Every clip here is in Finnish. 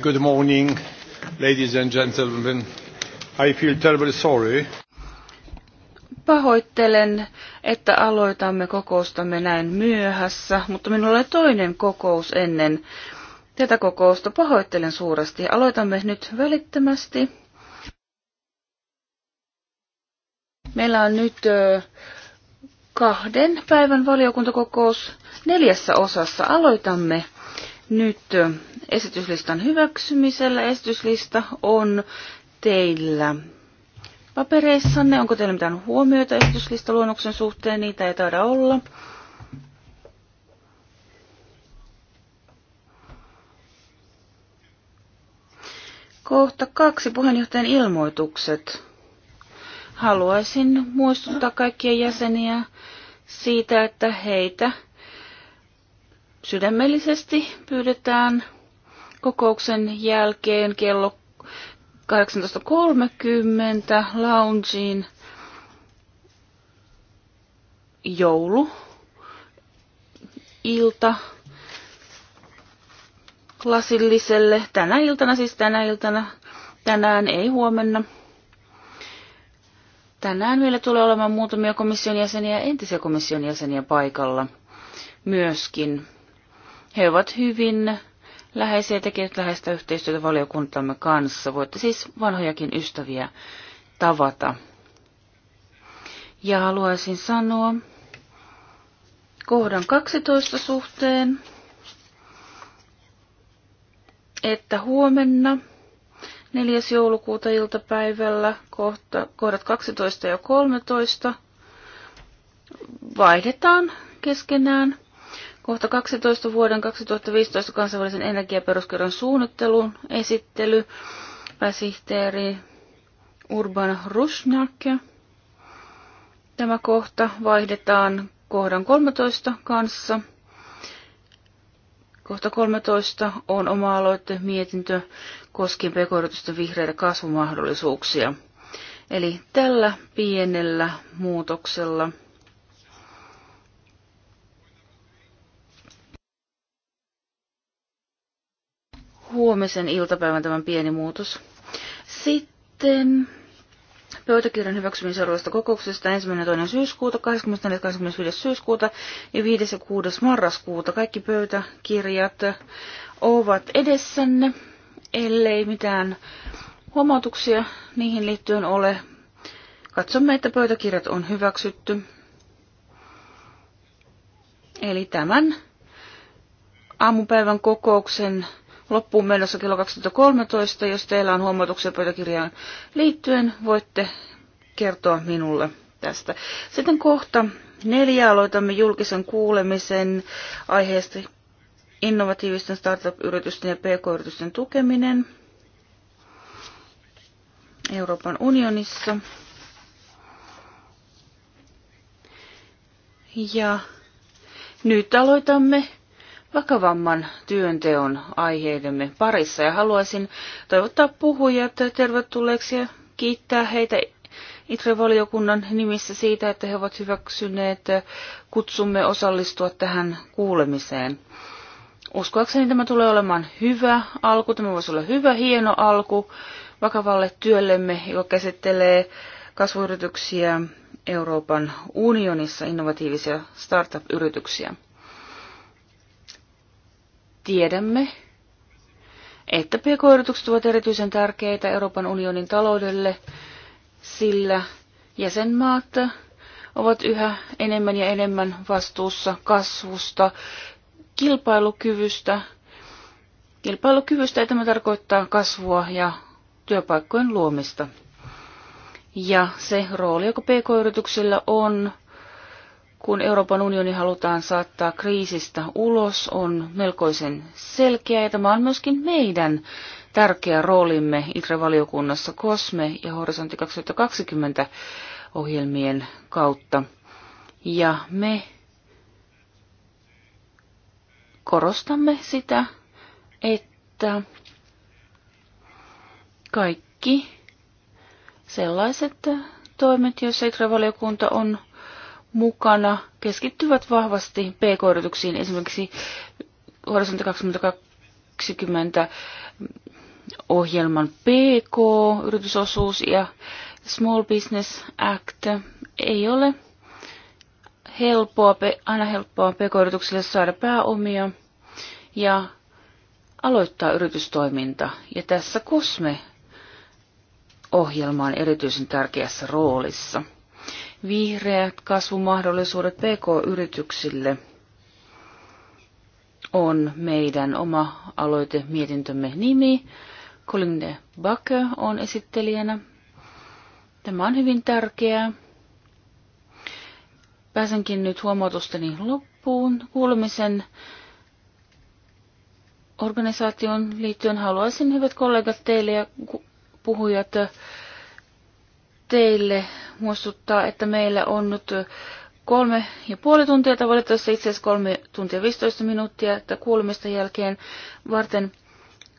Good morning, ladies and gentlemen. I feel terribly sorry. Pahoittelen, että aloitamme kokoustamme näin myöhässä, mutta minulla oli toinen kokous ennen tätä kokousta. Pahoittelen suuresti. Aloitamme nyt välittömästi. Meillä on nyt kahden päivän valiokuntakokous neljässä osassa. Aloitamme nyt esityslistan hyväksymisellä. Esityslista on teillä papereissanne. Onko teillä mitään huomioita esityslistaluonnoksen suhteen? Niitä ei taida olla. Kohta kaksi puheenjohtajan ilmoitukset. Haluaisin muistuttaa kaikkia jäseniä siitä, että heitä sydämellisesti pyydetään kokouksen jälkeen kello 18.30 loungeen joulu ilta lasilliselle. Tänä iltana, siis tänä iltana, tänään ei huomenna. Tänään meillä tulee olemaan muutamia komission jäseniä, entisiä komission jäseniä paikalla myöskin. He ovat hyvin läheisiä ja tekevät läheistä yhteistyötä valiokuntamme kanssa. Voitte siis vanhojakin ystäviä tavata. Ja haluaisin sanoa kohdan 12 suhteen, että huomenna 4. joulukuuta iltapäivällä kohta, kohdat 12 ja 13 vaihdetaan keskenään. Kohta 12 vuoden 2015 kansainvälisen energiaperuskirjan suunnitteluun esittely. Pääsihteeri Urban Rusnak. Tämä kohta vaihdetaan kohdan 13 kanssa. Kohta 13 on oma aloitte mietintö koskien pk vihreitä kasvumahdollisuuksia. Eli tällä pienellä muutoksella – huomisen iltapäivän tämän pieni muutos. Sitten pöytäkirjan hyväksymisen seuraavasta kokouksesta 1. ja 2. syyskuuta, 24. 25. syyskuuta ja 5. ja 6. marraskuuta. Kaikki pöytäkirjat ovat edessänne, ellei mitään huomautuksia niihin liittyen ole. Katsomme, että pöytäkirjat on hyväksytty. Eli tämän aamupäivän kokouksen loppuun mennessä kello 2013. Jos teillä on huomautuksia pöytäkirjaan liittyen, voitte kertoa minulle tästä. Sitten kohta neljä aloitamme julkisen kuulemisen aiheesta innovatiivisten startup-yritysten ja pk-yritysten tukeminen Euroopan unionissa. Ja nyt aloitamme vakavamman työnteon aiheidemme parissa. Ja haluaisin toivottaa puhujat tervetulleeksi ja kiittää heitä ITRE-valiokunnan nimissä siitä, että he ovat hyväksyneet kutsumme osallistua tähän kuulemiseen. Uskoakseni tämä tulee olemaan hyvä alku, tämä voisi olla hyvä, hieno alku vakavalle työllemme, joka käsittelee kasvuyrityksiä Euroopan unionissa, innovatiivisia startup-yrityksiä. Tiedämme, että pk-yritykset ovat erityisen tärkeitä Euroopan unionin taloudelle, sillä jäsenmaat ovat yhä enemmän ja enemmän vastuussa kasvusta, kilpailukyvystä. Kilpailukyvystä ja tämä tarkoittaa kasvua ja työpaikkojen luomista. Ja se rooli, joka pk-yrityksillä on, kun Euroopan unioni halutaan saattaa kriisistä ulos, on melkoisen selkeä ja tämä on myöskin meidän tärkeä roolimme ITRE-valiokunnassa COSME ja Horisontti 2020 ohjelmien kautta. Ja me korostamme sitä, että kaikki sellaiset toimet, joissa ITRE-valiokunta on mukana keskittyvät vahvasti pk-yrityksiin, esimerkiksi Horisontti 2020 ohjelman PK-yritysosuus ja Small Business Act ei ole helppoa, aina helppoa pk-yrityksille saada pääomia ja aloittaa yritystoiminta. Ja tässä COSME-ohjelma on erityisen tärkeässä roolissa – vihreät kasvumahdollisuudet PK-yrityksille on meidän oma aloite mietintömme nimi. Colin de Bakke on esittelijänä. Tämä on hyvin tärkeää. Pääsenkin nyt huomautusteni loppuun. Kuulemisen organisaation liittyen haluaisin, hyvät kollegat, teille ja puhujat, teille muistuttaa, että meillä on nyt kolme ja puoli tuntia, tai valitettavasti itse asiassa kolme tuntia 15 minuuttia, että kuulemista jälkeen varten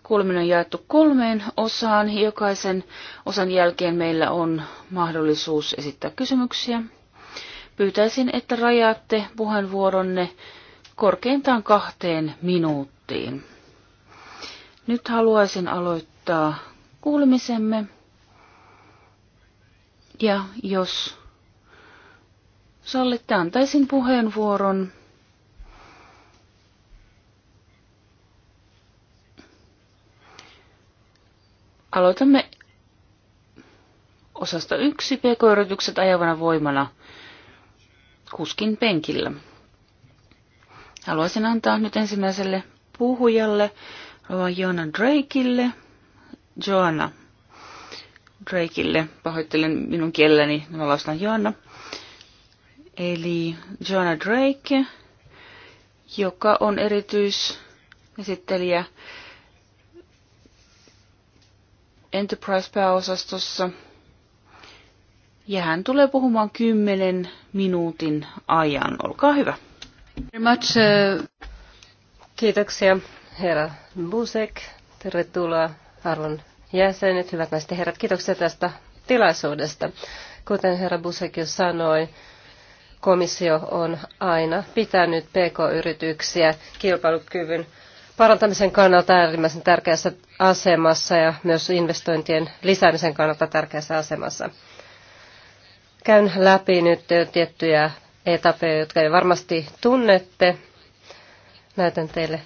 kuuleminen on jaettu kolmeen osaan. Jokaisen osan jälkeen meillä on mahdollisuus esittää kysymyksiä. Pyytäisin, että rajaatte puheenvuoronne korkeintaan kahteen minuuttiin. Nyt haluaisin aloittaa kuulemisemme ja jos sallitte, antaisin puheenvuoron Aloitamme osasta yksi pk-yritykset ajavana voimana kuskin penkillä. Haluaisin antaa nyt ensimmäiselle puhujalle Joana Drakeille. Joana, Drakeille. Pahoittelen minun kielelläni, mä lausutan Joanna. Eli Joanna Drake, joka on erityisesittelijä Enterprise-pääosastossa. Ja hän tulee puhumaan kymmenen minuutin ajan. Olkaa hyvä. Much, uh, Kiitoksia, herra Busek. Tervetuloa arvon jäsenet, hyvät naiset ja herrat, kiitoksia tästä tilaisuudesta. Kuten herra Busek jo sanoi, komissio on aina pitänyt PK-yrityksiä kilpailukyvyn parantamisen kannalta äärimmäisen tärkeässä asemassa ja myös investointien lisäämisen kannalta tärkeässä asemassa. Käyn läpi nyt tiettyjä etapeja, jotka jo varmasti tunnette. Näytän teille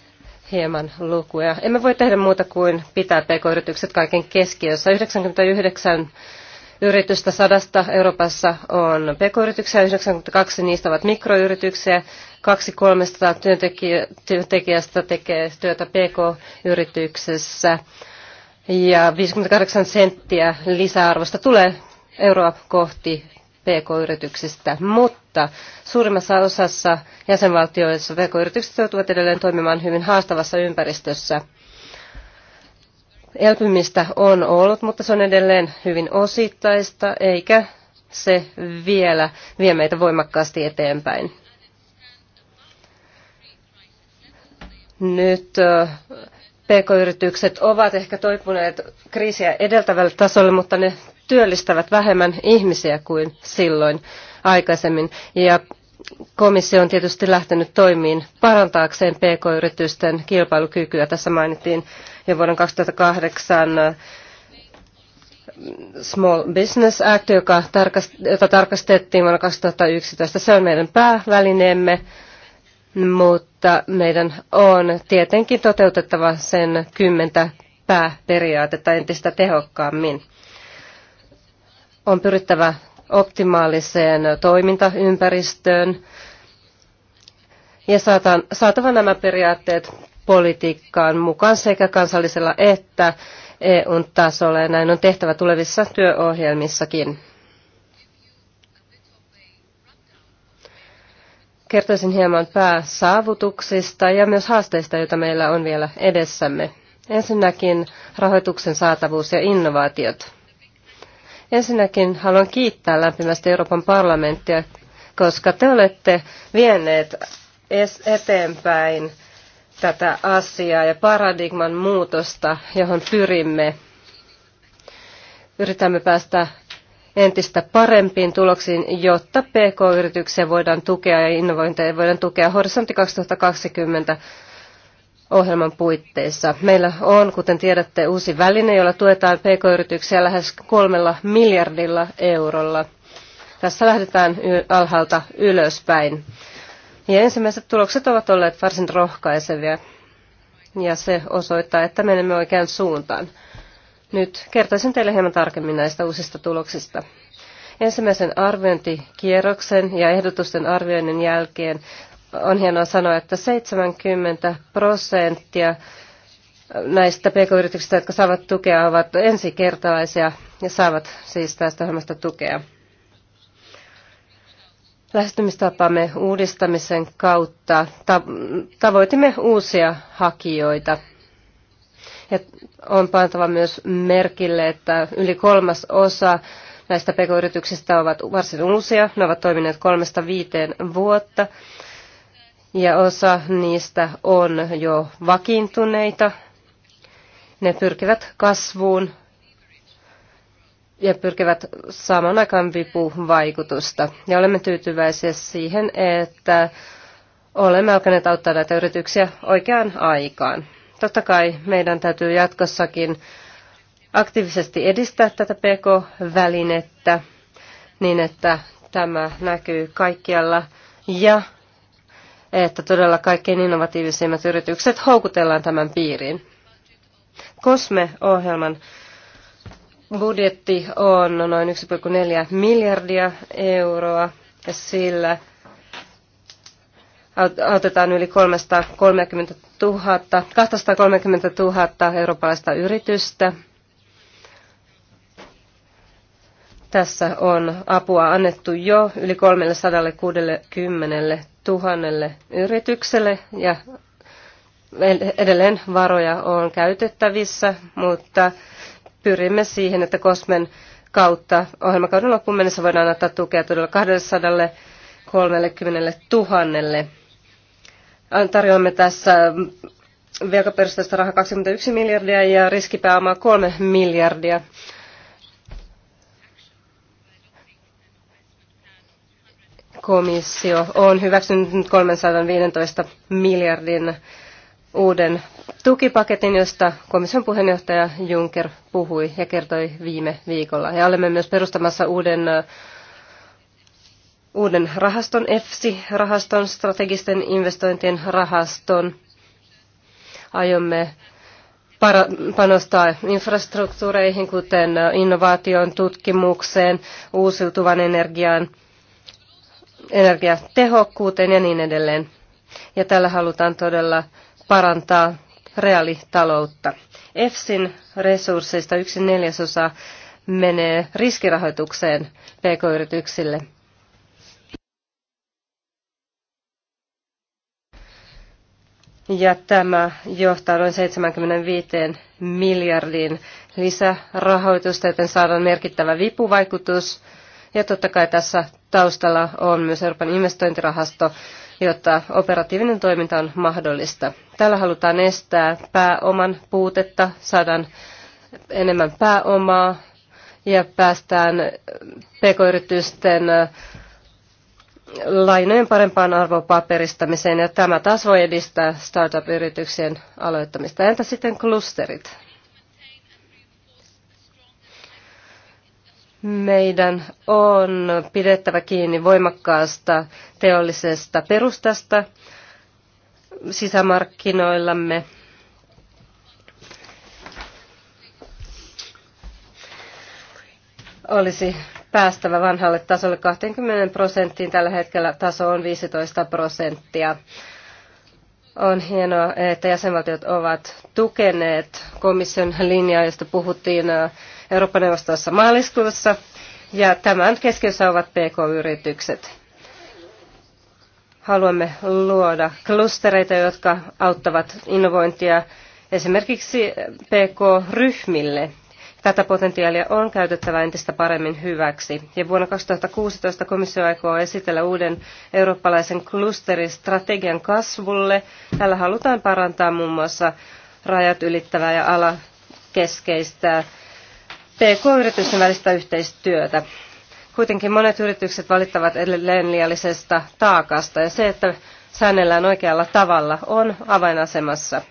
hieman lukuja. Emme voi tehdä muuta kuin pitää pk-yritykset kaiken keskiössä. 99 yritystä sadasta Euroopassa on pk-yrityksiä, 92 niistä ovat mikroyrityksiä, 2 300 työntekijästä tekee työtä pk-yrityksessä ja 58 senttiä lisäarvosta tulee euroa kohti pk-yrityksistä, mutta mutta suurimmassa osassa jäsenvaltioissa pk joutuvat edelleen toimimaan hyvin haastavassa ympäristössä. Elpymistä on ollut, mutta se on edelleen hyvin osittaista, eikä se vielä vie meitä voimakkaasti eteenpäin. Nyt PK-yritykset ovat ehkä toipuneet kriisiä edeltävälle tasolle, mutta ne työllistävät vähemmän ihmisiä kuin silloin aikaisemmin. Ja komissio on tietysti lähtenyt toimiin parantaakseen pk-yritysten kilpailukykyä. Tässä mainittiin jo vuoden 2008 äh, Small Business Act, joka tarkast, jota tarkastettiin vuonna 2011. Se on meidän päävälineemme, mutta meidän on tietenkin toteutettava sen kymmentä pääperiaatetta entistä tehokkaammin. On pyrittävä optimaaliseen toimintaympäristöön ja saatava nämä periaatteet politiikkaan mukaan sekä kansallisella että EUn tasolla ja näin on tehtävä tulevissa työohjelmissakin. Kertoisin hieman pääsaavutuksista ja myös haasteista, joita meillä on vielä edessämme. Ensinnäkin rahoituksen saatavuus ja innovaatiot. Ensinnäkin haluan kiittää lämpimästi Euroopan parlamenttia, koska te olette vienneet eteenpäin tätä asiaa ja paradigman muutosta, johon pyrimme. Yritämme päästä entistä parempiin tuloksiin, jotta PK-yrityksiä voidaan tukea ja innovointeja voidaan tukea. Horisontti 2020 ohjelman puitteissa. Meillä on, kuten tiedätte, uusi väline, jolla tuetaan pk-yrityksiä lähes kolmella miljardilla eurolla. Tässä lähdetään alhaalta ylöspäin. Ja ensimmäiset tulokset ovat olleet varsin rohkaisevia, ja se osoittaa, että menemme oikeaan suuntaan. Nyt kertoisin teille hieman tarkemmin näistä uusista tuloksista. Ensimmäisen arviointikierroksen ja ehdotusten arvioinnin jälkeen on hienoa sanoa, että 70 prosenttia näistä pk-yrityksistä, jotka saavat tukea, ovat ensikertalaisia ja saavat siis tästä ohjelmasta tukea. Lähestymistapamme uudistamisen kautta tavoitimme uusia hakijoita. Ja on pantava myös merkille, että yli kolmas osa näistä pk-yrityksistä ovat varsin uusia. Ne ovat toimineet kolmesta viiteen vuotta ja osa niistä on jo vakiintuneita. Ne pyrkivät kasvuun ja pyrkivät saamaan aikaan vipuvaikutusta. Ja olemme tyytyväisiä siihen, että olemme alkaneet auttaa näitä yrityksiä oikeaan aikaan. Totta kai meidän täytyy jatkossakin aktiivisesti edistää tätä PK-välinettä niin, että tämä näkyy kaikkialla ja että todella kaikkein innovatiivisimmat yritykset houkutellaan tämän piiriin. COSME-ohjelman budjetti on noin 1,4 miljardia euroa ja sillä autetaan yli 330 000, 230 000 eurooppalaista yritystä. Tässä on apua annettu jo yli 360 tuhannelle yritykselle ja edelleen varoja on käytettävissä, mutta pyrimme siihen, että Kosmen kautta ohjelmakauden loppuun mennessä voidaan antaa tukea todella 230 000. Tarjoamme tässä velkaperusteista rahaa 21 miljardia ja riskipääomaa 3 miljardia. komissio on hyväksynyt 315 miljardin uuden tukipaketin, josta komission puheenjohtaja Juncker puhui ja kertoi viime viikolla. Ja olemme myös perustamassa uuden, uuden rahaston, EFSI-rahaston, strategisten investointien rahaston. Aiomme panostaa infrastruktuureihin, kuten innovaation, tutkimukseen, uusiutuvan energiaan – energiatehokkuuteen ja niin edelleen. Ja tällä halutaan todella parantaa reaalitaloutta. EFSin resursseista yksi neljäsosa menee riskirahoitukseen pk-yrityksille. Ja tämä johtaa noin 75 miljardin lisärahoitusta, joten saadaan merkittävä vipuvaikutus ja totta kai tässä taustalla on myös Euroopan investointirahasto, jotta operatiivinen toiminta on mahdollista. Tällä halutaan estää pääoman puutetta, saadaan enemmän pääomaa ja päästään pk-yritysten lainojen parempaan arvopaperistamiseen ja tämä taas voi edistää startup-yrityksien aloittamista. Entä sitten klusterit? Meidän on pidettävä kiinni voimakkaasta teollisesta perustasta sisämarkkinoillamme. Olisi päästävä vanhalle tasolle 20 prosenttiin. Tällä hetkellä taso on 15 prosenttia. On hienoa, että jäsenvaltiot ovat tukeneet komission linjaa, josta puhuttiin Euroopan neuvostossa maaliskuussa. Ja tämän keskiössä ovat PK-yritykset. Haluamme luoda klustereita, jotka auttavat innovointia esimerkiksi PK-ryhmille. Tätä potentiaalia on käytettävä entistä paremmin hyväksi. Ja vuonna 2016 komissio aikoo esitellä uuden eurooppalaisen klusteristrategian kasvulle. Tällä halutaan parantaa muun muassa rajat ylittävää ja alakeskeistä PK-yritysten välistä yhteistyötä. Kuitenkin monet yritykset valittavat edelleen liiallisesta taakasta ja se, että säännellään oikealla tavalla, on avainasemassa.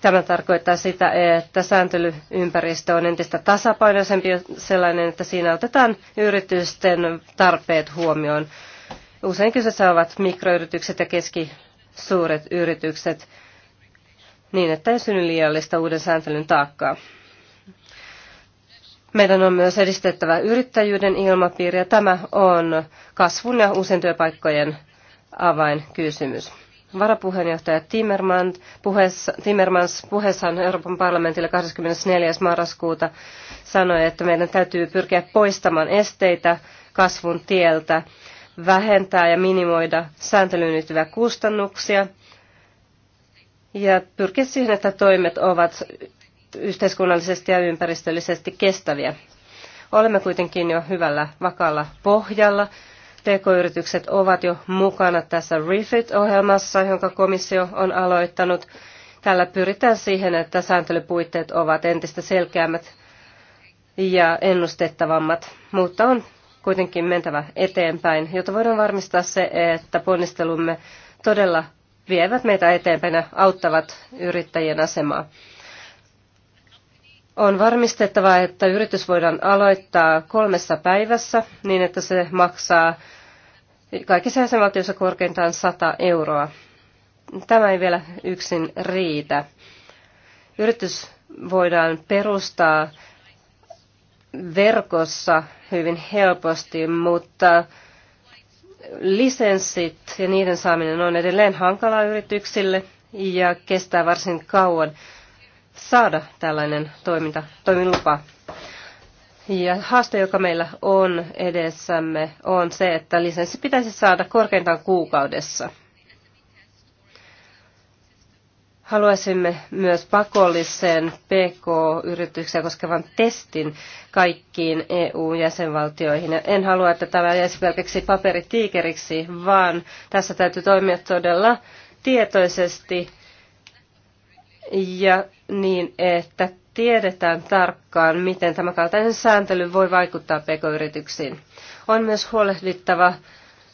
Tämä tarkoittaa sitä, että sääntelyympäristö on entistä tasapainoisempi sellainen, että siinä otetaan yritysten tarpeet huomioon. Usein kyseessä ovat mikroyritykset ja keskisuuret yritykset niin, että ei synny liiallista uuden sääntelyn taakkaa. Meidän on myös edistettävä yrittäjyyden ilmapiiriä. Tämä on kasvun ja uusien työpaikkojen avainkysymys. Varapuheenjohtaja Timmermans, puheessa, Timmermans puheessaan Euroopan parlamentille 24. marraskuuta sanoi, että meidän täytyy pyrkiä poistamaan esteitä kasvun tieltä, vähentää ja minimoida sääntelyyn liittyviä kustannuksia ja pyrkiä siihen, että toimet ovat yhteiskunnallisesti ja ympäristöllisesti kestäviä. Olemme kuitenkin jo hyvällä vakalla pohjalla. TK-yritykset ovat jo mukana tässä REFIT-ohjelmassa, jonka komissio on aloittanut. Tällä pyritään siihen, että sääntelypuitteet ovat entistä selkeämmät ja ennustettavammat, mutta on kuitenkin mentävä eteenpäin, jotta voidaan varmistaa se, että ponnistelumme todella vievät meitä eteenpäin ja auttavat yrittäjien asemaa. On varmistettava, että yritys voidaan aloittaa kolmessa päivässä niin, että se maksaa kaikissa jäsenvaltioissa korkeintaan 100 euroa. Tämä ei vielä yksin riitä. Yritys voidaan perustaa verkossa hyvin helposti, mutta lisenssit ja niiden saaminen on edelleen hankalaa yrityksille ja kestää varsin kauan saada tällainen toiminta, toimilupa. Ja haaste, joka meillä on edessämme, on se, että lisenssi pitäisi saada korkeintaan kuukaudessa. Haluaisimme myös pakollisen PK-yrityksiä koskevan testin kaikkiin EU-jäsenvaltioihin. En halua, että tämä jäisi pelkäksi paperitiikeriksi, vaan tässä täytyy toimia todella tietoisesti ja niin, että tiedetään tarkkaan, miten tämä kaltainen sääntely voi vaikuttaa pk-yrityksiin. On myös huolehdittava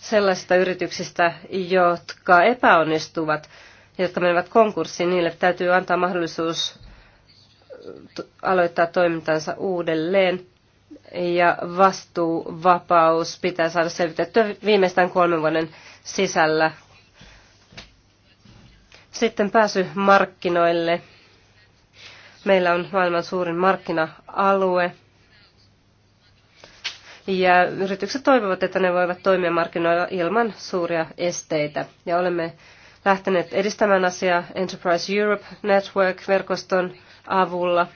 sellaisista yrityksistä, jotka epäonnistuvat jotka menevät konkurssiin, niille täytyy antaa mahdollisuus eh, aloittaa toimintansa uudelleen. Ja vastuuvapaus pitää saada selvitettyä viimeistään kolmen vuoden sisällä. Sitten pääsy markkinoille. Meillä on maailman suurin markkina-alue. Ja yritykset toivovat, että ne voivat toimia markkinoilla ilman suuria esteitä. Ja olemme lähteneet edistämään asiaa Enterprise Europe Network-verkoston avulla.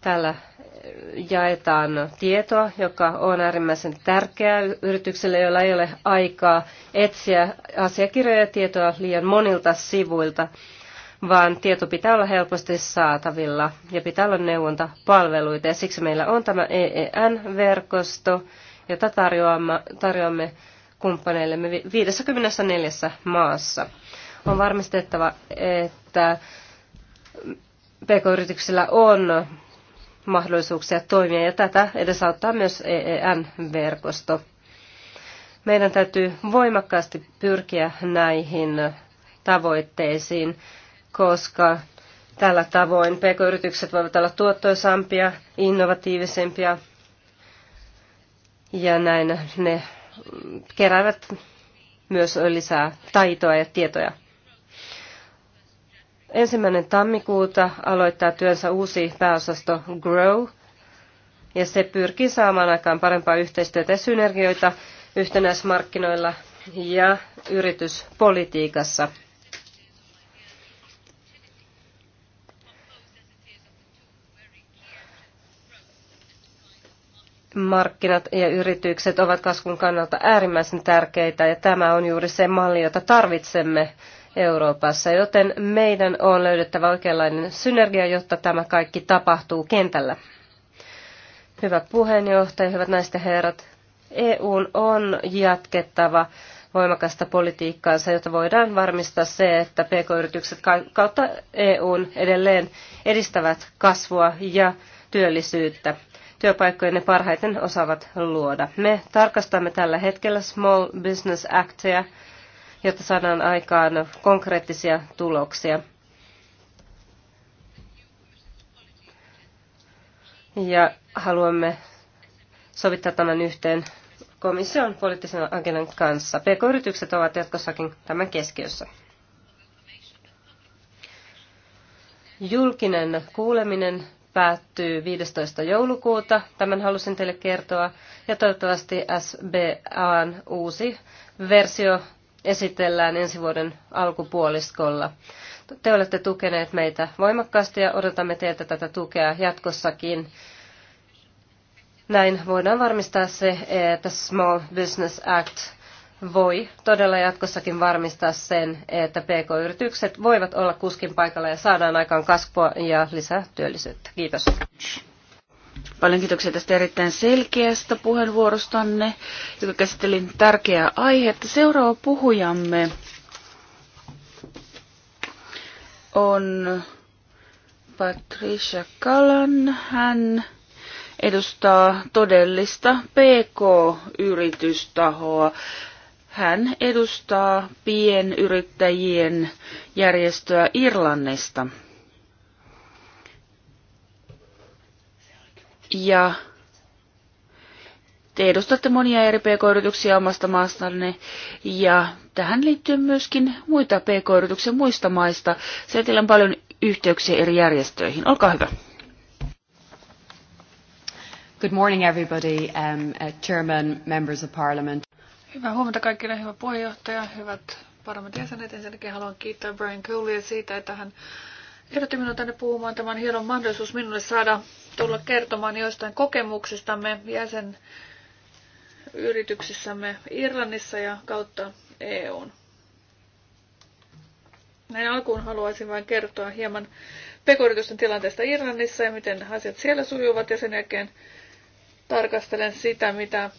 Tällä eh, jaetaan tietoa, joka on äärimmäisen tärkeää yritykselle, jolla ei ole aikaa etsiä asiakirjoja ja tietoa liian monilta sivuilta, vaan tieto pitää olla helposti saatavilla ja pitää olla neuvontapalveluita. Ja siksi meillä on tämä EEN-verkosto, jota tarjoamme, tarjoamme kumppaneillemme 54 maassa. On varmistettava, että pk-yrityksillä on mahdollisuuksia toimia ja tätä edesauttaa myös EEN-verkosto. Meidän täytyy voimakkaasti pyrkiä näihin tavoitteisiin, koska tällä tavoin pk-yritykset voivat olla tuottoisampia, innovatiivisempia ja näin ne keräävät myös lisää taitoa ja tietoja. Ensimmäinen tammikuuta aloittaa työnsä uusi pääosasto Grow, ja se pyrkii saamaan aikaan parempaa yhteistyötä ja synergioita yhtenäismarkkinoilla ja yrityspolitiikassa. markkinat ja yritykset ovat kasvun kannalta äärimmäisen tärkeitä ja tämä on juuri se malli, jota tarvitsemme Euroopassa, joten meidän on löydettävä oikeanlainen synergia, jotta tämä kaikki tapahtuu kentällä. Hyvä puheenjohtaja, hyvät naiset ja herrat, EUn on jatkettava voimakasta politiikkaansa, jotta voidaan varmistaa se, että pk-yritykset kautta EUn edelleen edistävät kasvua ja työllisyyttä. Työpaikkoja ne parhaiten osaavat luoda. Me tarkastamme tällä hetkellä Small Business Actia, jotta saadaan aikaan konkreettisia tuloksia. Ja haluamme sovittaa tämän yhteen komission poliittisen agendan kanssa. PK-yritykset ovat jatkossakin tämän keskiössä. Julkinen kuuleminen päättyy 15. joulukuuta. Tämän halusin teille kertoa. Ja toivottavasti SBAn uusi versio esitellään ensi vuoden alkupuoliskolla. Te olette tukeneet meitä voimakkaasti ja odotamme teiltä tätä tukea jatkossakin. Näin voidaan varmistaa se, että Small Business Act voi todella jatkossakin varmistaa sen, että PK-yritykset voivat olla kuskin paikalla ja saadaan aikaan kasvua ja lisää työllisyyttä. Kiitos. Paljon kiitoksia tästä erittäin selkeästä puheenvuorostanne, joka käsitteli tärkeää aihetta. Seuraava puhujamme on Patricia Kalan. Hän edustaa todellista PK-yritystahoa. Hän edustaa pienyrittäjien järjestöä Irlannista. Ja te edustatte monia eri pk-yrityksiä omasta maastanne ja tähän liittyy myöskin muita pk-yrityksiä muista maista. Se teillä on paljon yhteyksiä eri järjestöihin. Olkaa hyvä. Good morning everybody, um, uh, chairman, members of parliament. Hyvää huomenta kaikille, hyvä puheenjohtaja, hyvät parlamentin jäsenet. Ensinnäkin haluan kiittää Brian Cooleya siitä, että hän Ehdotti minua tänne puhumaan. Tämä on hieno mahdollisuus minulle saada tulla kertomaan joistain kokemuksistamme jäsen yrityksissämme Irlannissa ja kautta EUn. Näin alkuun haluaisin vain kertoa hieman pekoyritysten tilanteesta Irlannissa ja miten asiat siellä sujuvat ja sen jälkeen tarkastelen sitä, mitä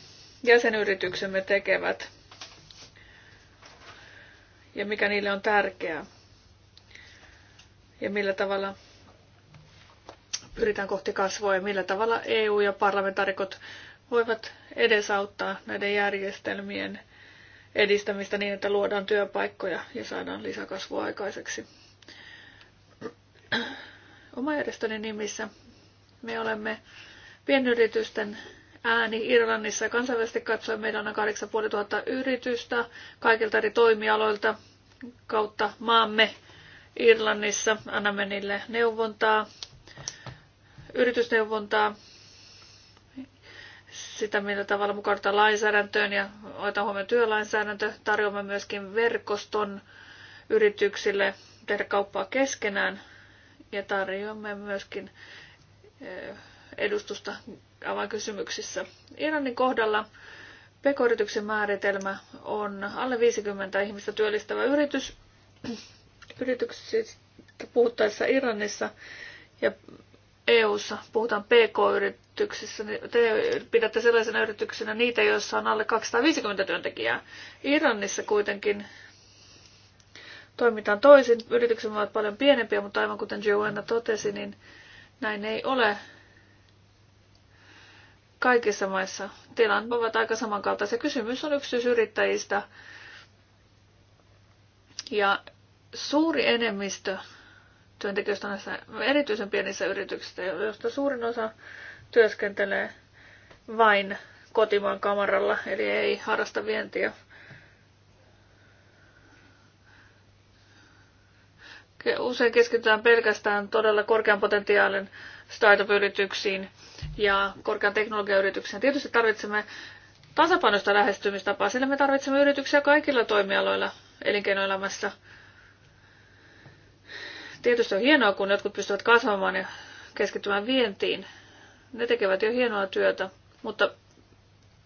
jäsenyrityksemme tekevät ja mikä niille on tärkeää ja millä tavalla pyritään kohti kasvua ja millä tavalla EU ja parlamentaarikot voivat edesauttaa näiden järjestelmien edistämistä niin, että luodaan työpaikkoja ja saadaan lisäkasvua aikaiseksi. Oma järjestöni nimissä me olemme pienyritysten ääni Irlannissa. Kansainvälisesti katsoen meillä on 8500 yritystä kaikilta eri toimialoilta kautta maamme Irlannissa. Annamme niille neuvontaa, yritysneuvontaa, sitä millä tavalla mukaudutaan lainsäädäntöön ja otetaan huomioon työlainsäädäntö. Tarjoamme myöskin verkoston yrityksille tehdä kauppaa keskenään ja tarjoamme myöskin eh, edustusta avainkysymyksissä. Irlannin kohdalla pk määritelmä on alle 50 ihmistä työllistävä yritys, yrityksistä puhuttaessa Iranissa ja EU-ssa puhutaan PK-yrityksissä, niin te pidätte sellaisena yrityksenä niitä, joissa on alle 250 työntekijää. Iranissa kuitenkin toimitaan toisin. Yritykset ovat paljon pienempiä, mutta aivan kuten Joanna totesi, niin näin ei ole kaikissa maissa. Tilanne ovat aika samankaltaisia. Kysymys on yksityisyrittäjistä ja suuri enemmistö työntekijöistä näissä erityisen pienissä yrityksissä, joista suurin osa työskentelee vain kotimaan kamaralla, eli ei harrasta vientiä. Usein keskitytään pelkästään todella korkean potentiaalin startup-yrityksiin ja korkean teknologiayrityksiin. Tietysti tarvitsemme tasapainoista lähestymistapaa, sillä me tarvitsemme yrityksiä kaikilla toimialoilla elinkeinoelämässä – Tietysti on hienoa, kun jotkut pystyvät kasvamaan ja keskittymään vientiin. Ne tekevät jo hienoa työtä, mutta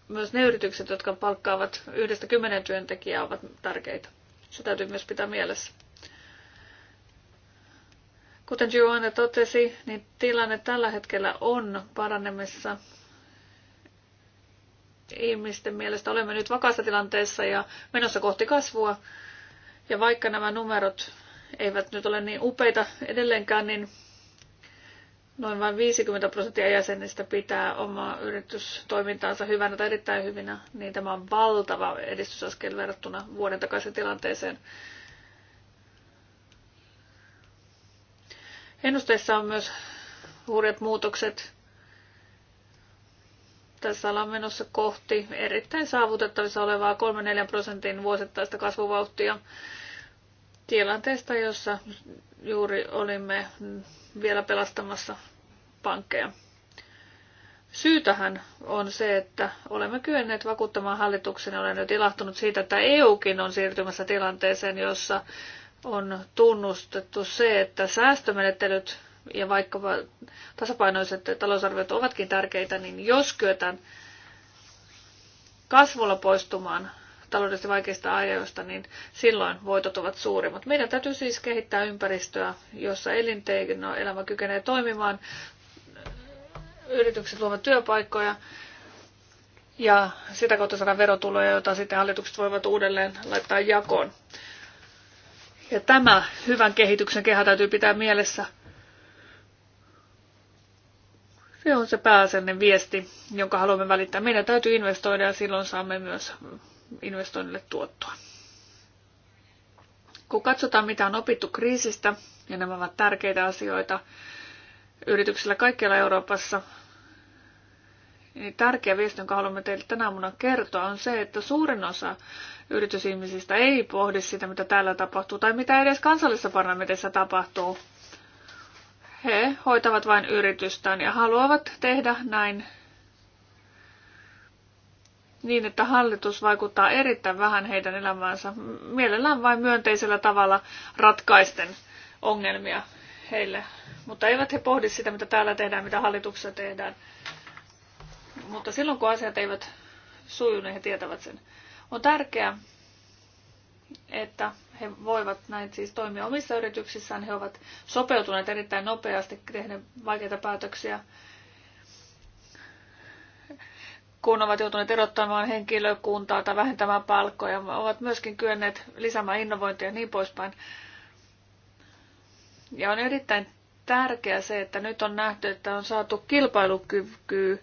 myös ne yritykset, jotka palkkaavat yhdestä kymmenen työntekijää, ovat tärkeitä. Se täytyy myös pitää mielessä. Kuten Joanne totesi, niin tilanne tällä hetkellä on paranemassa. Ihmisten mielestä olemme nyt vakaassa tilanteessa ja menossa kohti kasvua. Ja vaikka nämä numerot eivät nyt ole niin upeita edelleenkään, niin noin vain 50 prosenttia jäsenistä pitää omaa yritystoimintaansa hyvänä tai erittäin hyvinä, niin tämä on valtava edistysaskel verrattuna vuoden takaisin tilanteeseen. Ennusteissa on myös hurjat muutokset. Tässä ollaan menossa kohti erittäin saavutettavissa olevaa 3-4 prosentin vuosittaista kasvuvauhtia tilanteesta, jossa juuri olimme vielä pelastamassa pankkeja. Syytähän on se, että olemme kyenneet vakuuttamaan hallituksen, olen nyt ilahtunut siitä, että EUkin on siirtymässä tilanteeseen, jossa on tunnustettu se, että säästömenettelyt ja vaikka tasapainoiset talousarviot ovatkin tärkeitä, niin jos kyetään kasvulla poistumaan taloudellisesti vaikeista ajoista, niin silloin voitot ovat suurimmat. Meidän täytyy siis kehittää ympäristöä, jossa elinkeinoelämä kykenee toimimaan, yritykset luovat työpaikkoja ja sitä kautta saadaan verotuloja, joita sitten hallitukset voivat uudelleen laittaa jakoon. Ja tämä hyvän kehityksen kehä täytyy pitää mielessä. Se on se pääasiallinen viesti, jonka haluamme välittää. Meidän täytyy investoida ja silloin saamme myös investoinnille tuottoa. Kun katsotaan, mitä on opittu kriisistä, ja nämä ovat tärkeitä asioita yrityksillä kaikkialla Euroopassa, niin tärkeä viesti, jonka haluamme teille tänä aamuna kertoa, on se, että suurin osa yritysihmisistä ei pohdi sitä, mitä täällä tapahtuu tai mitä edes kansallisessa parlamentissa tapahtuu. He hoitavat vain yritystään ja haluavat tehdä näin niin, että hallitus vaikuttaa erittäin vähän heidän elämäänsä, mielellään vain myönteisellä tavalla ratkaisten ongelmia heille. Mutta eivät he pohdi sitä, mitä täällä tehdään, mitä hallituksessa tehdään. Mutta silloin, kun asiat eivät suju, niin he tietävät sen. On tärkeää, että he voivat näin siis toimia omissa yrityksissään. He ovat sopeutuneet erittäin nopeasti, tehneet vaikeita päätöksiä kun ovat joutuneet erottamaan henkilökuntaa tai vähentämään palkkoja, ovat myöskin kyenneet lisäämään innovointia ja niin poispäin. Ja on erittäin tärkeää se, että nyt on nähty, että on saatu kilpailukyky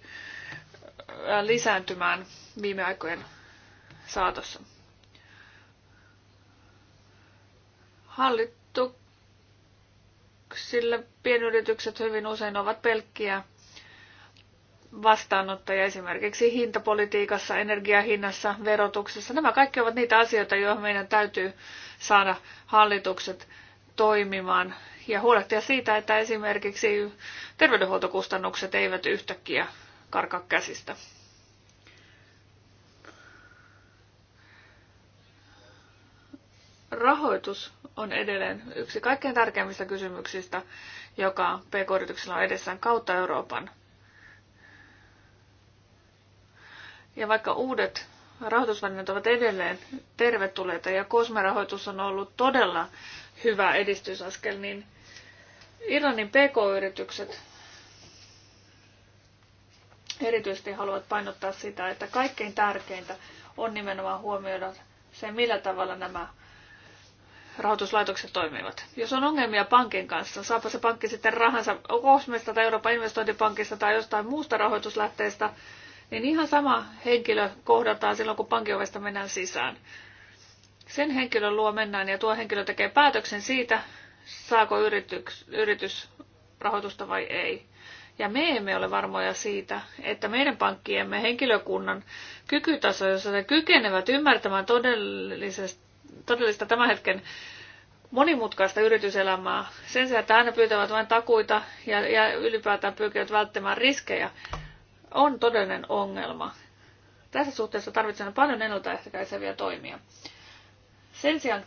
lisääntymään viime aikojen saatossa. Hallituksille pienyritykset hyvin usein ovat pelkkiä vastaanottaja esimerkiksi hintapolitiikassa, energiahinnassa, verotuksessa. Nämä kaikki ovat niitä asioita, joihin meidän täytyy saada hallitukset toimimaan ja huolehtia siitä, että esimerkiksi terveydenhuoltokustannukset eivät yhtäkkiä karka käsistä. Rahoitus on edelleen yksi kaikkein tärkeimmistä kysymyksistä, joka pk-yrityksellä on edessään kautta Euroopan – Ja vaikka uudet rahoitusvälineet ovat edelleen tervetulleita ja kosmerahoitus on ollut todella hyvä edistysaskel, niin Irlannin pk-yritykset erityisesti haluavat painottaa sitä, että kaikkein tärkeintä on nimenomaan huomioida se, millä tavalla nämä rahoituslaitokset toimivat. Jos on ongelmia pankin kanssa, saapa se pankki sitten rahansa Kosmesta tai Euroopan investointipankista tai jostain muusta rahoituslähteestä, niin ihan sama henkilö kohdataan silloin, kun pankiovesta mennään sisään. Sen henkilön luo mennään ja tuo henkilö tekee päätöksen siitä, saako yrityks, yritys rahoitusta vai ei. Ja me emme ole varmoja siitä, että meidän pankkiemme henkilökunnan kykytaso, jossa ne kykenevät ymmärtämään todellista tämän hetken monimutkaista yrityselämää, sen sijaan, että aina pyytävät vain takuita ja, ja ylipäätään pyrkivät välttämään riskejä, on todellinen ongelma. Tässä suhteessa tarvitsemme paljon ennaltaehkäiseviä toimia. Sen sijaan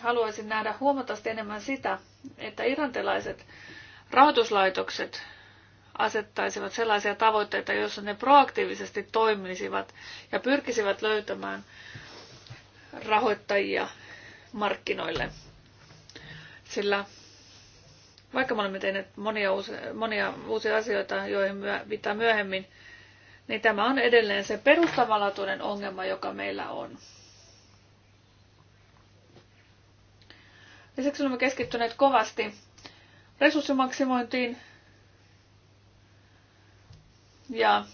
haluaisin nähdä huomattavasti enemmän sitä, että irantilaiset rahoituslaitokset asettaisivat sellaisia tavoitteita, joissa ne proaktiivisesti toimisivat ja pyrkisivät löytämään rahoittajia markkinoille. Sillä vaikka me olemme tehneet monia, uusi, monia uusia asioita, joihin myö, myöhemmin, niin tämä on edelleen se perustavanlaatuinen ongelma, joka meillä on. Lisäksi olemme keskittyneet kovasti resurssimaksimointiin ja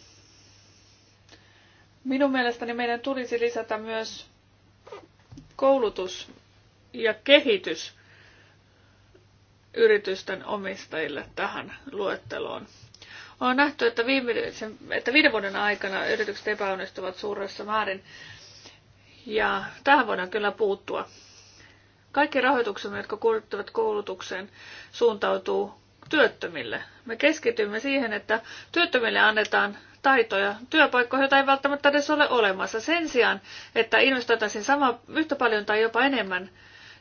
minun mielestäni meidän tulisi lisätä myös koulutus ja kehitys yritysten omistajille tähän luetteloon. On nähty, että, viime, että viiden vuoden aikana yritykset epäonnistuvat suuressa määrin, ja tähän voidaan kyllä puuttua. Kaikki rahoituksemme, jotka kuluttavat koulutukseen, suuntautuu työttömille. Me keskitymme siihen, että työttömille annetaan taitoja, työpaikkoja, joita ei välttämättä edes ole olemassa. Sen sijaan, että investoitaisiin sama, yhtä paljon tai jopa enemmän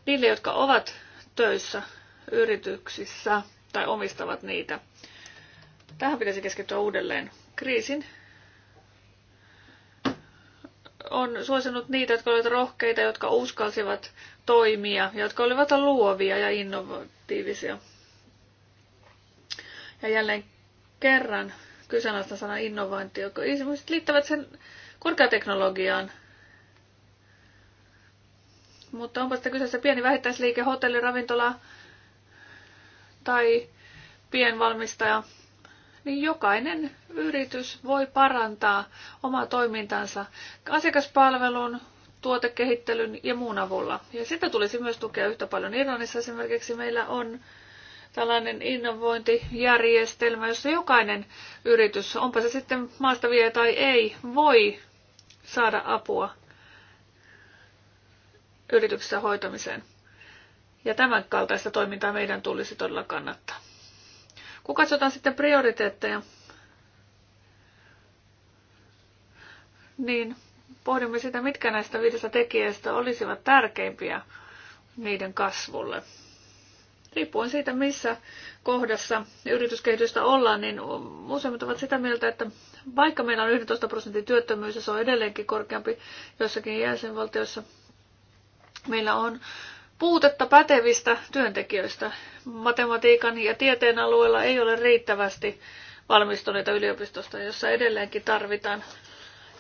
niille, jotka ovat töissä yrityksissä tai omistavat niitä. Tähän pitäisi keskittyä uudelleen. Kriisin on suosinut niitä, jotka olivat rohkeita, jotka uskalsivat toimia, jotka olivat luovia ja innovatiivisia. Ja jälleen kerran kyseenalaista sana innovaatio, kun ihmiset liittävät sen korkeateknologiaan. Mutta onpa sitä kyseessä pieni vähittäisliike, hotelli, ravintola, tai pienvalmistaja, niin jokainen yritys voi parantaa omaa toimintansa asiakaspalvelun, tuotekehittelyn ja muun avulla. Ja sitä tulisi myös tukea yhtä paljon. Irlannissa esimerkiksi meillä on tällainen innovointijärjestelmä, jossa jokainen yritys, onpa se sitten maasta vie tai ei, voi saada apua yrityksessä hoitamiseen. Ja tämän kaltaista toimintaa meidän tulisi todella kannattaa. Kun katsotaan sitten prioriteetteja, niin pohdimme sitä, mitkä näistä viidestä tekijästä olisivat tärkeimpiä niiden kasvulle. Riippuen siitä, missä kohdassa yrityskehitystä ollaan, niin useimmat ovat sitä mieltä, että vaikka meillä on 11 prosentin työttömyys ja se on edelleenkin korkeampi joissakin jäsenvaltioissa, meillä on puutetta pätevistä työntekijöistä. Matematiikan ja tieteen alueella ei ole riittävästi valmistuneita yliopistosta, jossa edelleenkin tarvitaan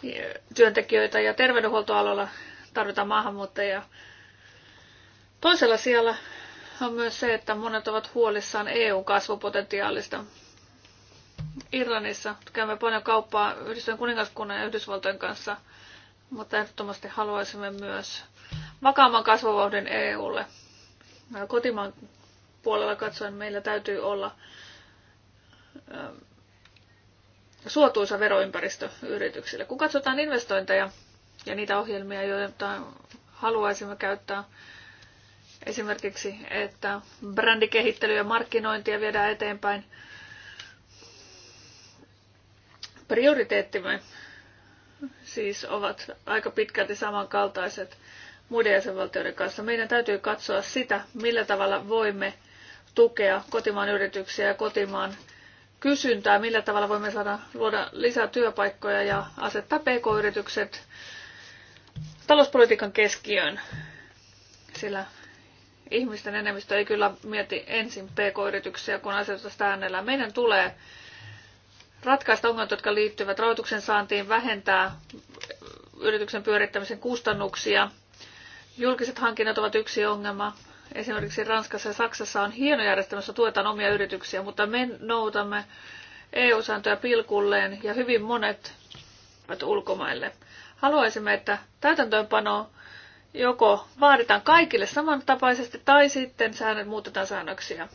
eh, työntekijöitä ja terveydenhuoltoalalla tarvitaan maahanmuuttajia. Toisella siellä on myös se, että monet ovat huolissaan EU-kasvupotentiaalista. Irlannissa käymme paljon kauppaa Yhdistyneen kuningaskunnan ja Yhdysvaltojen kanssa, mutta ehdottomasti haluaisimme myös vakaamman kasvavauden EUlle. Kotimaan puolella katsoen meillä täytyy olla suotuisa veroympäristö yrityksille. Kun katsotaan investointeja ja niitä ohjelmia, joita haluaisimme käyttää, esimerkiksi, että brändikehittely ja markkinointia viedään eteenpäin, prioriteettimme siis ovat aika pitkälti samankaltaiset muiden jäsenvaltioiden kanssa. Meidän täytyy katsoa sitä, millä tavalla voimme tukea kotimaan yrityksiä ja kotimaan kysyntää, millä tavalla voimme saada luoda lisää työpaikkoja ja asettaa pk-yritykset talouspolitiikan keskiöön, sillä ihmisten enemmistö ei kyllä mieti ensin pk-yrityksiä, kun asioita sitä äänellä. Meidän tulee ratkaista ongelmat, jotka liittyvät rahoituksen saantiin, vähentää yrityksen pyörittämisen kustannuksia – Julkiset hankinnat ovat yksi ongelma. Esimerkiksi Ranskassa ja Saksassa on hieno järjestelmä, jossa tuetaan omia yrityksiä, mutta me noutamme EU-sääntöjä pilkulleen ja hyvin monet ulkomaille. Haluaisimme, että täytäntöönpano joko vaaditaan kaikille samantapaisesti tai sitten säännöt, muutetaan säännöksiä.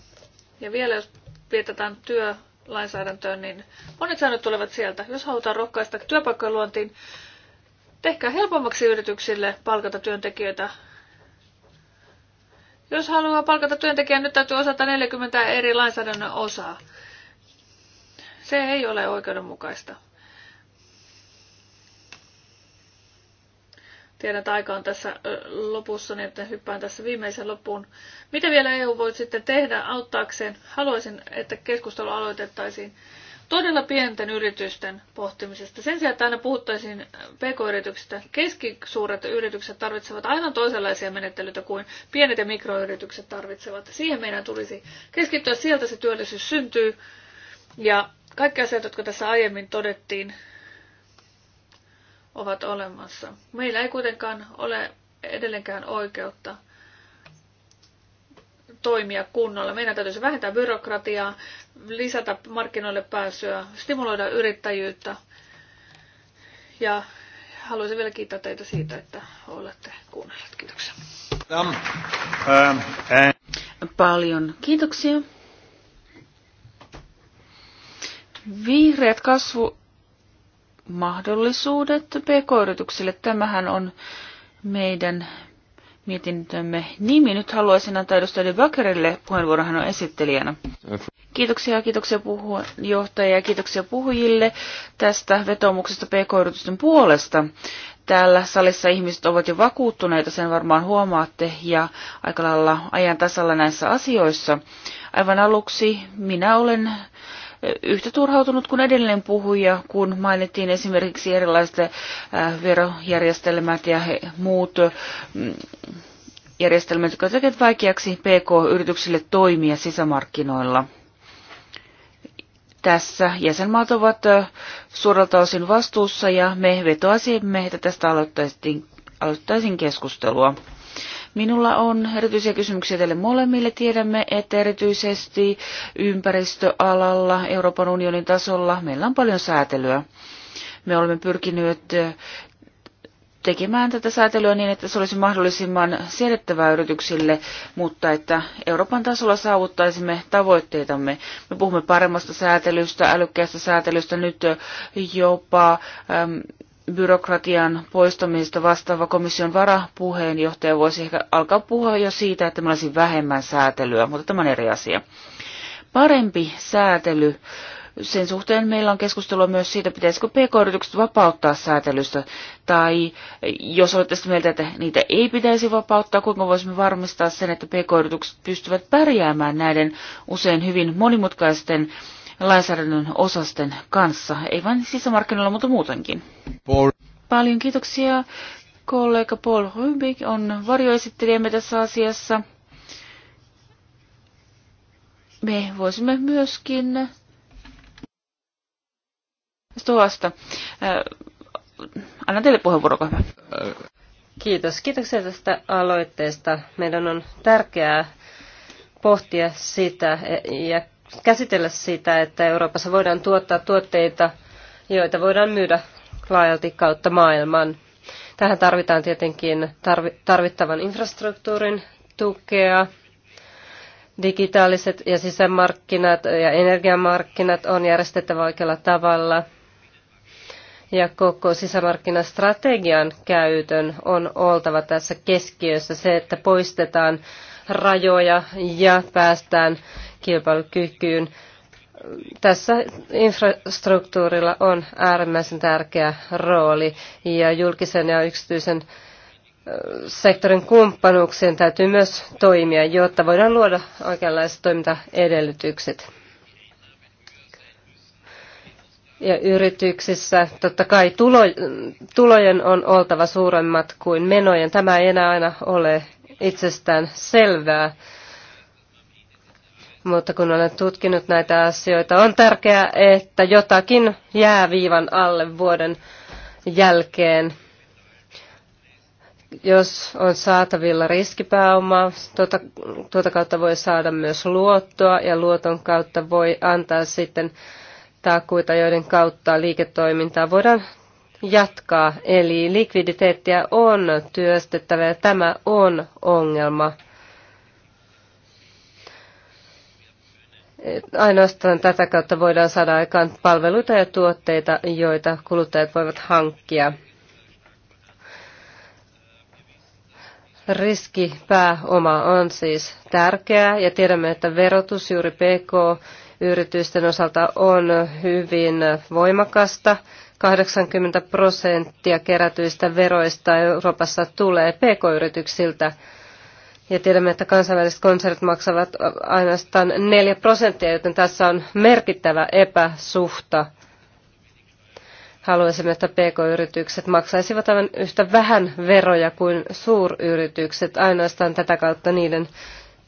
Ja vielä jos vietetään työlainsäädäntöön, niin monet säännöt tulevat sieltä. Jos halutaan rohkaista työpaikkojen luontiin, tehkää helpommaksi yrityksille palkata työntekijöitä. Jos haluaa palkata työntekijän, nyt täytyy osata 40 eri lainsäädännön osaa. Se ei ole oikeudenmukaista. Tiedän, että aika on tässä lopussa, niin että hyppään tässä viimeisen loppuun. Mitä vielä EU voi sitten tehdä auttaakseen? Haluaisin, että keskustelu aloitettaisiin todella pienten yritysten pohtimisesta. Sen sijaan, että aina puhuttaisiin pk-yrityksistä, keskisuuret yritykset tarvitsevat aivan toisenlaisia menettelyitä kuin pienet ja mikroyritykset tarvitsevat. Siihen meidän tulisi keskittyä, sieltä se työllisyys syntyy. Ja kaikki asiat, jotka tässä aiemmin todettiin, ovat olemassa. Meillä ei kuitenkaan ole edelleenkään oikeutta toimia kunnolla. Meidän täytyisi vähentää byrokratiaa, lisätä markkinoille pääsyä, stimuloida yrittäjyyttä. Ja haluaisin vielä kiittää teitä siitä, että olette kuunnelleet. Kiitoksia. Um, um, Paljon kiitoksia. Vihreät kasvumahdollisuudet pk-yrityksille. Tämähän on meidän mietintömme nimi. Nyt haluaisin antaa edustaja De Bakkerille puheenvuoron, hän on esittelijänä. Kiitoksia, kiitoksia puheenjohtaja ja kiitoksia puhujille tästä vetomuksesta PK-yritysten puolesta. Täällä salissa ihmiset ovat jo vakuuttuneita, sen varmaan huomaatte, ja aika lailla ajan tasalla näissä asioissa. Aivan aluksi minä olen yhtä turhautunut kuin edellinen puhuja, kun mainittiin esimerkiksi erilaiset äh, verojärjestelmät ja muut mm, järjestelmät, jotka tekevät vaikeaksi PK-yrityksille toimia sisämarkkinoilla. Tässä jäsenmaat ovat äh, suurelta osin vastuussa ja me vetoasimme, että tästä aloittaisiin keskustelua. Minulla on erityisiä kysymyksiä teille molemmille. Tiedämme, että erityisesti ympäristöalalla Euroopan unionin tasolla meillä on paljon säätelyä. Me olemme pyrkineet tekemään tätä säätelyä niin, että se olisi mahdollisimman siedettävää yrityksille, mutta että Euroopan tasolla saavuttaisimme tavoitteitamme. Me puhumme paremmasta säätelystä, älykkäästä säätelystä, nyt jopa äm, byrokratian poistamisesta vastaava komission varapuheenjohtaja voisi ehkä alkaa puhua jo siitä, että meillä olisi vähemmän säätelyä, mutta tämä on eri asia. Parempi säätely. Sen suhteen meillä on keskustelua myös siitä, pitäisikö pk-yritykset vapauttaa säätelystä, tai jos olette sitä mieltä, että niitä ei pitäisi vapauttaa, kuinka voisimme varmistaa sen, että pk-yritykset pystyvät pärjäämään näiden usein hyvin monimutkaisten lainsäädännön osasten kanssa, ei vain sisämarkkinoilla, mutta muutenkin. Paul. Paljon kiitoksia. Kollega Paul Rubik on varjoesittelijämme tässä asiassa. Me voisimme myöskin tuosta. Äh, Anna teille puheenvuoro, Kiitos. Kiitoksia tästä aloitteesta. Meidän on tärkeää pohtia sitä ja käsitellä sitä, että Euroopassa voidaan tuottaa tuotteita, joita voidaan myydä laajalti kautta maailman. Tähän tarvitaan tietenkin tarvittavan infrastruktuurin tukea. Digitaaliset ja sisämarkkinat ja energiamarkkinat on järjestettävä oikealla tavalla. Ja koko sisämarkkinastrategian käytön on oltava tässä keskiössä se, että poistetaan rajoja ja päästään kilpailukykyyn. Tässä infrastruktuurilla on äärimmäisen tärkeä rooli ja julkisen ja yksityisen sektorin kumppanuuksien täytyy myös toimia, jotta voidaan luoda oikeanlaiset toimintaedellytykset. Ja yrityksissä totta kai tulo, tulojen on oltava suuremmat kuin menojen. Tämä ei enää aina ole itsestään selvää. Mutta kun olen tutkinut näitä asioita, on tärkeää, että jotakin jää viivan alle vuoden jälkeen. Jos on saatavilla riskipääomaa, tuota, tuota kautta voi saada myös luottoa ja luoton kautta voi antaa sitten takuita, joiden kautta liiketoimintaa voidaan jatkaa. Eli likviditeettiä on työstettävä ja tämä on ongelma. Ainoastaan tätä kautta voidaan saada aikaan palveluita ja tuotteita, joita kuluttajat voivat hankkia. Riskipääoma on siis tärkeää ja tiedämme, että verotus juuri PK-yritysten osalta on hyvin voimakasta. 80 prosenttia kerätyistä veroista Euroopassa tulee PK-yrityksiltä ja tiedämme, että kansainväliset konsernit maksavat ainoastaan 4 prosenttia, joten tässä on merkittävä epäsuhta. Haluaisimme, että pk-yritykset maksaisivat aivan yhtä vähän veroja kuin suuryritykset. Ainoastaan tätä kautta niiden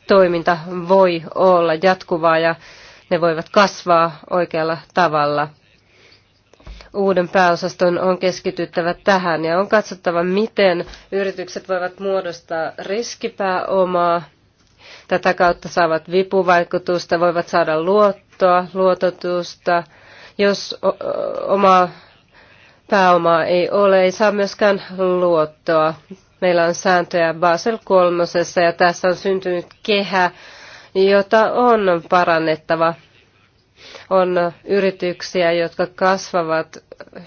toiminta voi olla jatkuvaa ja ne voivat kasvaa oikealla tavalla uuden pääosaston on keskityttävä tähän ja on katsottava, miten yritykset voivat muodostaa riskipääomaa. Tätä kautta saavat vipuvaikutusta, voivat saada luottoa, luototusta. Jos omaa pääomaa ei ole, ei saa myöskään luottoa. Meillä on sääntöjä Basel kolmosessa ja tässä on syntynyt kehä, jota on parannettava on yrityksiä, jotka kasvavat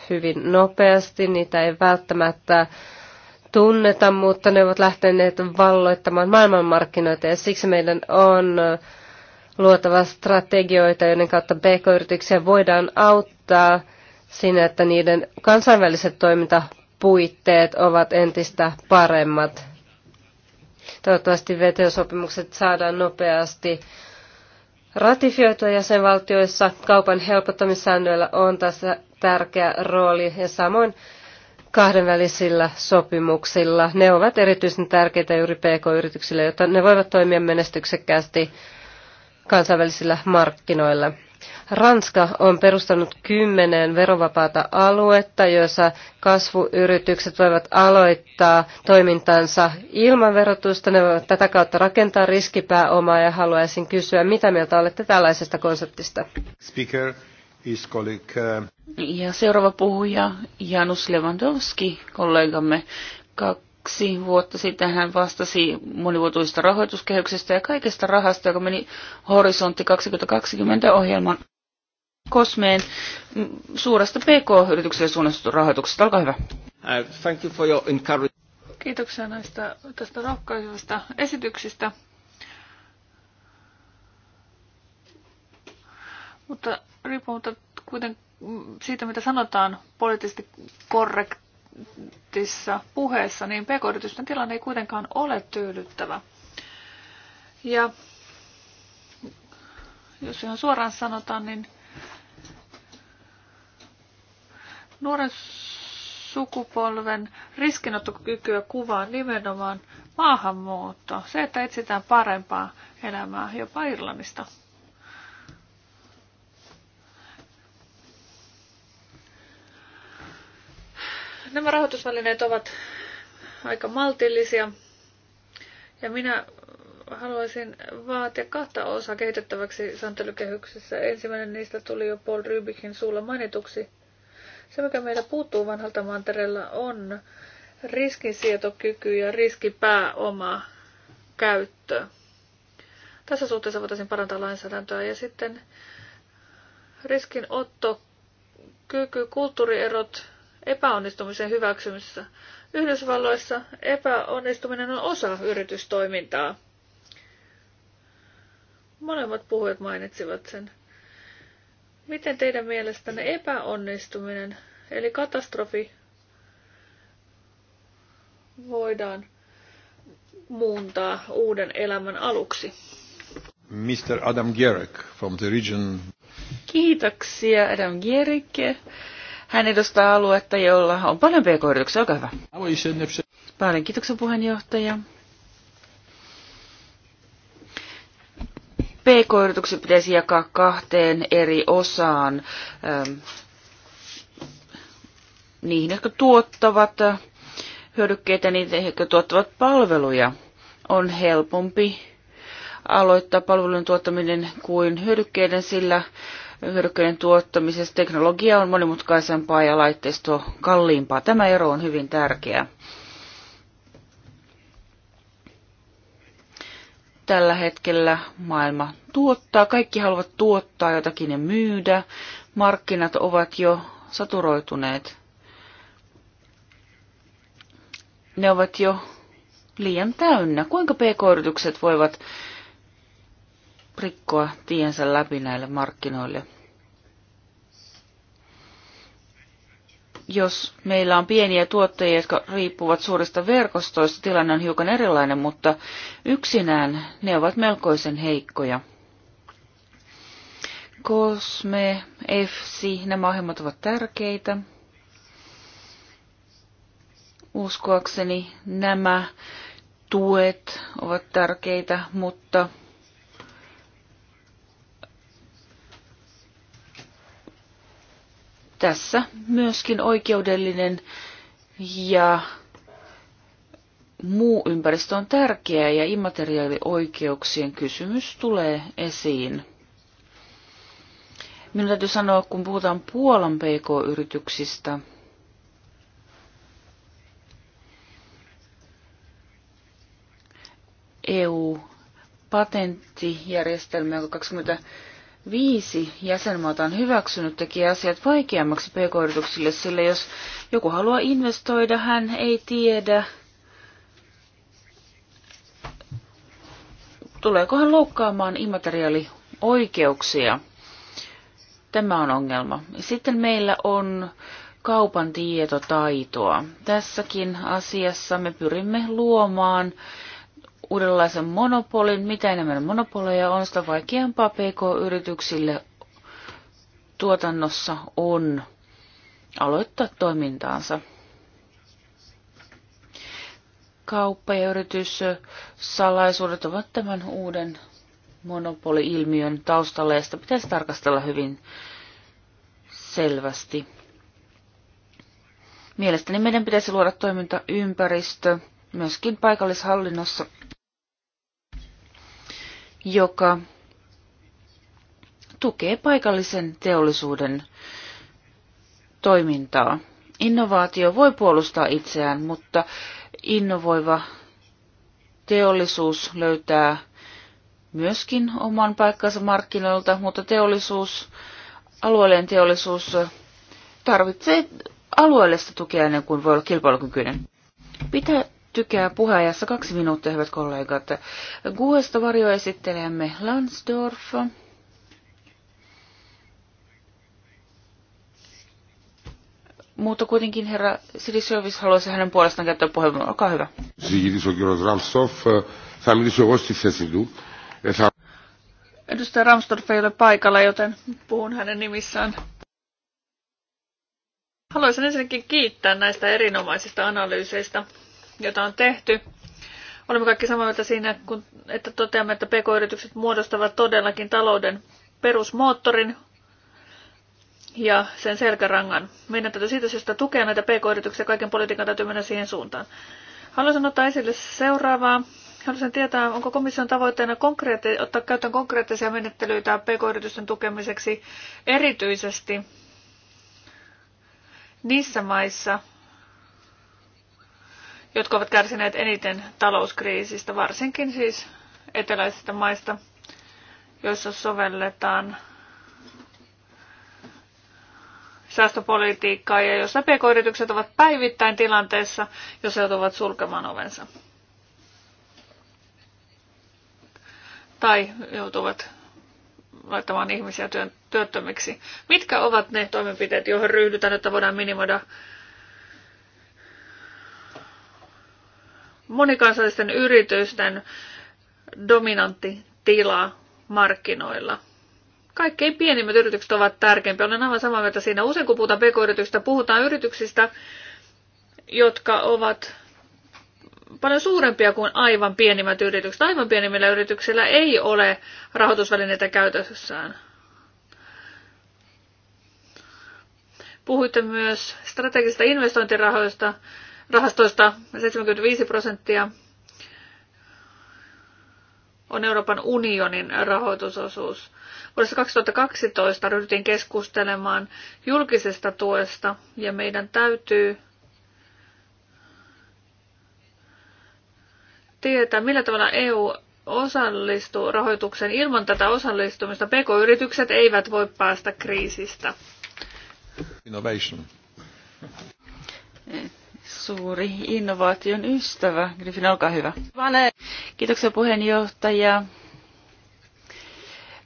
hyvin nopeasti, niitä ei välttämättä tunneta, mutta ne ovat lähteneet valloittamaan maailmanmarkkinoita ja siksi meidän on luotava strategioita, joiden kautta pk-yrityksiä voidaan auttaa siinä, että niiden kansainväliset toimintapuitteet ovat entistä paremmat. Toivottavasti VTO-sopimukset saadaan nopeasti ratifioitua jäsenvaltioissa. Kaupan helpottamissäännöillä on tässä tärkeä rooli ja samoin kahdenvälisillä sopimuksilla. Ne ovat erityisen tärkeitä juuri PK-yrityksille, jotta ne voivat toimia menestyksekkäästi kansainvälisillä markkinoilla. Ranska on perustanut kymmenen verovapaata aluetta, joissa kasvuyritykset voivat aloittaa toimintansa ilman verotusta. Ne voivat tätä kautta rakentaa riskipääomaa ja haluaisin kysyä, mitä mieltä olette tällaisesta konseptista? Speaker is colleague. Uh, ja seuraava puhuja Janus Lewandowski, kollegamme. Kaksi kaksi vuotta sitten hän vastasi monivuotuisesta rahoituskehyksestä ja kaikesta rahasta, joka meni Horisontti 2020 ohjelman Kosmeen suuresta PK-yritykselle suunnattu rahoituksesta. Olkaa hyvä. Uh, thank you for your Kiitoksia näistä tästä rohkaisevasta esityksistä. Mutta riippumatta kuitenkin siitä, mitä sanotaan poliittisesti korrekt, minuutissa puheessa, niin pk tilanne ei kuitenkaan ole tyydyttävä. Ja jos ihan suoraan sanotaan, niin nuoren sukupolven riskinottokykyä kuvaa nimenomaan maahanmuutto. Se, että etsitään parempaa elämää jopa Irlannista. Nämä rahoitusvälineet ovat aika maltillisia ja minä haluaisin vaatia kahta osaa kehitettäväksi sääntelykehyksessä. Ensimmäinen niistä tuli jo Paul Rybikin suulla mainituksi. Se, mikä meillä puuttuu vanhalta mantereella, on riskinsietokyky ja riskipääoma käyttö. Tässä suhteessa voitaisiin parantaa lainsäädäntöä ja sitten riskinotto, kyky, kulttuurierot epäonnistumisen hyväksymisessä. Yhdysvalloissa epäonnistuminen on osa yritystoimintaa. Molemmat puhujat mainitsivat sen. Miten teidän mielestänne epäonnistuminen, eli katastrofi, voidaan muuntaa uuden elämän aluksi? Mr. Adam Gerek from the region. Kiitoksia Adam Gerek. Hän edustaa aluetta, jolla on paljon pk-yrityksiä. Olkaa hyvä. Paljon kiitoksia puheenjohtaja. PK-yritykset pitäisi jakaa kahteen eri osaan. Ähm, niihin, jotka tuottavat hyödykkeitä, niitä, jotka tuottavat palveluja. On helpompi aloittaa palvelun tuottaminen kuin hyödykkeiden, sillä hyödykkeiden tuottamisessa. Teknologia on monimutkaisempaa ja laitteisto kalliimpaa. Tämä ero on hyvin tärkeä. Tällä hetkellä maailma tuottaa. Kaikki haluavat tuottaa jotakin ja myydä. Markkinat ovat jo saturoituneet. Ne ovat jo liian täynnä. Kuinka pk-yritykset voivat rikkoa tiensä läpi näille markkinoille? jos meillä on pieniä tuottajia, jotka riippuvat suurista verkostoista, tilanne on hiukan erilainen, mutta yksinään ne ovat melkoisen heikkoja. Cosme, EFSI, nämä ohjelmat ovat tärkeitä. Uskoakseni nämä tuet ovat tärkeitä, mutta tässä myöskin oikeudellinen ja muu ympäristö on tärkeä ja immateriaalioikeuksien kysymys tulee esiin. Minun täytyy sanoa, kun puhutaan Puolan PK-yrityksistä, EU-patenttijärjestelmä, joka 20 viisi jäsenmaata on hyväksynyt, tekee asiat vaikeammaksi pk-yrityksille, sillä jos joku haluaa investoida, hän ei tiedä, tuleeko hän loukkaamaan immateriaalioikeuksia. Tämä on ongelma. Sitten meillä on kaupan tietotaitoa. Tässäkin asiassa me pyrimme luomaan uudenlaisen monopolin. Mitä enemmän monopoleja on, sitä vaikeampaa PK-yrityksille tuotannossa on aloittaa toimintaansa. Kauppa- ja yrityssalaisuudet ovat tämän uuden monopoli-ilmiön taustalla, ja sitä pitäisi tarkastella hyvin selvästi. Mielestäni meidän pitäisi luoda toimintaympäristö myöskin paikallishallinnossa, joka tukee paikallisen teollisuuden toimintaa. Innovaatio voi puolustaa itseään, mutta innovoiva teollisuus löytää myöskin oman paikkansa markkinoilta, mutta teollisuus, alueellinen teollisuus tarvitsee alueellista tukea ennen kuin voi olla kilpailukykyinen. Pitää tykää puheajassa kaksi minuuttia, hyvät kollegat. Guesta esittelemme Lansdorf. Mutta kuitenkin herra Siri Service haluaisi hänen puolestaan käyttää puheenvuoron. Olkaa hyvä. Edustaja Ramstorff ei ole paikalla, joten puhun hänen nimissään. Haluaisin ensinnäkin kiittää näistä erinomaisista analyyseistä jota on tehty. Olemme kaikki samaa mieltä siinä, kun, että toteamme, että pk-yritykset muodostavat todellakin talouden perusmoottorin ja sen selkärangan. Meidän täytyy siitä syystä tukea näitä pk-yrityksiä, kaiken politiikan täytyy mennä siihen suuntaan. Haluaisin ottaa esille seuraavaa. Haluaisin tietää, onko komission tavoitteena konkreetti, ottaa käyttöön konkreettisia menettelyitä pk-yritysten tukemiseksi erityisesti niissä maissa, jotka ovat kärsineet eniten talouskriisistä, varsinkin siis eteläisistä maista, joissa sovelletaan säästöpolitiikkaa ja jossa pk-yritykset ovat päivittäin tilanteessa, jos joutuvat sulkemaan ovensa. Tai joutuvat laittamaan ihmisiä työttömiksi. Mitkä ovat ne toimenpiteet, joihin ryhdytään, että voidaan minimoida monikansallisten yritysten dominantti tila markkinoilla. Kaikkein pienimmät yritykset ovat tärkeimpiä. Olen aivan samaa mieltä siinä. Usein kun puhutaan pk-yrityksistä, puhutaan yrityksistä, jotka ovat paljon suurempia kuin aivan pienimmät yritykset. Aivan pienimmillä yrityksillä ei ole rahoitusvälineitä käytössään. Puhuitte myös strategisista investointirahoista rahastoista 75 prosenttia on Euroopan unionin rahoitusosuus. Vuodessa 2012 ryhdyttiin keskustelemaan julkisesta tuesta ja meidän täytyy tietää, millä tavalla EU osallistuu rahoitukseen. Ilman tätä osallistumista PK-yritykset eivät voi päästä kriisistä. Innovation. Eh, suuri innovaation ystävä. Griffin, olkaa hyvä. Kiitoksia puheenjohtaja.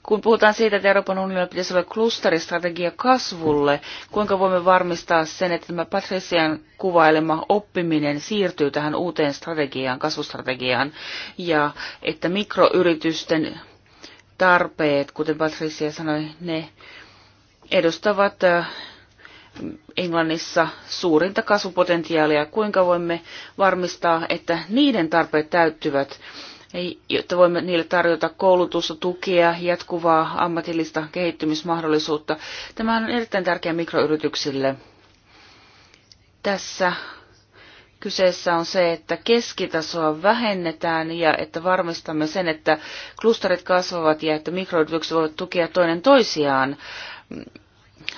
Kun puhutaan siitä, että Euroopan unionilla pitäisi olla klusteristrategia kasvulle, kuinka voimme varmistaa sen, että tämä Patrician kuvailema oppiminen siirtyy tähän uuteen strategiaan, kasvustrategiaan, ja että mikroyritysten tarpeet, kuten Patricia sanoi, ne edustavat äh, Englannissa suurinta kasvupotentiaalia, kuinka voimme varmistaa, että niiden tarpeet täyttyvät, jotta voimme niille tarjota koulutusta, tukea, jatkuvaa ammatillista kehittymismahdollisuutta. Tämä on erittäin tärkeä mikroyrityksille. Tässä kyseessä on se, että keskitasoa vähennetään ja että varmistamme sen, että klusterit kasvavat ja että mikroyritykset voivat tukea toinen toisiaan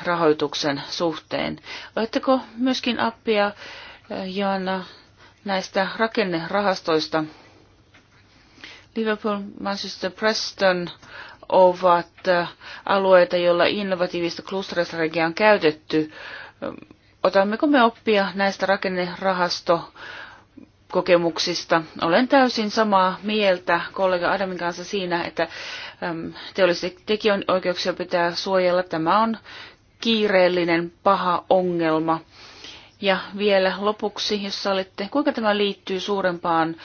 rahoituksen suhteen. Oletteko myöskin appia, äh, Joanna, näistä rakennerahastoista? Liverpool, Manchester, Preston ovat äh, alueita, joilla innovatiivista klusteristrategiaa on käytetty. Äh, otammeko me oppia näistä rakennerahasto kokemuksista. Olen täysin samaa mieltä kollega Adamin kanssa siinä, että teollisia tekijänoikeuksia pitää suojella. Tämä on kiireellinen paha ongelma. Ja vielä lopuksi, jos sallitte, kuinka tämä liittyy suurempaan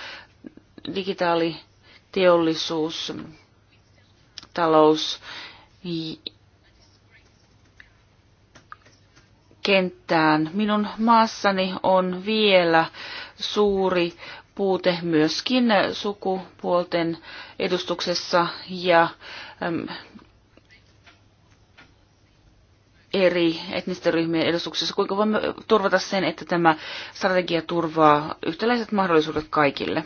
digitaaliteollisuus, talous, kenttään. Minun maassani on vielä suuri puute myöskin sukupuolten edustuksessa ja eri etnisten ryhmien edustuksessa, kuinka voimme turvata sen, että tämä strategia turvaa yhtäläiset mahdollisuudet kaikille.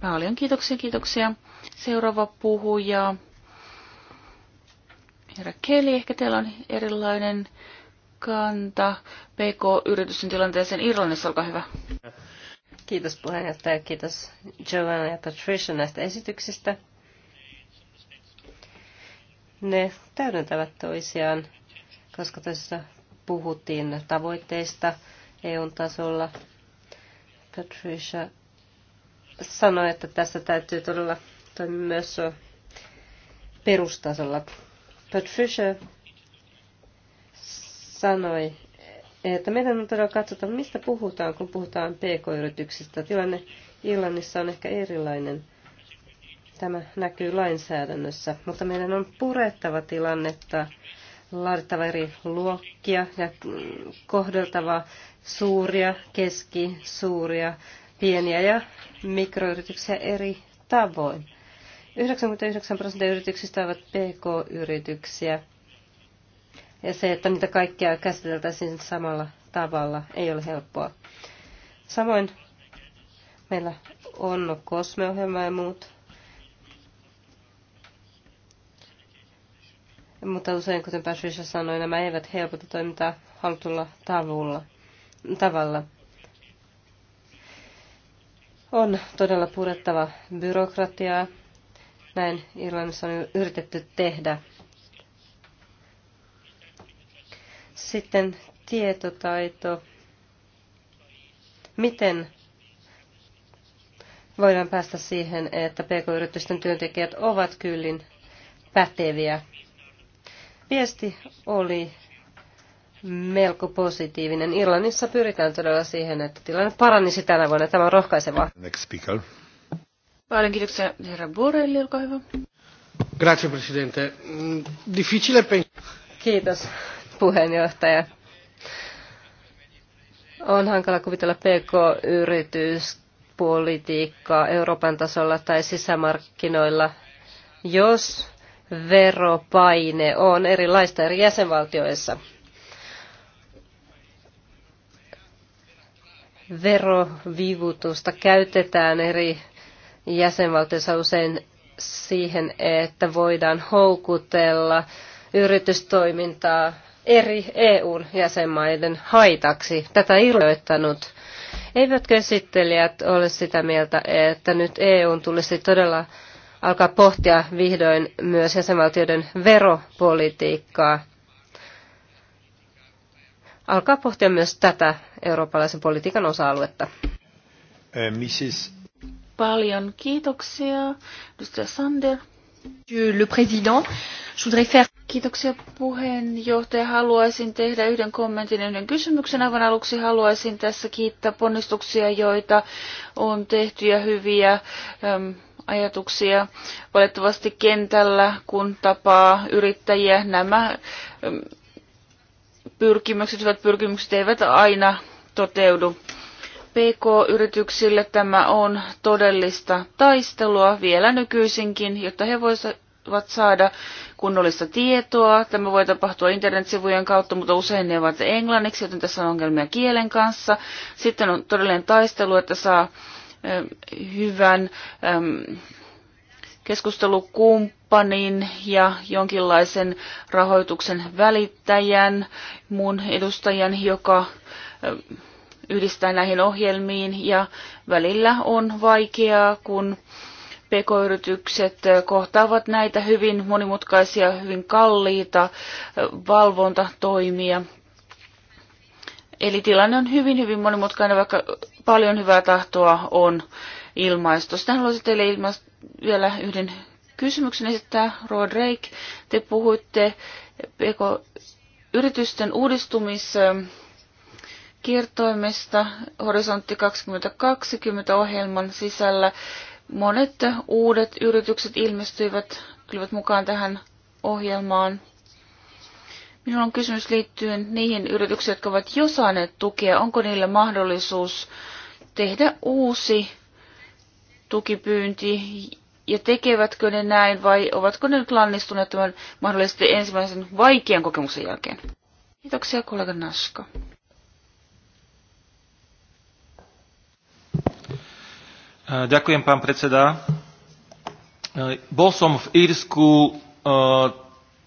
Paljon kiitoksia, kiitoksia. Seuraava puhuja. Herra Keli, ehkä teillä on erilainen kanta PK-yritysten tilanteeseen Irlannissa, olkaa hyvä. Kiitos puheenjohtaja, kiitos Joanna ja Patricia näistä esityksistä. Ne täydentävät toisiaan koska tässä puhuttiin tavoitteista eu tasolla. Patricia sanoi, että tässä täytyy todella toimia myös perustasolla. Patricia sanoi, että meidän on todella katsottava, mistä puhutaan, kun puhutaan pk-yrityksistä. Tilanne Irlannissa on ehkä erilainen. Tämä näkyy lainsäädännössä, mutta meidän on purettava tilannetta laadittava eri luokkia ja kohdeltava suuria, keski, suuria, pieniä ja mikroyrityksiä eri tavoin. 99 prosenttia yrityksistä ovat pk-yrityksiä. Ja se, että niitä kaikkia käsiteltäisiin samalla tavalla, ei ole helppoa. Samoin meillä on kosmeohjelma ja muut Mutta usein, kuten Patricia sanoi, nämä eivät helpota toimintaa halutulla tavulla, tavalla. On todella purettava byrokratiaa. Näin Irlannissa on yritetty tehdä. Sitten tietotaito. Miten voidaan päästä siihen, että pk-yritysten työntekijät ovat kyllin päteviä Viesti oli melko positiivinen. Irlannissa pyritään todella siihen, että tilanne paranisi tänä vuonna. Tämä on rohkaisevaa. Next speaker. Paljon kiitoksia herra Borrelli, olkaa hyvä. Grazie, presidente. Mm, difficile Kiitos, puheenjohtaja. On hankala kuvitella PK-yrityspolitiikkaa Euroopan tasolla tai sisämarkkinoilla, jos veropaine on erilaista eri jäsenvaltioissa. Verovivutusta käytetään eri jäsenvaltioissa usein siihen, että voidaan houkutella yritystoimintaa eri EU-jäsenmaiden haitaksi. Tätä ilmoittanut. Eivätkö esittelijät ole sitä mieltä, että nyt EU tulisi todella alkaa pohtia vihdoin myös jäsenvaltioiden veropolitiikkaa. Alkaa pohtia myös tätä eurooppalaisen politiikan osa-aluetta. Eh, Mrs. Paljon kiitoksia. Edustaja Sander. le Président, je voudrais faire... Kiitoksia puheenjohtaja. Haluaisin tehdä yhden kommentin ja yhden kysymyksen. Aivan aluksi haluaisin tässä kiittää ponnistuksia, joita on tehty ja hyviä äm, ajatuksia. Valitettavasti kentällä, kun tapaa yrittäjiä, nämä ähm, pyrkimykset, hyvät pyrkimykset eivät aina toteudu. PK-yrityksille tämä on todellista taistelua vielä nykyisinkin, jotta he voisivat saada kunnollista tietoa. Tämä voi tapahtua internetsivujen kautta, mutta usein ne ovat englanniksi, joten tässä on ongelmia kielen kanssa. Sitten on todellinen taistelu, että saa hyvän keskustelukumppanin ja jonkinlaisen rahoituksen välittäjän, mun edustajan, joka yhdistää näihin ohjelmiin ja välillä on vaikeaa, kun PK-yritykset kohtaavat näitä hyvin monimutkaisia, hyvin kalliita valvontatoimia. Eli tilanne on hyvin, hyvin monimutkainen, vaikka paljon hyvää tahtoa on ilmaistu. Sitten haluaisin teille ilmaista vielä yhden kysymyksen esittää. Roa Drake, te puhuitte yritysten uudistumiskiertoimesta Horisontti 2020 ohjelman sisällä. Monet uudet yritykset ilmestyivät, kylvät mukaan tähän ohjelmaan. Minulla on kysymys liittyen niihin yrityksiin, jotka ovat jo saaneet tukea. Onko niillä mahdollisuus tehdä uusi tukipyynti ja tekevätkö ne näin vai ovatko ne nyt lannistuneet tämän mahdollisesti ensimmäisen vaikean kokemuksen jälkeen? Kiitoksia kollega Naska. Ďakujem, pán predseda. Bol som v Írsku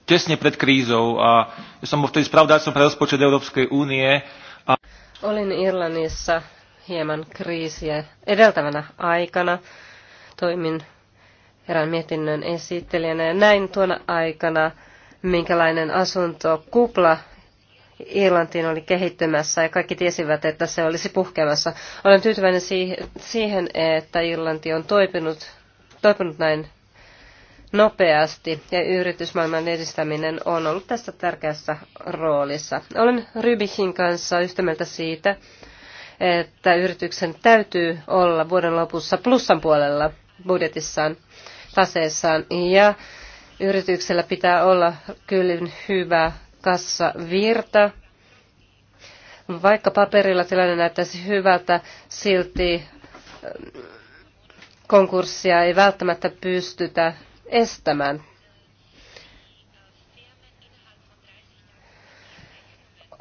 tesne pred krízou a ja som bol vtedy spravodajcom pre rozpočet Európskej únie. A... Olin Irlannissa hieman kriisiä edeltävänä aikana. Toimin erään mietinnön esittelijänä ja näin tuona aikana, minkälainen asunto kupla Irlantiin oli kehittymässä ja kaikki tiesivät, että se olisi puhkeamassa. Olen tyytyväinen siihen, että Irlanti on toipunut, toipunut näin nopeasti ja yritysmaailman edistäminen on ollut tässä tärkeässä roolissa. Olen Rybihin kanssa yhtä mieltä siitä, että yrityksen täytyy olla vuoden lopussa plussan puolella budjetissaan, taseessaan. Ja yrityksellä pitää olla kyllin hyvä kassavirta. Vaikka paperilla tilanne näyttäisi hyvältä, silti ähm, konkurssia ei välttämättä pystytä estämään.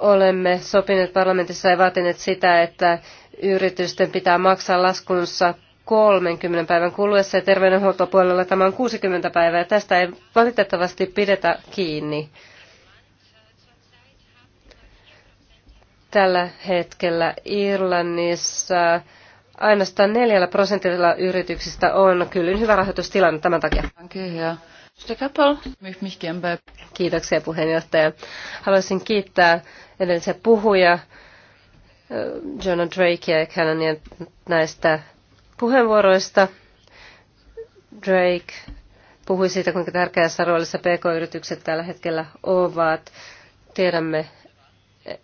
olemme sopineet parlamentissa ja vaatineet sitä, että yritysten pitää maksaa laskunsa 30 päivän kuluessa ja terveydenhuoltopuolella tämä on 60 päivää. Tästä ei valitettavasti pidetä kiinni. Tällä hetkellä Irlannissa ainoastaan neljällä prosentilla yrityksistä on kyllin hyvä rahoitustilanne tämän takia. Kiitoksia puheenjohtaja. Haluaisin kiittää edellisiä puhuja, eh, Jonah Drake ja Cannonia näistä puheenvuoroista. Drake puhui siitä, kuinka tärkeässä roolissa pk-yritykset tällä hetkellä ovat. Tiedämme,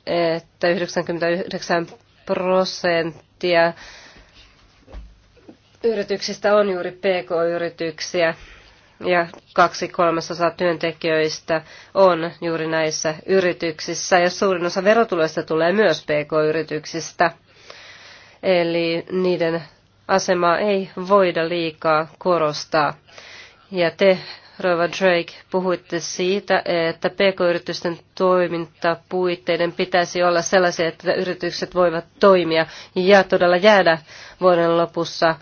että 99 prosenttia yrityksistä on juuri pk-yrityksiä ja kaksi kolmasosaa työntekijöistä on juuri näissä yrityksissä ja suurin osa verotuloista tulee myös pk-yrityksistä. Eli niiden asemaa ei voida liikaa korostaa. Ja te, Rova Drake, puhuitte siitä, että pk-yritysten toimintapuitteiden pitäisi olla sellaisia, että yritykset voivat toimia ja todella jäädä vuoden lopussa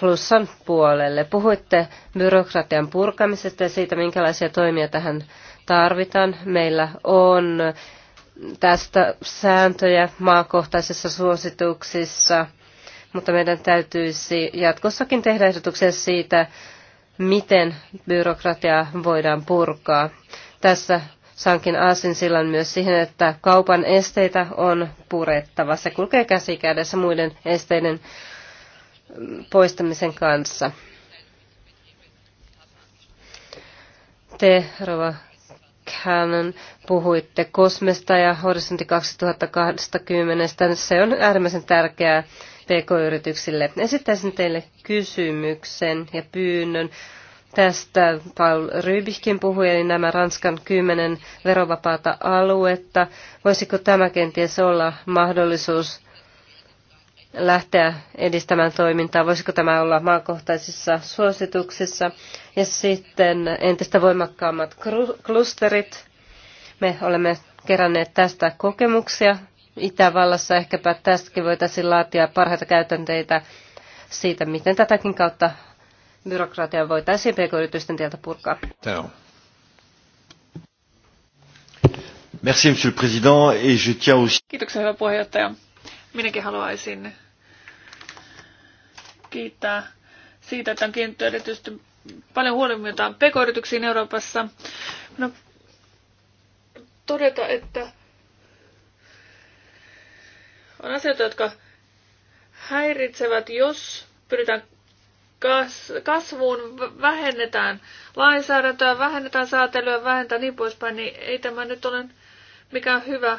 plussan puolelle. Puhuitte byrokratian purkamisesta ja siitä, minkälaisia toimia tähän tarvitaan. Meillä on tästä sääntöjä maakohtaisissa suosituksissa, mutta meidän täytyisi jatkossakin tehdä ehdotuksia siitä, miten byrokratiaa voidaan purkaa. Tässä sankin silloin myös siihen, että kaupan esteitä on purettava. Se kulkee käsi kädessä muiden esteiden poistamisen kanssa. Te, Rova Cannon, puhuitte Kosmesta ja Horisontti 2020. Se on äärimmäisen tärkeää PK-yrityksille. Esittäisin teille kysymyksen ja pyynnön. Tästä Paul Rybihkin puhui, eli nämä Ranskan kymmenen verovapaata aluetta. Voisiko tämä kenties olla mahdollisuus lähteä edistämään toimintaa? Voisiko tämä olla maakohtaisissa suosituksissa? Ja sitten entistä voimakkaammat klusterit. Me olemme keränneet tästä kokemuksia. Itävallassa ehkäpä tästäkin voitaisiin laatia parhaita käytänteitä siitä, miten tätäkin kautta byrokratiaa voitaisiin pk-yritysten tieltä purkaa. Tämä on. Merci, monsieur le président, et je tiens aussi... Kiitoksia, hyvä puheenjohtaja. Minäkin haluaisin kiittää siitä, että on kiinnitty erityisesti paljon huomiota pk-yrityksiin Euroopassa. No, todeta, että on asioita, jotka häiritsevät, jos pyritään kasvuun, vähennetään lainsäädäntöä, vähennetään säätelyä, vähentää niin poispäin, niin ei tämä nyt ole mikään hyvä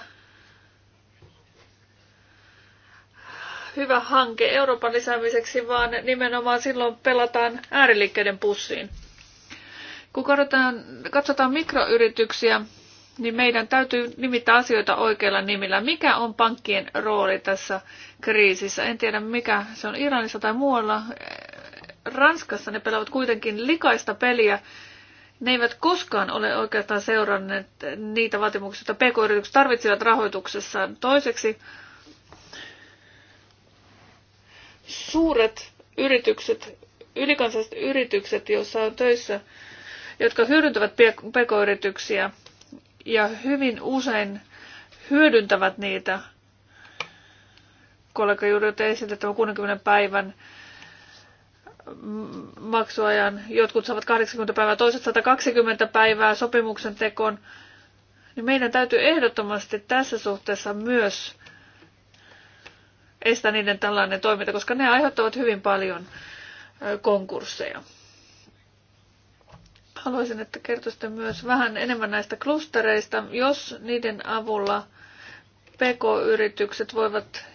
hyvä hanke Euroopan lisäämiseksi, vaan nimenomaan silloin pelataan ääriliikkeiden pussiin. Kun katsotaan, katsotaan mikroyrityksiä, niin meidän täytyy nimittää asioita oikeilla nimillä. Mikä on pankkien rooli tässä kriisissä? En tiedä, mikä se on Iranissa tai muualla. Ranskassa ne pelaavat kuitenkin likaista peliä. Ne eivät koskaan ole oikeastaan seuranneet niitä vaatimuksia, joita pk-yritykset tarvitsivat rahoituksessaan. Toiseksi suuret yritykset, ylikansalliset yritykset, joissa on töissä, jotka hyödyntävät pk-yrityksiä ja hyvin usein hyödyntävät niitä. Kollega juuri otti esille tämän 60 päivän maksuajan. Jotkut saavat 80 päivää, toiset 120 päivää sopimuksen tekoon. Niin meidän täytyy ehdottomasti tässä suhteessa myös estä niiden tällainen toiminta, koska ne aiheuttavat hyvin paljon konkursseja. Haluaisin, että kertoisitte myös vähän enemmän näistä klustereista, jos niiden avulla PK-yritykset voivat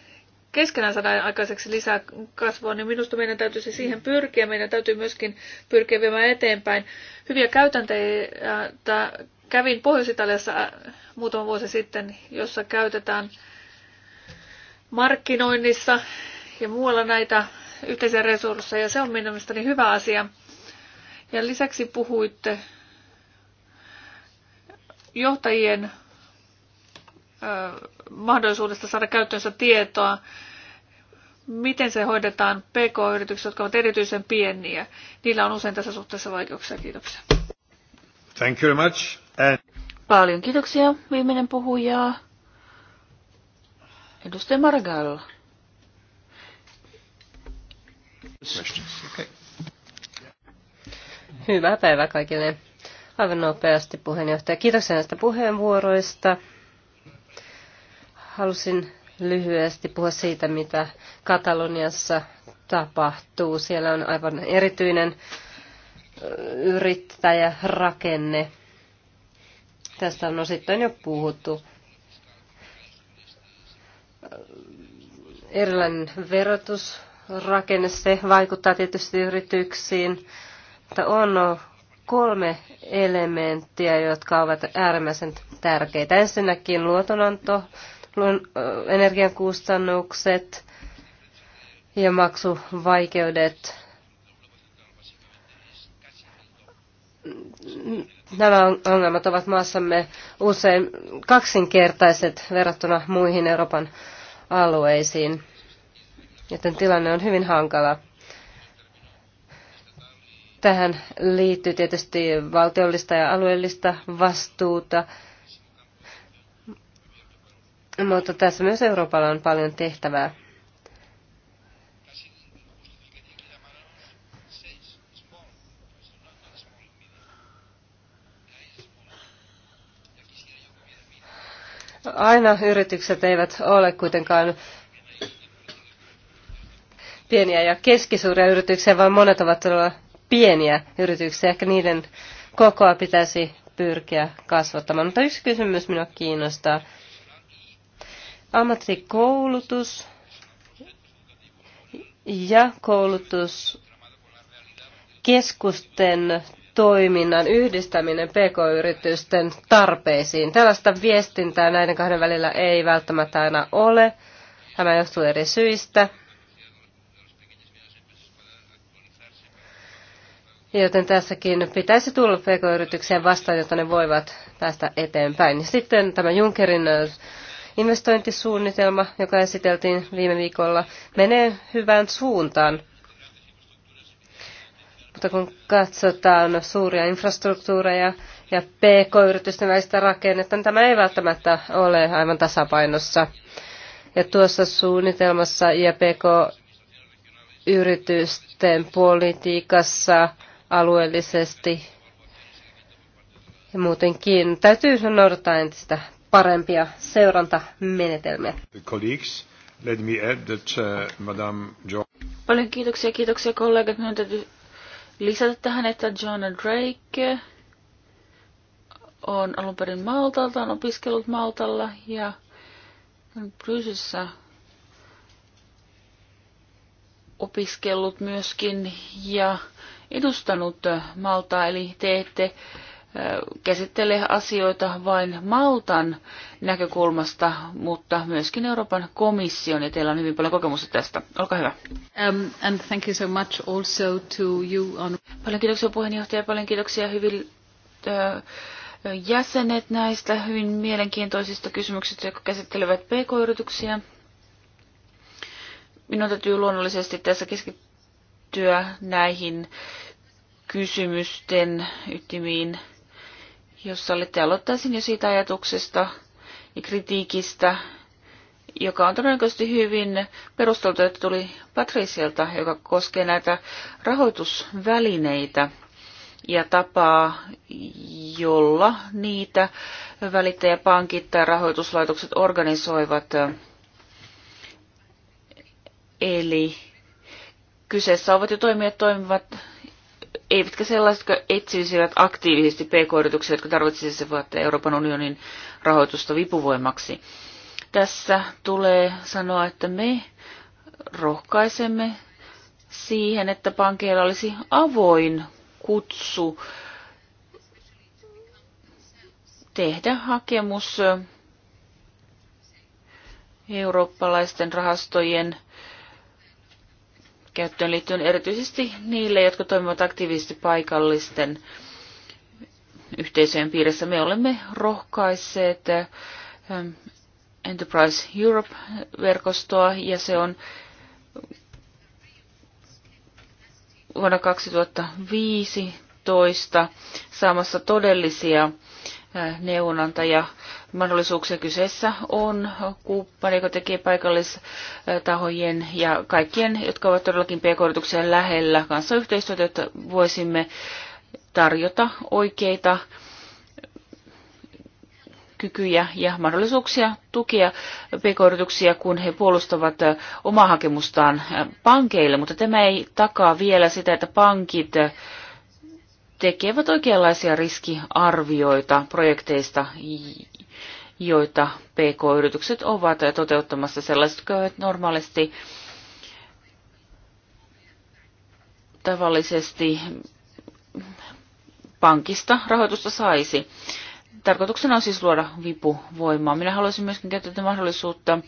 keskenään saada aikaiseksi lisää kasvua, niin minusta meidän täytyisi siihen pyrkiä. Meidän täytyy myöskin pyrkiä viemään eteenpäin hyviä käytäntöjä. Kävin Pohjois-Italiassa muutama vuosi sitten, jossa käytetään markkinoinnissa ja muualla näitä yhteisiä resursseja. Se on minun mielestäni hyvä asia. Ja lisäksi puhuitte johtajien mahdollisuudesta saada käyttöönsä tietoa, miten se hoidetaan PK-yrityksissä, jotka ovat erityisen pieniä. Niillä on usein tässä suhteessa vaikeuksia. Kiitoksia. Thank you very much. And... Paljon kiitoksia. Viimeinen puhuja Edustaja Margalla. Hyvää päivää kaikille. Aivan nopeasti puheenjohtaja. Kiitoksia näistä puheenvuoroista. Halusin lyhyesti puhua siitä, mitä Kataloniassa tapahtuu. Siellä on aivan erityinen yrittäjärakenne. Tästä on osittain jo puhuttu erilainen verotusrakenne, se vaikuttaa tietysti yrityksiin, mutta on kolme elementtiä, jotka ovat äärimmäisen tärkeitä. Ensinnäkin luotonanto, energian kustannukset ja maksuvaikeudet. Nämä ongelmat ovat maassamme usein kaksinkertaiset verrattuna muihin Euroopan alueisiin, joten tilanne on hyvin hankala. Tähän liittyy tietysti valtiollista ja alueellista vastuuta, mutta tässä myös Euroopalla on paljon tehtävää. Aina yritykset eivät ole kuitenkaan pieniä ja keskisuuria yrityksiä, vaan monet ovat todella pieniä yrityksiä. Ehkä niiden kokoa pitäisi pyrkiä kasvattamaan. Mutta yksi kysymys minua kiinnostaa. Ammattikoulutus ja koulutuskeskusten toiminnan yhdistäminen pk-yritysten tarpeisiin. Tällaista viestintää näiden kahden välillä ei välttämättä aina ole. Tämä johtuu eri syistä. Joten tässäkin pitäisi tulla pk-yritykseen vastaan, jotta ne voivat päästä eteenpäin. Sitten tämä Junkerin investointisuunnitelma, joka esiteltiin viime viikolla, menee hyvään suuntaan. Mutta kun katsotaan suuria infrastruktuureja ja PK-yritysten välistä rakennetta, niin tämä ei välttämättä ole aivan tasapainossa. Ja tuossa suunnitelmassa ja PK-yritysten politiikassa alueellisesti ja muutenkin täytyy noudattaa entistä parempia seurantamenetelmiä. Let me add that, uh, Paljon kiitoksia, kiitoksia kollegat. Minun täytyy lisätä tähän, että Joanna Drake on alun perin Maltalta, on opiskellut Maltalla ja Brysissä opiskellut myöskin ja edustanut Maltaa, eli te ette käsittelee asioita vain Maltan näkökulmasta, mutta myöskin Euroopan komission, ja teillä on hyvin paljon kokemusta tästä. Olkaa hyvä. Um, and thank you so much also to you on... Paljon kiitoksia puheenjohtaja, paljon kiitoksia hyvin äh, jäsenet näistä hyvin mielenkiintoisista kysymyksistä, jotka käsittelevät pk-yrityksiä. Minun täytyy luonnollisesti tässä keskittyä näihin kysymysten ytimiin jos sallitte, aloittaisin jo siitä ajatuksesta ja kritiikistä, joka on todennäköisesti hyvin perusteltu, että tuli Patricialta, joka koskee näitä rahoitusvälineitä ja tapaa, jolla niitä välittäjäpankit tai rahoituslaitokset organisoivat. Eli kyseessä ovat jo toimijat toimivat eivätkä sellaiset, jotka etsisivät aktiivisesti pk-yrityksiä, jotka tarvitsisivat Euroopan unionin rahoitusta vipuvoimaksi. Tässä tulee sanoa, että me rohkaisemme siihen, että pankeilla olisi avoin kutsu tehdä hakemus eurooppalaisten rahastojen käyttöön liittyen erityisesti niille, jotka toimivat aktiivisesti paikallisten yhteisöjen piirissä. Me olemme rohkaisseet ähm, Enterprise Europe-verkostoa ja se on vuonna 2015 saamassa todellisia neuvonanta ja mahdollisuuksia kyseessä on kumppani, joka tekee paikallistahojen ja kaikkien, jotka ovat todellakin pk lähellä kanssa yhteistyötä, että voisimme tarjota oikeita kykyjä ja mahdollisuuksia tukea pk kun he puolustavat omaa hakemustaan pankeille, mutta tämä ei takaa vielä sitä, että pankit tekevät oikeanlaisia riskiarvioita projekteista, joita PK-yritykset ovat toteuttamassa, sellaiset, jotka ovat normaalisti tavallisesti pankista rahoitusta saisi. Tarkoituksena on siis luoda vipuvoimaa. Minä haluaisin myöskin käyttää mahdollisuutta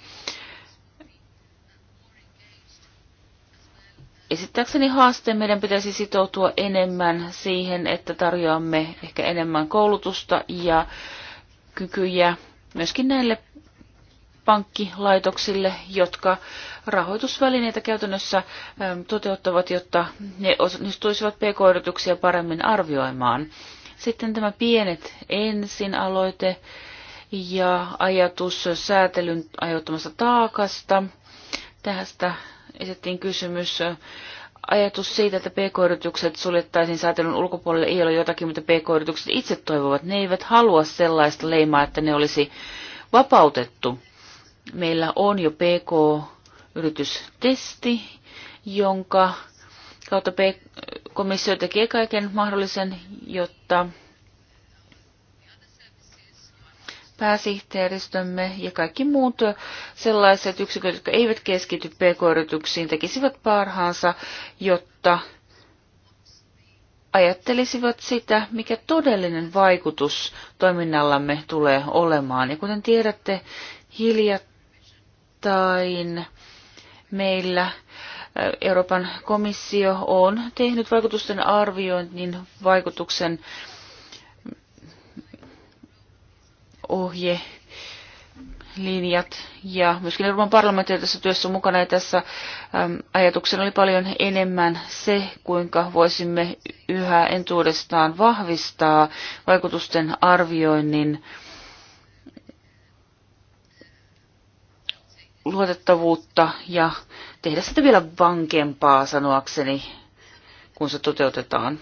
esittääkseni haaste meidän pitäisi sitoutua enemmän siihen, että tarjoamme ehkä enemmän koulutusta ja kykyjä myöskin näille pankkilaitoksille, jotka rahoitusvälineitä käytännössä ähm, toteuttavat, jotta ne onnistuisivat pk odotuksia paremmin arvioimaan. Sitten tämä pienet ensin aloite ja ajatus säätelyn aiheuttamasta taakasta. Tästä esittiin kysymys. Ajatus siitä, että pk-yritykset suljettaisiin säätelyn ulkopuolelle, ei ole jotakin, mitä pk-yritykset itse toivovat. Ne eivät halua sellaista leimaa, että ne olisi vapautettu. Meillä on jo pk-yritystesti, jonka kautta komissio tekee kaiken mahdollisen, jotta pääsihteeristömme ja kaikki muut sellaiset yksiköt, jotka eivät keskity pk-yrityksiin, tekisivät parhaansa, jotta ajattelisivat sitä, mikä todellinen vaikutus toiminnallamme tulee olemaan. Ja kuten tiedätte, hiljattain meillä äh, Euroopan komissio on tehnyt vaikutusten arvioinnin vaikutuksen ohje linjat ja myöskin Euroopan parlamentti tässä työssä mukana ja tässä äm, ajatuksena oli paljon enemmän se, kuinka voisimme yhä entuudestaan vahvistaa vaikutusten arvioinnin luotettavuutta ja tehdä sitä vielä vankempaa sanoakseni, kun se toteutetaan.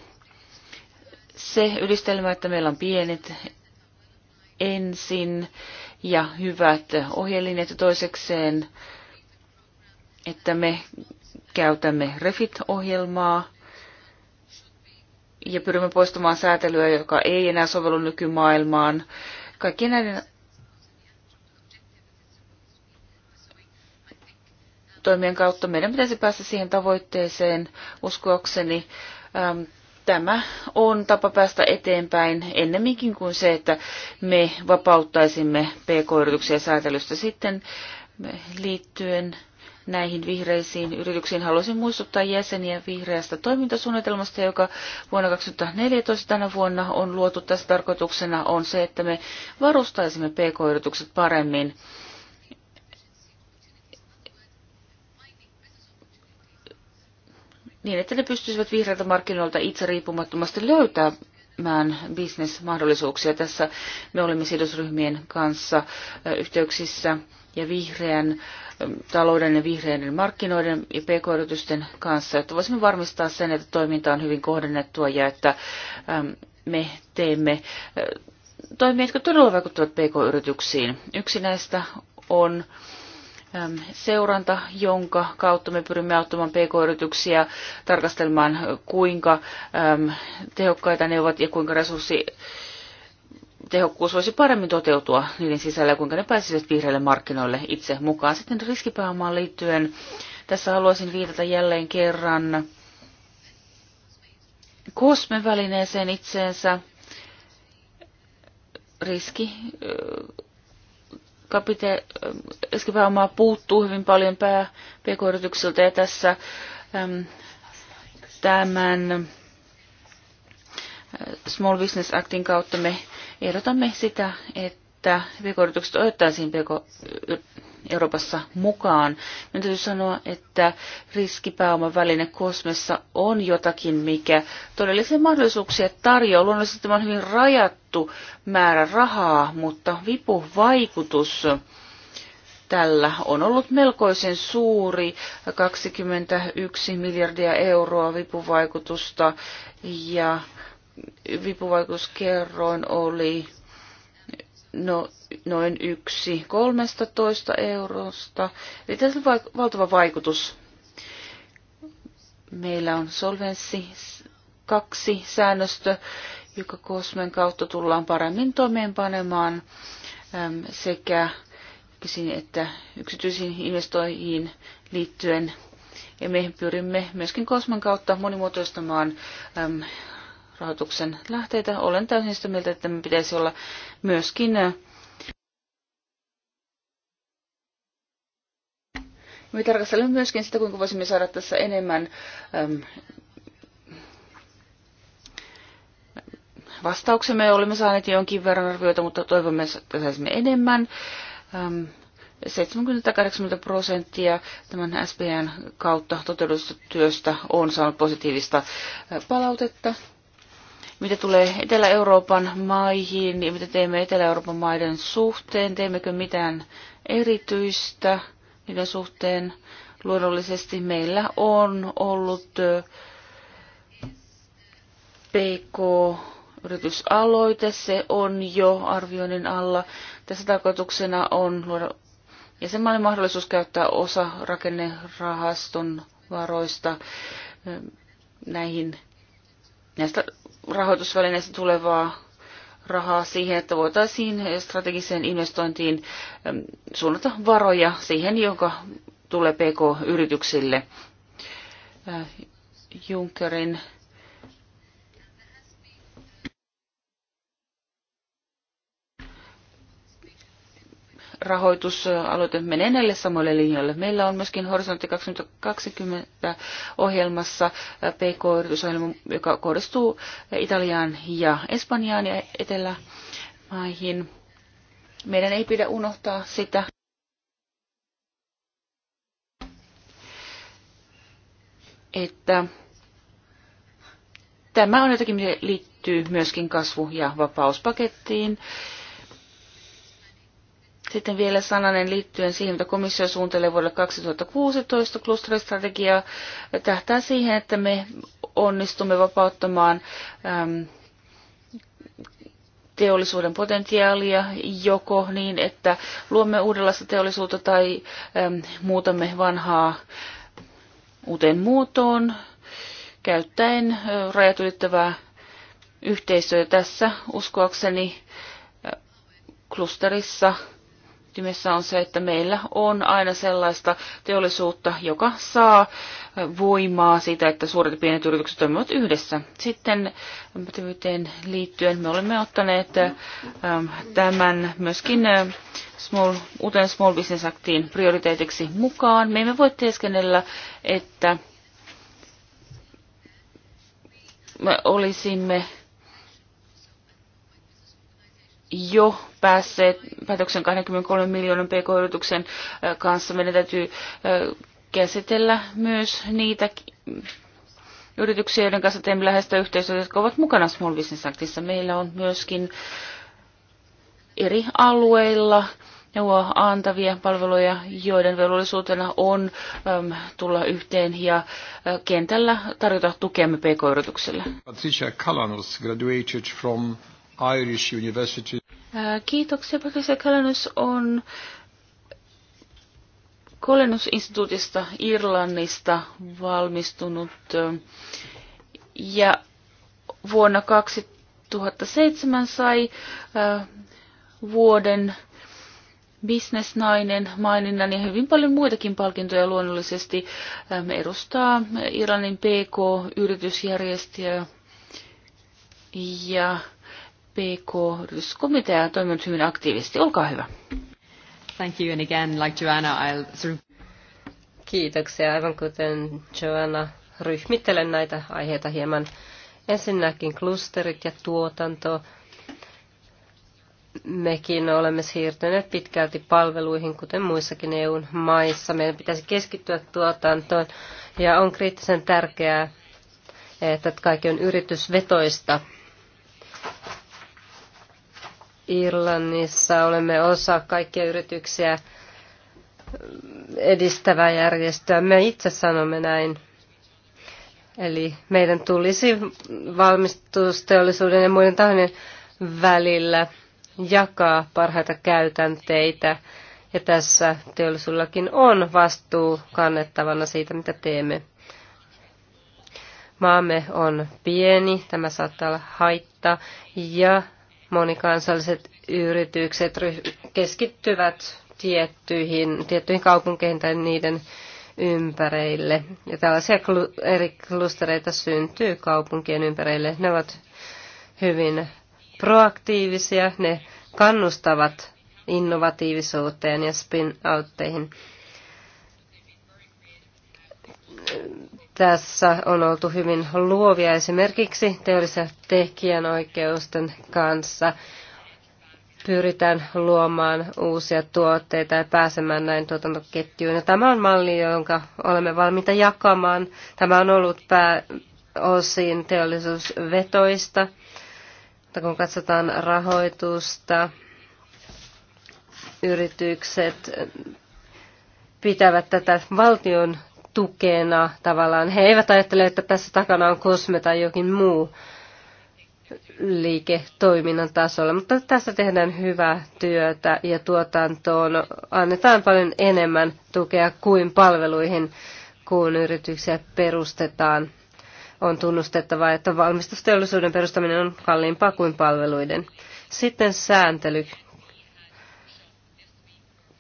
Se yhdistelmä, että meillä on pienet ensin ja hyvät ohjelinjat toisekseen, että me käytämme REFIT-ohjelmaa ja pyrimme poistamaan säätelyä, joka ei enää sovellu nykymaailmaan. Kaikki näiden toimien kautta meidän pitäisi päästä siihen tavoitteeseen uskoakseni tämä on tapa päästä eteenpäin ennemminkin kuin se, että me vapauttaisimme pk-yrityksiä säätelystä sitten liittyen näihin vihreisiin yrityksiin. Haluaisin muistuttaa jäseniä vihreästä toimintasuunnitelmasta, joka vuonna 2014 tänä vuonna on luotu. Tässä tarkoituksena on se, että me varustaisimme pk-yritykset paremmin niin, että ne pystyisivät vihreiltä markkinoilta itse riippumattomasti löytämään bisnesmahdollisuuksia. Tässä me olimme sidosryhmien kanssa yhteyksissä ja vihreän talouden ja vihreiden markkinoiden ja pk-yritysten kanssa, että voisimme varmistaa sen, että toiminta on hyvin kohdennettua ja että me teemme toimia, jotka todella vaikuttavat pk-yrityksiin. Yksi näistä on seuranta, jonka kautta me pyrimme auttamaan pk-yrityksiä tarkastelemaan, kuinka tehokkaita ne ovat ja kuinka resurssi tehokkuus voisi paremmin toteutua niiden sisällä ja kuinka ne pääsisivät vihreille markkinoille itse mukaan. Sitten riskipääomaan liittyen tässä haluaisin viitata jälleen kerran kosmevälineeseen itseensä riski kapite- keskipääomaa puuttuu hyvin paljon pää pk-yrityksiltä ja tässä äm, tämän äh, Small Business Actin kautta me ehdotamme sitä, että pk-yritykset otettaisiin pk Euroopassa mukaan. Minun täytyy sanoa, että riskipääoman väline Kosmessa on jotakin, mikä todellisia mahdollisuuksia tarjoaa. Luonnollisesti tämä on hyvin rajattu määrä rahaa, mutta vipuvaikutus tällä on ollut melkoisen suuri, 21 miljardia euroa vipuvaikutusta ja vipuvaikutuskerroin oli no, noin yksi 13 eurosta. Eli tässä on va- valtava vaikutus. Meillä on solvenssi kaksi säännöstö, joka Kosmen kautta tullaan paremmin toimeenpanemaan äm, sekä kysin, että yksityisiin investoihin liittyen. Ja me pyrimme myöskin Kosman kautta monimuotoistamaan äm, rahoituksen lähteitä. Olen täysin sitä mieltä, että me pitäisi olla myöskin Me tarkastelemme myöskin sitä, kuinka voisimme saada tässä enemmän äm, vastauksemme. Olemme saaneet jonkin verran arvioita, mutta toivomme, että saisimme enemmän. Äm, 70-80 prosenttia tämän SPN kautta toteutusta työstä on saanut positiivista palautetta mitä tulee Etelä-Euroopan maihin ja niin mitä teemme Etelä-Euroopan maiden suhteen, teemmekö mitään erityistä niiden suhteen. Luonnollisesti meillä on ollut PK-yritysaloite, se on jo arvioinnin alla. Tässä tarkoituksena on luoda jäsenmaille mahdollisuus käyttää osa rakennerahaston varoista näihin näistä rahoitusvälineistä tulevaa rahaa siihen, että voitaisiin strategiseen investointiin suunnata varoja siihen, jonka tulee PK-yrityksille. Äh, Junckerin rahoitusaloite menee näille samoille linjoille. Meillä on myöskin Horisontti 2020 ohjelmassa PK-yritysohjelma, joka kohdistuu Italiaan ja Espanjaan ja etelämaihin. Meidän ei pidä unohtaa sitä. että tämä on jotakin, mitä liittyy myöskin kasvu- ja vapauspakettiin. Sitten vielä sananen liittyen siihen, että komissio suuntelee vuodelle 2016. klusteristrategiaa. tähtää siihen, että me onnistumme vapauttamaan äm, teollisuuden potentiaalia joko niin, että luomme uudenlaista teollisuutta tai äm, muutamme vanhaa uuteen muotoon käyttäen ä, äh, rajat ylittävää yhteisöä tässä uskoakseni ä, äh, klusterissa – ytimessä on se, että meillä on aina sellaista teollisuutta, joka saa voimaa siitä, että suuret ja pienet yritykset toimivat yhdessä. Sitten työteen liittyen me olemme ottaneet ähm, tämän myöskin äh, small, uuteen Small Business Actiin prioriteetiksi mukaan. Me emme voi teeskennellä, että me olisimme jo päässeet päätöksen 23 miljoonan pk-yrityksen kanssa. Meidän täytyy käsitellä myös niitä yrityksiä, joiden kanssa teemme läheistä yhteistyötä, jotka ovat mukana Small Business Actissa. Meillä on myöskin eri alueilla neuvoa antavia palveluja, joiden velvollisuutena on äm, tulla yhteen ja ä, kentällä tarjota tukemme pk-yrityksille. Patricia Kalanos graduated from Irish University. Kiitoksia. Patricia Kalenus on Kolennusinstituutista Irlannista valmistunut ja vuonna 2007 sai vuoden bisnesnainen maininnan ja hyvin paljon muitakin palkintoja luonnollisesti edustaa Irlannin PK-yritysjärjestöä ja PK-komitea on toiminut hyvin aktiivisesti. Olkaa hyvä. Thank you and again, like Joanna, I'll sort of... Kiitoksia. Aivan kuten Joanna, ryhmittelen näitä aiheita hieman. Ensinnäkin klusterit ja tuotanto. Mekin olemme siirtyneet pitkälti palveluihin, kuten muissakin EUn maissa. Meidän pitäisi keskittyä tuotantoon ja on kriittisen tärkeää, että kaikki on yritysvetoista Irlannissa olemme osa kaikkia yrityksiä edistävää järjestöä. Me itse sanomme näin. Eli meidän tulisi valmistusteollisuuden ja muiden tahojen välillä jakaa parhaita käytänteitä. Ja tässä teollisuudellakin on vastuu kannettavana siitä, mitä teemme. Maamme on pieni, tämä saattaa olla haitta, ja Monikansalliset yritykset keskittyvät tiettyihin, tiettyihin kaupunkeihin tai niiden ympäreille. Ja tällaisia klu- eri klustereita syntyy kaupunkien ympäreille. Ne ovat hyvin proaktiivisia, ne kannustavat innovatiivisuuteen ja spin-outteihin. Tässä on oltu hyvin luovia esimerkiksi teollisen tekijänoikeusten kanssa. Pyritään luomaan uusia tuotteita ja pääsemään näin tuotantoketjuun. Ja tämä on malli, jonka olemme valmiita jakamaan. Tämä on ollut pääosin teollisuusvetoista. Mutta kun katsotaan rahoitusta, yritykset pitävät tätä valtion tukena tavallaan. He eivät ajattele, että tässä takana on kosme tai jokin muu liiketoiminnan tasolla, mutta tässä tehdään hyvää työtä ja tuotantoon annetaan paljon enemmän tukea kuin palveluihin, kun yrityksiä perustetaan. On tunnustettava, että valmistusteollisuuden perustaminen on kalliimpaa kuin palveluiden. Sitten sääntely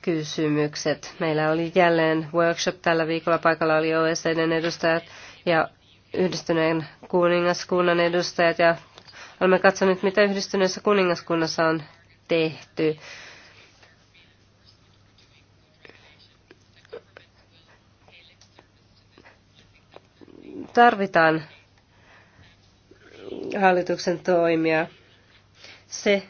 kysymykset. Meillä oli jälleen workshop tällä viikolla. Paikalla oli OECDn edustajat ja yhdistyneen kuningaskunnan edustajat ja olemme katsoneet, mitä yhdistyneessä kuningaskunnassa on tehty. Tarvitaan hallituksen toimia. Se,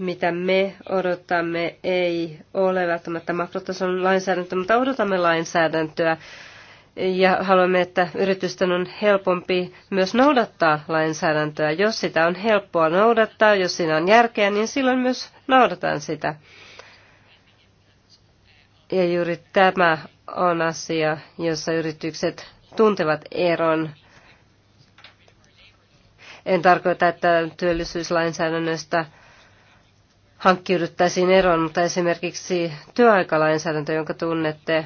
mitä me odotamme, ei ole välttämättä makrotason lainsäädäntö, mutta odotamme lainsäädäntöä ja haluamme, että yritysten on helpompi myös noudattaa lainsäädäntöä. Jos sitä on helppoa noudattaa, jos siinä on järkeä, niin silloin myös noudataan sitä. Ja juuri tämä on asia, jossa yritykset tuntevat eron. En tarkoita, että työllisyyslainsäädännöstä hankkiuduttaisiin eroon, mutta esimerkiksi työaikalainsäädäntö, jonka tunnette,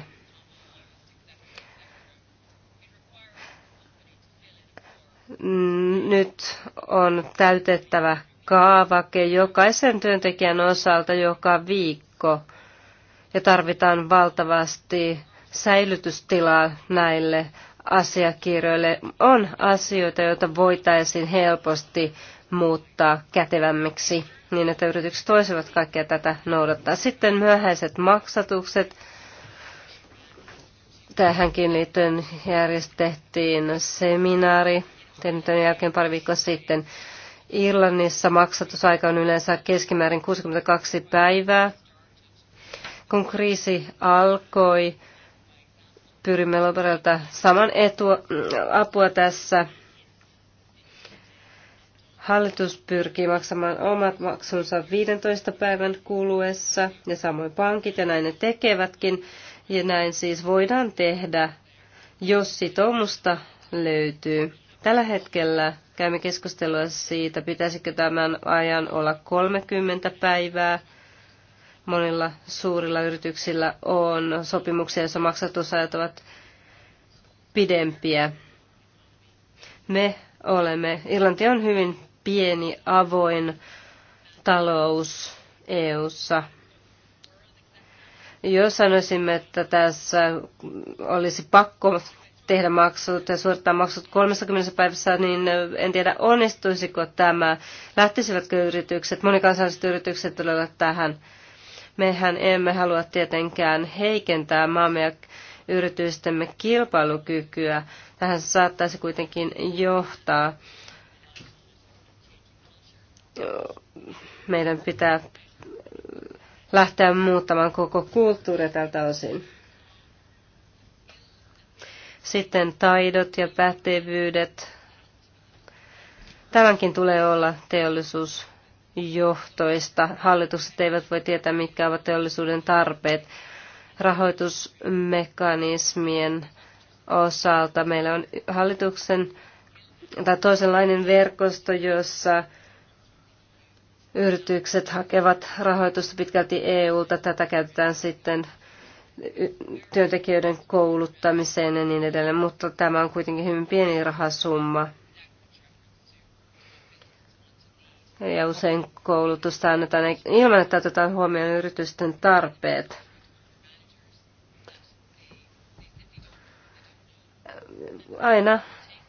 mm, nyt on täytettävä kaavake jokaisen työntekijän osalta joka viikko ja tarvitaan valtavasti säilytystilaa näille asiakirjoille. On asioita, joita voitaisiin helposti muuttaa kätevämmiksi niin, että yritykset voisivat kaikkea tätä noudattaa. Sitten myöhäiset maksatukset. Tähänkin liittyen järjestettiin seminaari, tämän jälkeen pari viikkoa sitten. Irlannissa maksatusaika on yleensä keskimäärin 62 päivää. Kun kriisi alkoi, pyrimme Lopereilta saman etua, apua tässä Hallitus pyrkii maksamaan omat maksunsa 15 päivän kuluessa ja samoin pankit ja näin ne tekevätkin. Ja näin siis voidaan tehdä, jos sitoumusta löytyy. Tällä hetkellä käymme keskustelua siitä, pitäisikö tämän ajan olla 30 päivää. Monilla suurilla yrityksillä on sopimuksia, joissa maksatusajat ovat pidempiä. Me olemme, Irlanti on hyvin pieni avoin talous EU:ssa. Jos sanoisimme, että tässä olisi pakko tehdä maksut ja suorittaa maksut 30 päivässä, niin en tiedä onnistuisiko tämä. Lähtisivätkö yritykset, monikansalliset yritykset tulevat tähän. Mehän emme halua tietenkään heikentää maamme ja yritystemme kilpailukykyä. Tähän saattaisi kuitenkin johtaa meidän pitää lähteä muuttamaan koko kulttuuria tältä osin. Sitten taidot ja pätevyydet. Tämänkin tulee olla teollisuusjohtoista. Hallitukset eivät voi tietää, mitkä ovat teollisuuden tarpeet. Rahoitusmekanismien osalta meillä on hallituksen tai toisenlainen verkosto, jossa yritykset hakevat rahoitusta pitkälti EU-ta. Tätä käytetään sitten työntekijöiden kouluttamiseen ja niin edelleen, mutta tämä on kuitenkin hyvin pieni rahasumma. Ja usein koulutusta annetaan ilman, että otetaan huomioon yritysten tarpeet. Aina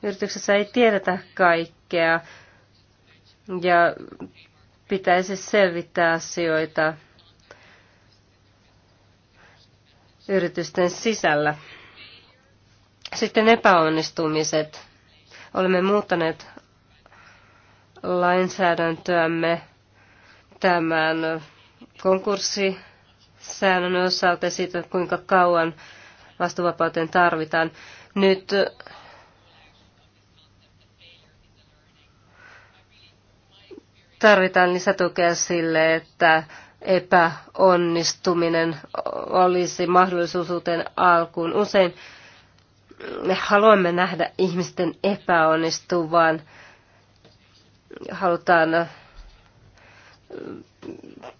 yrityksessä ei tiedetä kaikkea ja pitäisi selvittää asioita yritysten sisällä. Sitten epäonnistumiset. Olemme muuttaneet lainsäädäntöämme tämän konkurssisäännön osalta siitä, kuinka kauan vastuvapauteen tarvitaan. Nyt tarvitaan lisätukea sille, että epäonnistuminen olisi mahdollisuus uuteen alkuun. Usein me haluamme nähdä ihmisten epäonnistuvan. Halutaan äh,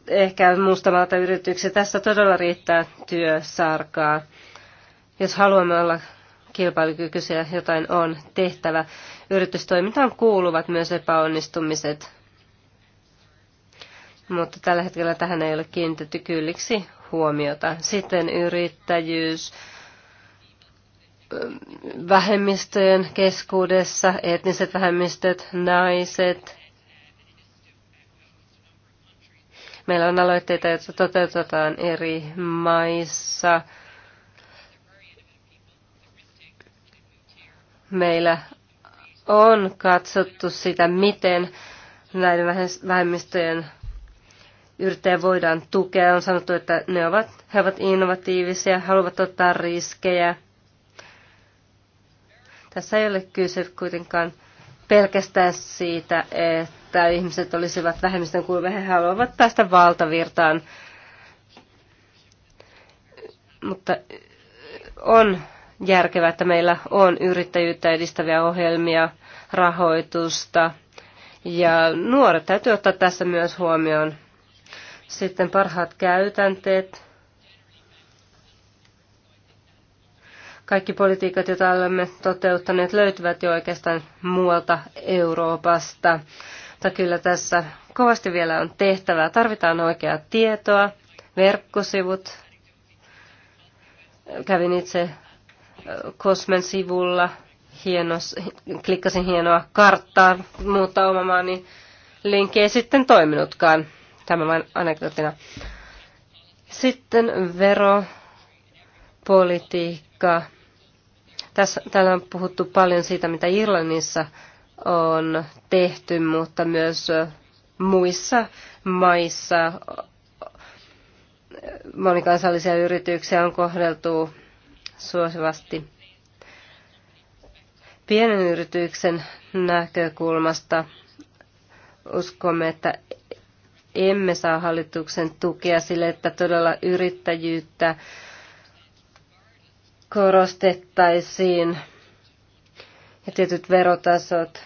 ehkä muustamalta yrityksiä. Tässä todella riittää työsarkaa. Jos haluamme olla kilpailukykyisiä, jotain on tehtävä. Yritystoimintaan kuuluvat myös epäonnistumiset mutta tällä hetkellä tähän ei ole kiinnitetty kylliksi huomiota. Sitten yrittäjyys vähemmistöjen keskuudessa, etniset vähemmistöt, naiset. Meillä on aloitteita, joita toteutetaan eri maissa. Meillä on katsottu sitä, miten näiden vähemmistöjen yrittäjä voidaan tukea. On sanottu, että ne ovat, he ovat innovatiivisia, haluavat ottaa riskejä. Tässä ei ole kyse kuitenkaan pelkästään siitä, että ihmiset olisivat vähemmistön kuin he haluavat päästä valtavirtaan. Mutta on järkevää, että meillä on yrittäjyyttä edistäviä ohjelmia, rahoitusta ja nuoret täytyy ottaa tässä myös huomioon. Sitten parhaat käytänteet. Kaikki politiikat, joita olemme toteuttaneet, löytyvät jo oikeastaan muualta Euroopasta. Mutta kyllä tässä kovasti vielä on tehtävää. Tarvitaan oikeaa tietoa, verkkosivut. Kävin itse Kosmen sivulla, hienos, klikkasin hienoa karttaa, mutta oma maani linkki ei sitten toiminutkaan. Tämä vain anekdotina. Sitten veropolitiikka. Tässä, täällä on puhuttu paljon siitä, mitä Irlannissa on tehty, mutta myös muissa maissa monikansallisia yrityksiä on kohdeltu suosivasti pienen yrityksen näkökulmasta. Uskomme, että emme saa hallituksen tukea sille, että todella yrittäjyyttä korostettaisiin ja tietyt verotasot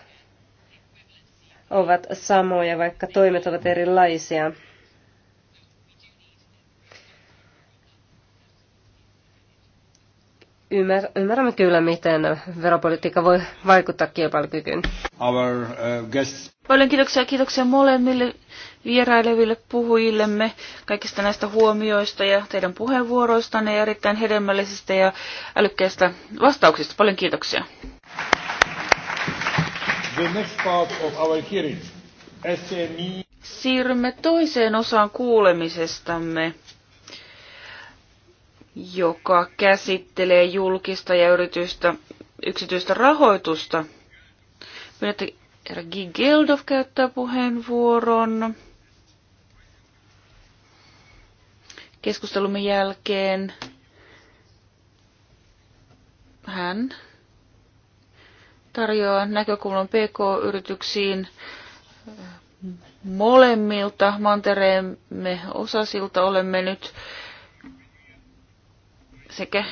ovat samoja, vaikka toimet ovat erilaisia. ymmär, ymmärrämme kyllä, miten veropolitiikka voi vaikuttaa kilpailukykyyn. Our, uh, guests. Paljon kiitoksia kiitoksia molemmille vieraileville puhujillemme kaikista näistä huomioista ja teidän puheenvuoroistanne ja erittäin hedelmällisistä ja älykkäistä vastauksista. Paljon kiitoksia. The next part of our hearing. SME. Siirrymme toiseen osaan kuulemisestamme joka käsittelee julkista ja yritystä, yksityistä rahoitusta. Pyydätte herra Geldof käyttää puheenvuoron. Keskustelumme jälkeen hän tarjoaa näkökulman PK-yrityksiin molemmilta mantereemme osasilta olemme nyt sekä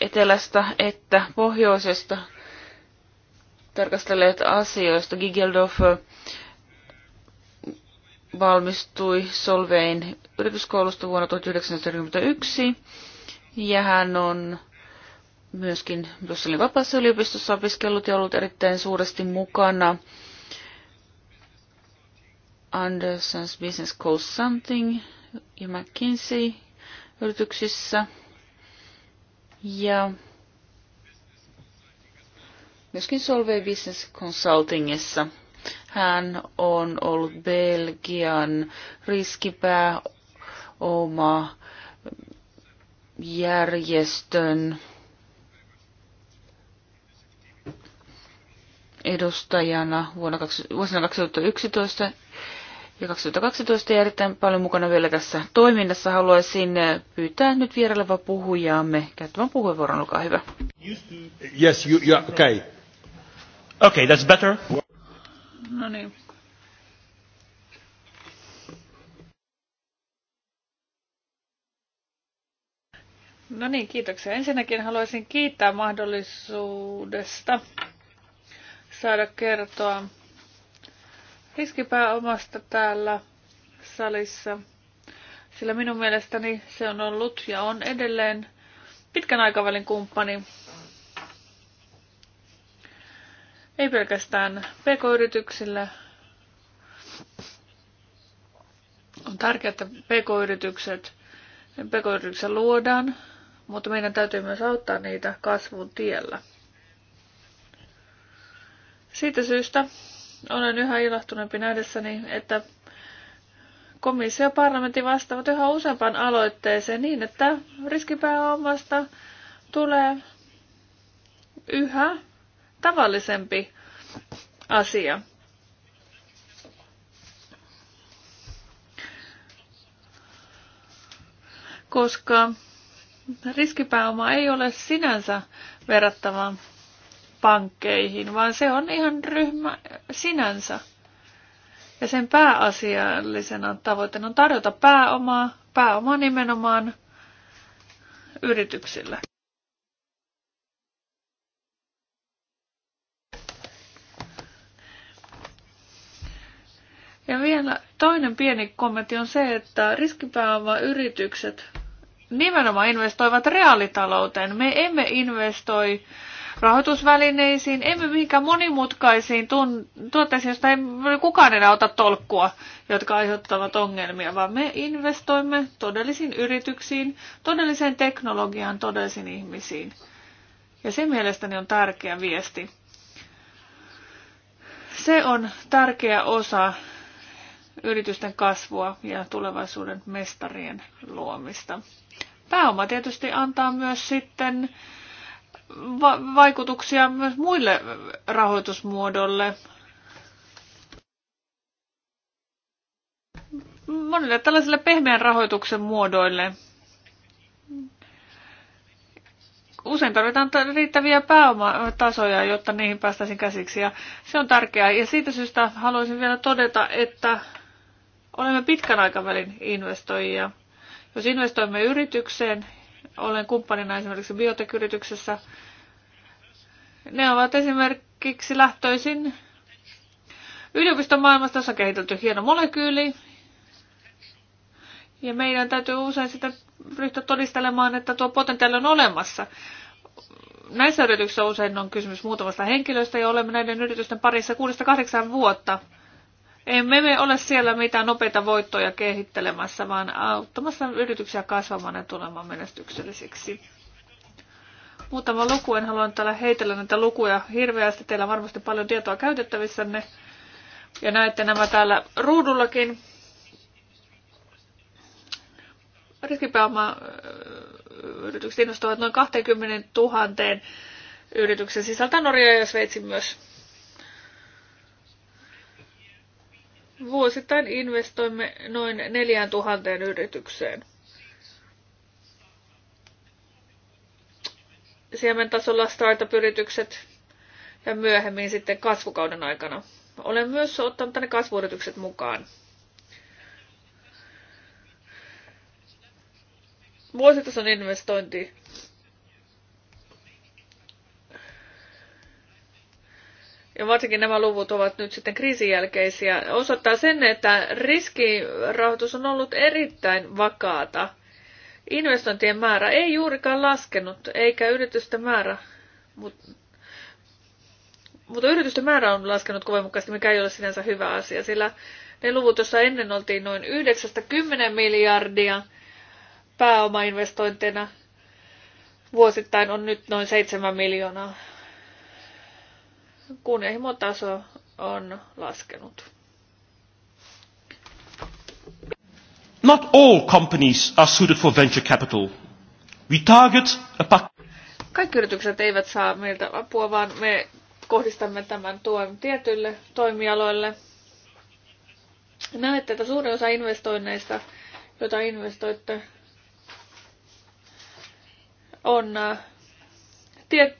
etelästä että pohjoisesta tarkastelleet asioista. Gigeldorf valmistui Solvein yrityskoulusta vuonna 1991 ja hän on myöskin Brysselin vapaassa yliopistossa opiskellut ja ollut erittäin suuresti mukana Anderson's Business Calls Something ja McKinsey yrityksissä – ja myöskin Solvay Business Consultingissa. Hän on ollut Belgian riskipääoma oma järjestön edustajana vuonna, vuosina 2011 ja 2012 erittäin paljon mukana vielä tässä toiminnassa. Haluaisin äh, pyytää nyt vierailevaa puhujaamme käyttämään puheenvuoron, olkaa hyvä. Yes, you, yeah, okay. Okay, that's better. No niin. No niin, kiitoksia. Ensinnäkin haluaisin kiittää mahdollisuudesta saada kertoa riskipääomasta täällä salissa, sillä minun mielestäni se on ollut ja on edelleen pitkän aikavälin kumppani. Ei pelkästään pk-yrityksille. On tärkeää, että pk-yritykset, pk-yritykset luodaan, mutta meidän täytyy myös auttaa niitä kasvun tiellä. Siitä syystä olen yhä ilahtuneempi nähdessäni, että komissio ja parlamentti vastaavat yhä useampaan aloitteeseen niin, että riskipääomasta tulee yhä tavallisempi asia. Koska riskipääoma ei ole sinänsä verrattavaa pankkeihin, vaan se on ihan ryhmä sinänsä. Ja sen pääasiallisena tavoitteena on tarjota pääomaa, pääomaa nimenomaan yrityksille. Ja vielä toinen pieni kommentti on se, että riskipääomayritykset nimenomaan investoivat reaalitalouteen. Me emme investoi rahoitusvälineisiin, emme mihinkään monimutkaisiin tun- tuotteisiin, joista ei kukaan enää ota tolkkua, jotka aiheuttavat ongelmia, vaan me investoimme todellisiin yrityksiin, todelliseen teknologiaan, todellisiin ihmisiin. Ja se mielestäni on tärkeä viesti. Se on tärkeä osa yritysten kasvua ja tulevaisuuden mestarien luomista. Pääoma tietysti antaa myös sitten va- vaikutuksia myös muille rahoitusmuodolle. Monille tällaisille pehmeän rahoituksen muodoille. Usein tarvitaan riittäviä pääomatasoja, jotta niihin päästäisiin käsiksi ja se on tärkeää. Ja siitä syystä haluaisin vielä todeta, että olemme pitkän aikavälin investoijia. Jos investoimme yritykseen olen kumppanina esimerkiksi biotekyrityksessä. Ne ovat esimerkiksi lähtöisin yliopistomaailmasta, jossa on kehitelty hieno molekyyli. Ja meidän täytyy usein sitä ryhtyä todistelemaan, että tuo potentiaali on olemassa. Näissä yrityksissä usein on kysymys muutamasta henkilöstä ja olemme näiden yritysten parissa 6-8 vuotta – emme me ole siellä mitään nopeita voittoja kehittelemässä, vaan auttamassa yrityksiä kasvamaan ja tulemaan menestyksellisiksi. Muutama luku, en halua täällä heitellä näitä lukuja hirveästi, teillä on varmasti paljon tietoa käytettävissänne. Ja näette nämä täällä ruudullakin. Riskipääoma yritykset innostuvat noin 20 000 yrityksen sisältä Norja ja Sveitsi myös vuosittain investoimme noin 4000 yritykseen. Siemen tasolla startup-yritykset ja myöhemmin sitten kasvukauden aikana. Olen myös ottanut tänne kasvuyritykset mukaan. Vuositason investointi ja varsinkin nämä luvut ovat nyt sitten kriisin jälkeisiä, osoittaa sen, että riskirahoitus on ollut erittäin vakaata. Investointien määrä ei juurikaan laskenut, eikä yritysten määrä, mutta mutta yritysten määrä on laskenut voimakkaasti, mikä ei ole sinänsä hyvä asia, sillä ne luvut, joissa ennen oltiin noin 9-10 miljardia pääomainvestointeina vuosittain, on nyt noin 7 miljoonaa kunnianhimon taso on laskenut. Not all companies are suited for venture capital. We target a Kaikki yritykset eivät saa meiltä apua, vaan me kohdistamme tämän tuen tietylle toimialoille. Näette, että suurin osa investoinneista, joita investoitte, on äh,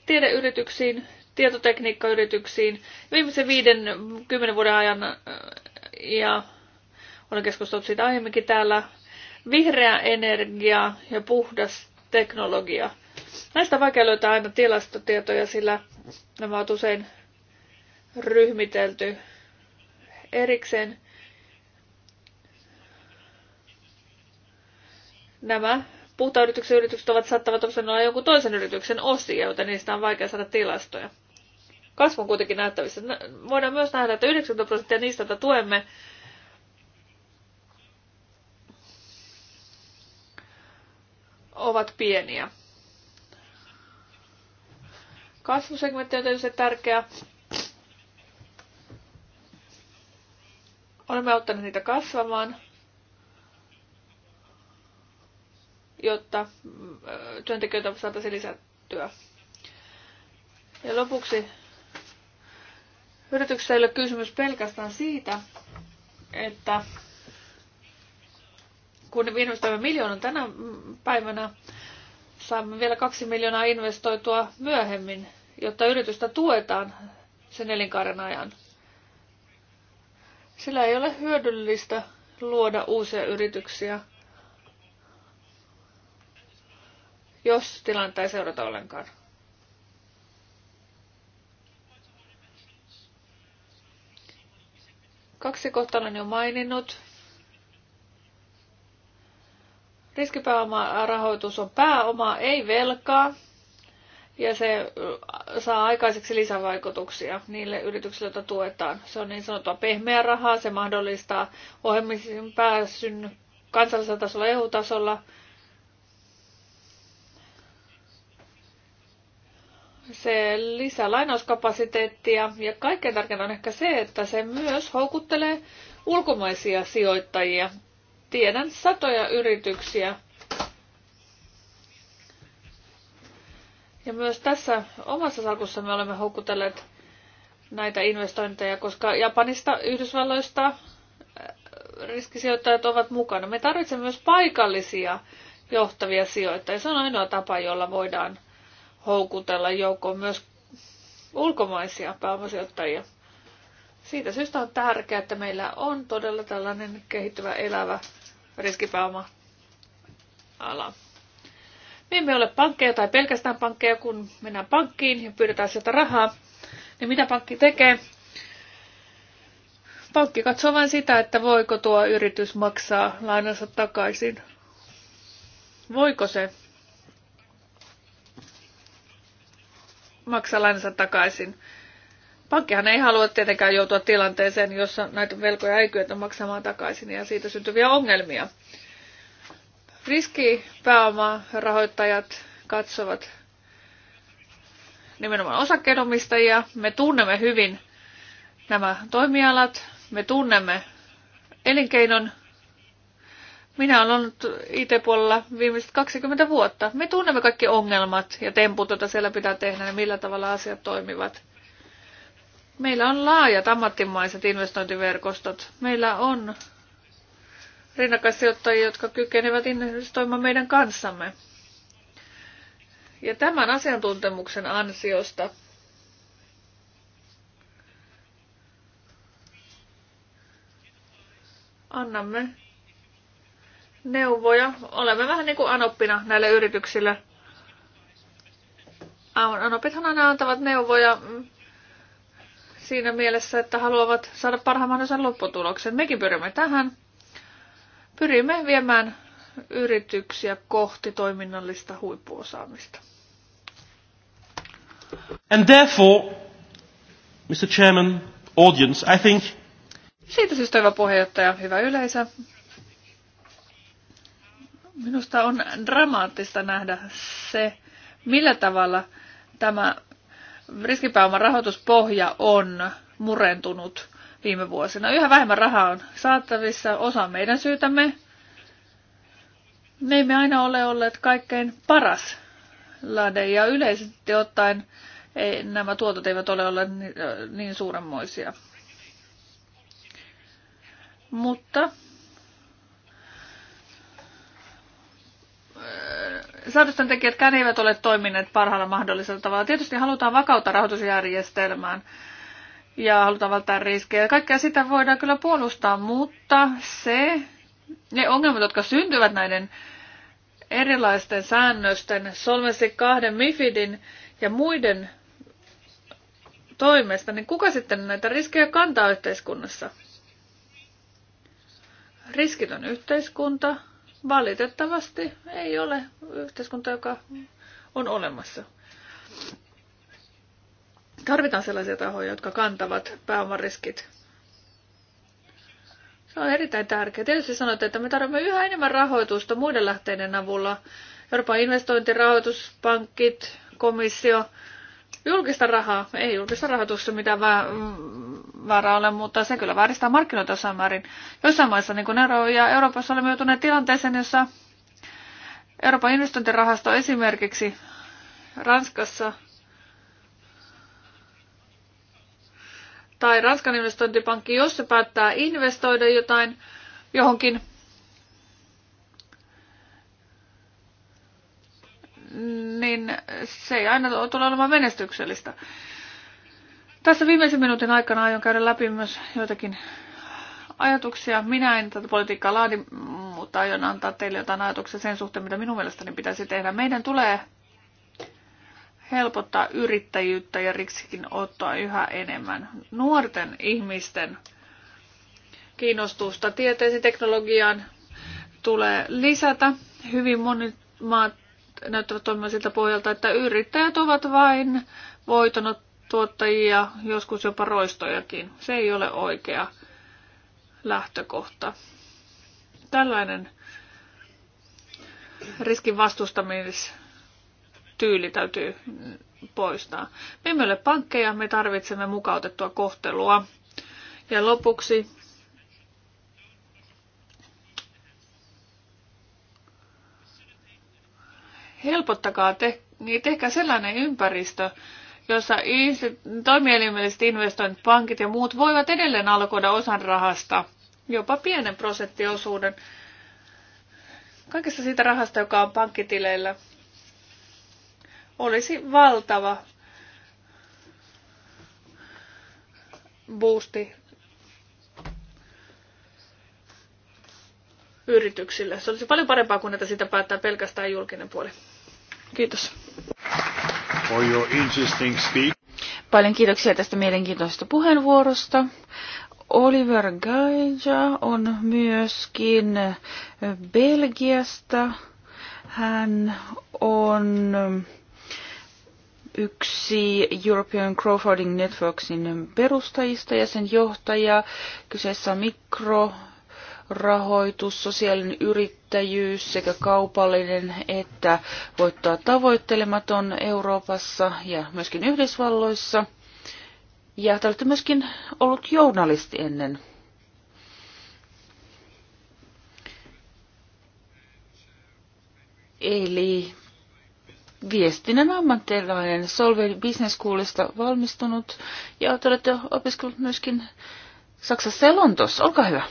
tiedeyrityksiin, tietotekniikkayrityksiin viimeisen viiden, kymmenen vuoden ajan, äh, ja olen keskustellut siitä aiemminkin täällä, vihreä energia ja puhdas teknologia. Näistä on vaikea löytää aina tilastotietoja, sillä nämä ovat usein ryhmitelty erikseen. Nämä puhtayrityksen yritykset ovat saattavat usein olla jonkun toisen yrityksen osia, joten niistä on vaikea saada tilastoja kasvun kuitenkin näyttävissä. Voidaan myös nähdä, että 90 prosenttia niistä, joita tuemme, ovat pieniä. Kasvusegmentti on tietysti tärkeä. Olemme auttaneet niitä kasvamaan, jotta työntekijöitä saataisiin lisättyä. Ja lopuksi Yrityksessä ei ole kysymys pelkästään siitä, että kun investoimme miljoonan tänä päivänä, saamme vielä kaksi miljoonaa investoitua myöhemmin, jotta yritystä tuetaan sen elinkaaren ajan. Sillä ei ole hyödyllistä luoda uusia yrityksiä, jos tilanteen ei seurata ollenkaan. Kaksi kohtaa olen jo maininnut. Riskipääomarahoitus on pääoma, ei velkaa. Ja se saa aikaiseksi lisävaikutuksia niille yrityksille, joita tuetaan. Se on niin sanottua pehmeä rahaa, se mahdollistaa ohjelmien pääsyn kansallisella tasolla, EU-tasolla – se lisää lainauskapasiteettia ja kaikkein tärkeintä on ehkä se, että se myös houkuttelee ulkomaisia sijoittajia. Tiedän satoja yrityksiä. Ja myös tässä omassa salkussa me olemme houkutelleet näitä investointeja, koska Japanista, Yhdysvalloista äh, riskisijoittajat ovat mukana. Me tarvitsemme myös paikallisia johtavia sijoittajia. Se on ainoa tapa, jolla voidaan houkutella joukkoon myös ulkomaisia pääomasijoittajia. Siitä syystä on tärkeää, että meillä on todella tällainen kehittyvä elävä riskipääoma-ala. Me emme ole pankkeja tai pelkästään pankkeja, kun mennään pankkiin ja pyydetään sieltä rahaa. Niin mitä pankki tekee? Pankki katsoo vain sitä, että voiko tuo yritys maksaa lainansa takaisin. Voiko se maksaa lainansa takaisin. Pankkihan ei halua tietenkään joutua tilanteeseen, jossa näitä velkoja ei kyetä maksamaan takaisin ja siitä syntyviä ongelmia. Riskipääomarahoittajat katsovat nimenomaan osakkeenomistajia. Me tunnemme hyvin nämä toimialat, me tunnemme elinkeinon minä olen ollut IT-puolella viimeiset 20 vuotta. Me tunnemme kaikki ongelmat ja temput, joita siellä pitää tehdä ja millä tavalla asiat toimivat. Meillä on laajat ammattimaiset investointiverkostot. Meillä on rinnakkaissijoittajia, jotka kykenevät investoimaan meidän kanssamme. Ja tämän asiantuntemuksen ansiosta annamme neuvoja. Olemme vähän niin kuin anoppina näille yrityksille. Anopithan aina antavat neuvoja siinä mielessä, että haluavat saada parhaimman osan lopputuloksen. Mekin pyrimme tähän. Pyrimme viemään yrityksiä kohti toiminnallista huippuosaamista. And therefore, Mr. Chairman, audience, I think... Siitä syystä hyvä puheenjohtaja, hyvä yleisö. Minusta on dramaattista nähdä se, millä tavalla tämä riskipääoman rahoituspohja on murentunut viime vuosina. Yhä vähemmän rahaa on saatavissa, osa meidän syytämme. Me emme aina ole olleet kaikkein paras lade ja yleisesti ottaen ei, eh, nämä tuotot eivät ole olleet niin, niin suuremmoisia. Mutta säädösten tekijätkään eivät ole toimineet parhaalla mahdollisella tavalla. Tietysti halutaan vakautta rahoitusjärjestelmään ja halutaan välttää riskejä. Kaikkea sitä voidaan kyllä puolustaa, mutta se, ne ongelmat, jotka syntyvät näiden erilaisten säännösten, Solvency kahden MIFIDin ja muiden toimesta, niin kuka sitten näitä riskejä kantaa yhteiskunnassa? Riskitön yhteiskunta, valitettavasti ei ole yhteiskunta, joka on olemassa. Tarvitaan sellaisia tahoja, jotka kantavat pääomariskit. Se on erittäin tärkeää. Tietysti sanotte, että me tarvitsemme yhä enemmän rahoitusta muiden lähteiden avulla. Euroopan investointirahoituspankit, komissio, julkista rahaa, ei julkista rahoitusta mitään väärää mm, ole, mutta se kyllä vääristää markkinoita jossain määrin. Jossain maissa, niin kuin Euro ja Euroopassa olemme joutuneet tilanteeseen, jossa Euroopan investointirahasto esimerkiksi Ranskassa tai Ranskan investointipankki, jos se päättää investoida jotain johonkin, niin se ei aina tule olemaan menestyksellistä. Tässä viimeisen minuutin aikana aion käydä läpi myös joitakin ajatuksia. Minä en tätä politiikkaa laadi, mutta aion antaa teille jotain ajatuksia sen suhteen, mitä minun mielestäni pitäisi tehdä. Meidän tulee helpottaa yrittäjyyttä ja riksikin ottaa yhä enemmän nuorten ihmisten kiinnostusta tieteeseen teknologiaan tulee lisätä. Hyvin monet maat näyttävät toimivan siltä pohjalta, että yrittäjät ovat vain voitonot tuottajia, joskus jopa roistojakin. Se ei ole oikea lähtökohta. Tällainen riskin vastustamistyyli täytyy poistaa. Me emme ole pankkeja, me tarvitsemme mukautettua kohtelua. Ja lopuksi helpottakaa, te, niin tehkää sellainen ympäristö, jossa toimielimelliset investoinnit, pankit ja muut voivat edelleen alkoida osan rahasta, jopa pienen prosenttiosuuden, kaikesta siitä rahasta, joka on pankkitileillä, olisi valtava boosti yrityksille. Se olisi paljon parempaa kuin että sitä päättää pelkästään julkinen puoli. Kiitos. For your interesting speech. Paljon kiitoksia tästä mielenkiintoisesta puheenvuorosta. Oliver Gaija on myöskin Belgiasta. Hän on yksi European Crowdfunding Networksin perustajista ja sen johtaja. Kyseessä on mikro rahoitus, sosiaalinen yrittäjyys sekä kaupallinen että voittaa tavoittelematon Euroopassa ja myöskin Yhdysvalloissa. Ja te olette myöskin ollut journalisti ennen. Eli viestinnän ammattilainen Solveig Business Schoolista valmistunut ja olette opiskellut myöskin Saksassa ja Lontoossa. Olkaa hyvä.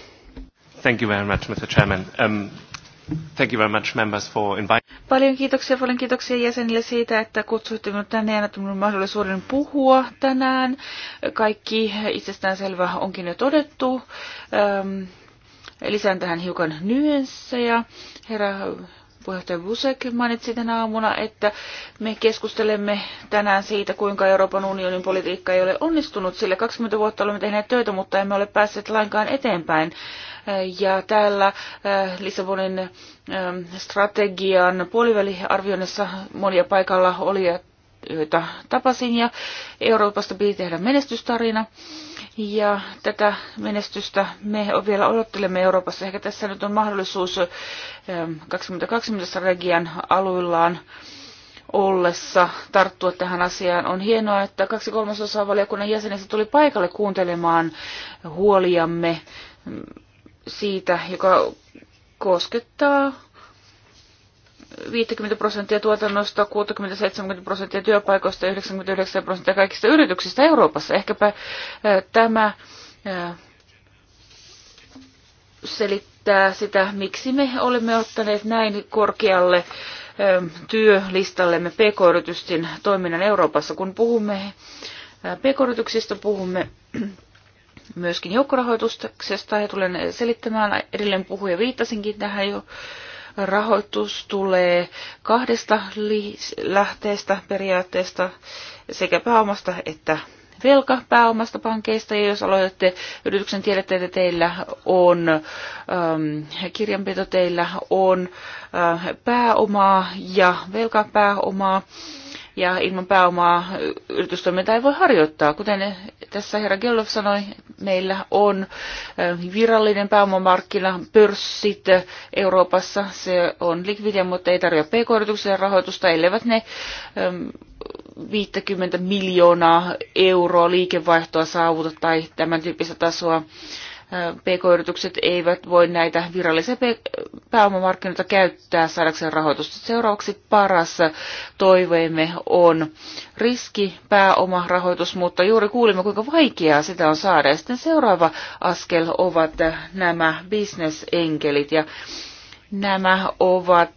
Thank you very much, Mr. Chairman. Um, thank you very much, members, for inviting. Paljon kiitoksia, paljon kiitoksia jäsenille siitä, että kutsuitte minut tänne ja annatte minulle mahdollisuuden puhua tänään. Kaikki itsestäänselvä onkin jo todettu. Um, lisään tähän hiukan ja Herra puheenjohtaja Busek mainitsi tänä aamuna, että me keskustelemme tänään siitä, kuinka Euroopan unionin politiikka ei ole onnistunut, sillä 20 vuotta olemme tehneet töitä, mutta emme ole päässeet lainkaan eteenpäin. Ja täällä äh, Lissabonin ähm, strategian puoliväliarvioinnissa monia paikalla oli, joita tapasin, ja Euroopasta piti tehdä menestystarina. Ja tätä menestystä me vielä odottelemme Euroopassa. Ehkä tässä nyt on mahdollisuus 2020 ähm, region aluillaan ollessa tarttua tähän asiaan. On hienoa, että kaksi kolmasosaa valiokunnan jäsenistä tuli paikalle kuuntelemaan huoliamme mm, siitä, joka koskettaa 50 prosenttia tuotannosta, 60-70 prosenttia työpaikoista ja 99 prosenttia kaikista yrityksistä Euroopassa. Ehkäpä tämä selittää sitä, miksi me olemme ottaneet näin korkealle työlistallemme pk-yritysten toiminnan Euroopassa. Kun puhumme pk-yrityksistä, puhumme myöskin joukkorahoituksesta ja tulen selittämään edelleen puhuja viittasinkin tähän jo rahoitus tulee kahdesta lähteestä periaatteesta sekä pääomasta että velkapääomasta pankeista, ja jos aloitatte yrityksen, tiedätte, että teillä on ähm, kirjanpito, teillä on äh, pääomaa ja velkapääomaa ja ilman pääomaa yritystoimintaa ei voi harjoittaa. Kuten tässä herra Gellof sanoi, meillä on eh, virallinen pääomamarkkina, pörssit eh, Euroopassa. Se on likvidia, mutta ei tarjoa pk-yrityksille rahoitusta, elleivät ne 50 miljoonaa euroa liikevaihtoa saavuta tai tämän tyyppistä tasoa. PK-yritykset eivät voi näitä virallisia pääomamarkkinoita käyttää saadakseen rahoitusta. Seuraavaksi paras toiveemme on riski, pääoma, rahoitus, mutta juuri kuulimme, kuinka vaikeaa sitä on saada. Ja sitten seuraava askel ovat nämä bisnesenkelit ja Nämä ovat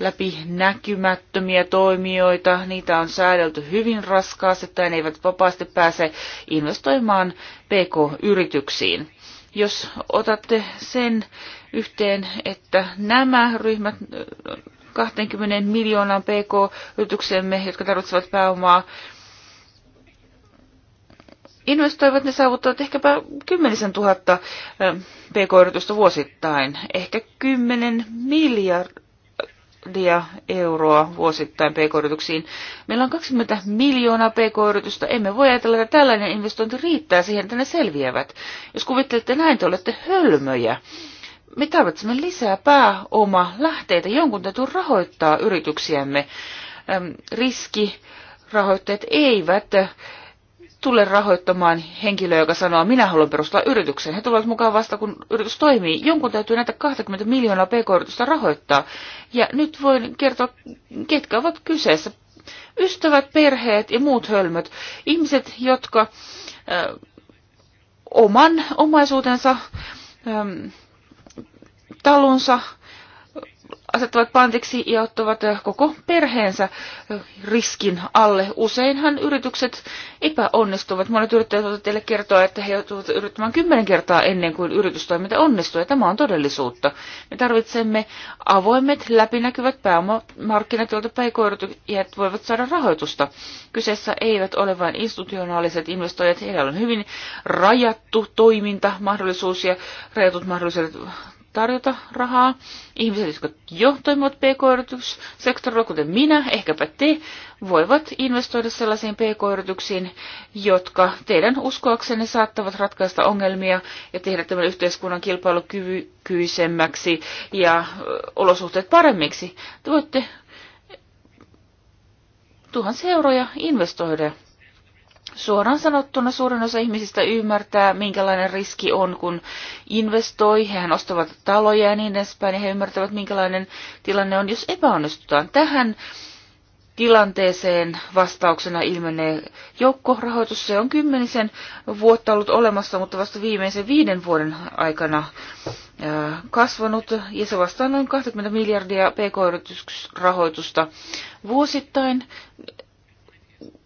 läpinäkymättömiä toimijoita, niitä on säädelty hyvin raskaasti että ne eivät vapaasti pääse investoimaan pk-yrityksiin jos otatte sen yhteen, että nämä ryhmät 20 miljoonaan pk-yrityksemme, jotka tarvitsevat pääomaa, investoivat, ne saavuttavat ehkäpä kymmenisen tuhatta pk-yritystä vuosittain, ehkä 10 miljard, miljardia euroa vuosittain pk-yrityksiin. Meillä on 20 miljoonaa pk-yritystä. Emme voi ajatella, että tällainen investointi riittää siihen, että ne selviävät. Jos kuvittelette näin, te olette hölmöjä. Me tarvitsemme lisää pääoma lähteitä. Jonkun täytyy rahoittaa yrityksiämme. Riski rahoitteet eivät tule rahoittamaan henkilöä, joka sanoo, minä haluan perustaa yrityksen. He tulevat mukaan vasta, kun yritys toimii. Jonkun täytyy näitä 20 miljoonaa pk-yritystä rahoittaa. Ja nyt voin kertoa, ketkä ovat kyseessä. Ystävät, perheet ja muut hölmöt. Ihmiset, jotka ö, oman omaisuutensa, ö, talonsa, asettavat pantiksi ja ottavat koko perheensä riskin alle. Useinhan yritykset epäonnistuvat. Monet yrittäjät ovat teille kertoa, että he joutuvat yrittämään kymmenen kertaa ennen kuin yritystoiminta onnistuu, ja tämä on todellisuutta. Me tarvitsemme avoimet, läpinäkyvät pääomamarkkinat, joilta pk-yrittäjät voivat saada rahoitusta. Kyseessä eivät ole vain institutionaaliset investoijat, heillä on hyvin rajattu toiminta mahdollisuus ja rajatut mahdollisuudet tarjota rahaa. Ihmiset, jotka jo toimivat pk-yrityssektorilla, kuten minä, ehkäpä te, voivat investoida sellaisiin pk-yrityksiin, jotka teidän uskoaksenne saattavat ratkaista ongelmia ja tehdä tämän yhteiskunnan kilpailukykyisemmäksi ja olosuhteet paremmiksi. Te voitte tuhansia euroja investoida Suoraan sanottuna suurin osa ihmisistä ymmärtää, minkälainen riski on, kun investoi. Hehän ostavat taloja ja niin edespäin, ja he ymmärtävät, minkälainen tilanne on, jos epäonnistutaan. Tähän tilanteeseen vastauksena ilmenee joukkorahoitus. Se on kymmenisen vuotta ollut olemassa, mutta vasta viimeisen viiden vuoden aikana kasvanut ja se vastaa noin 20 miljardia pk-yritysrahoitusta vuosittain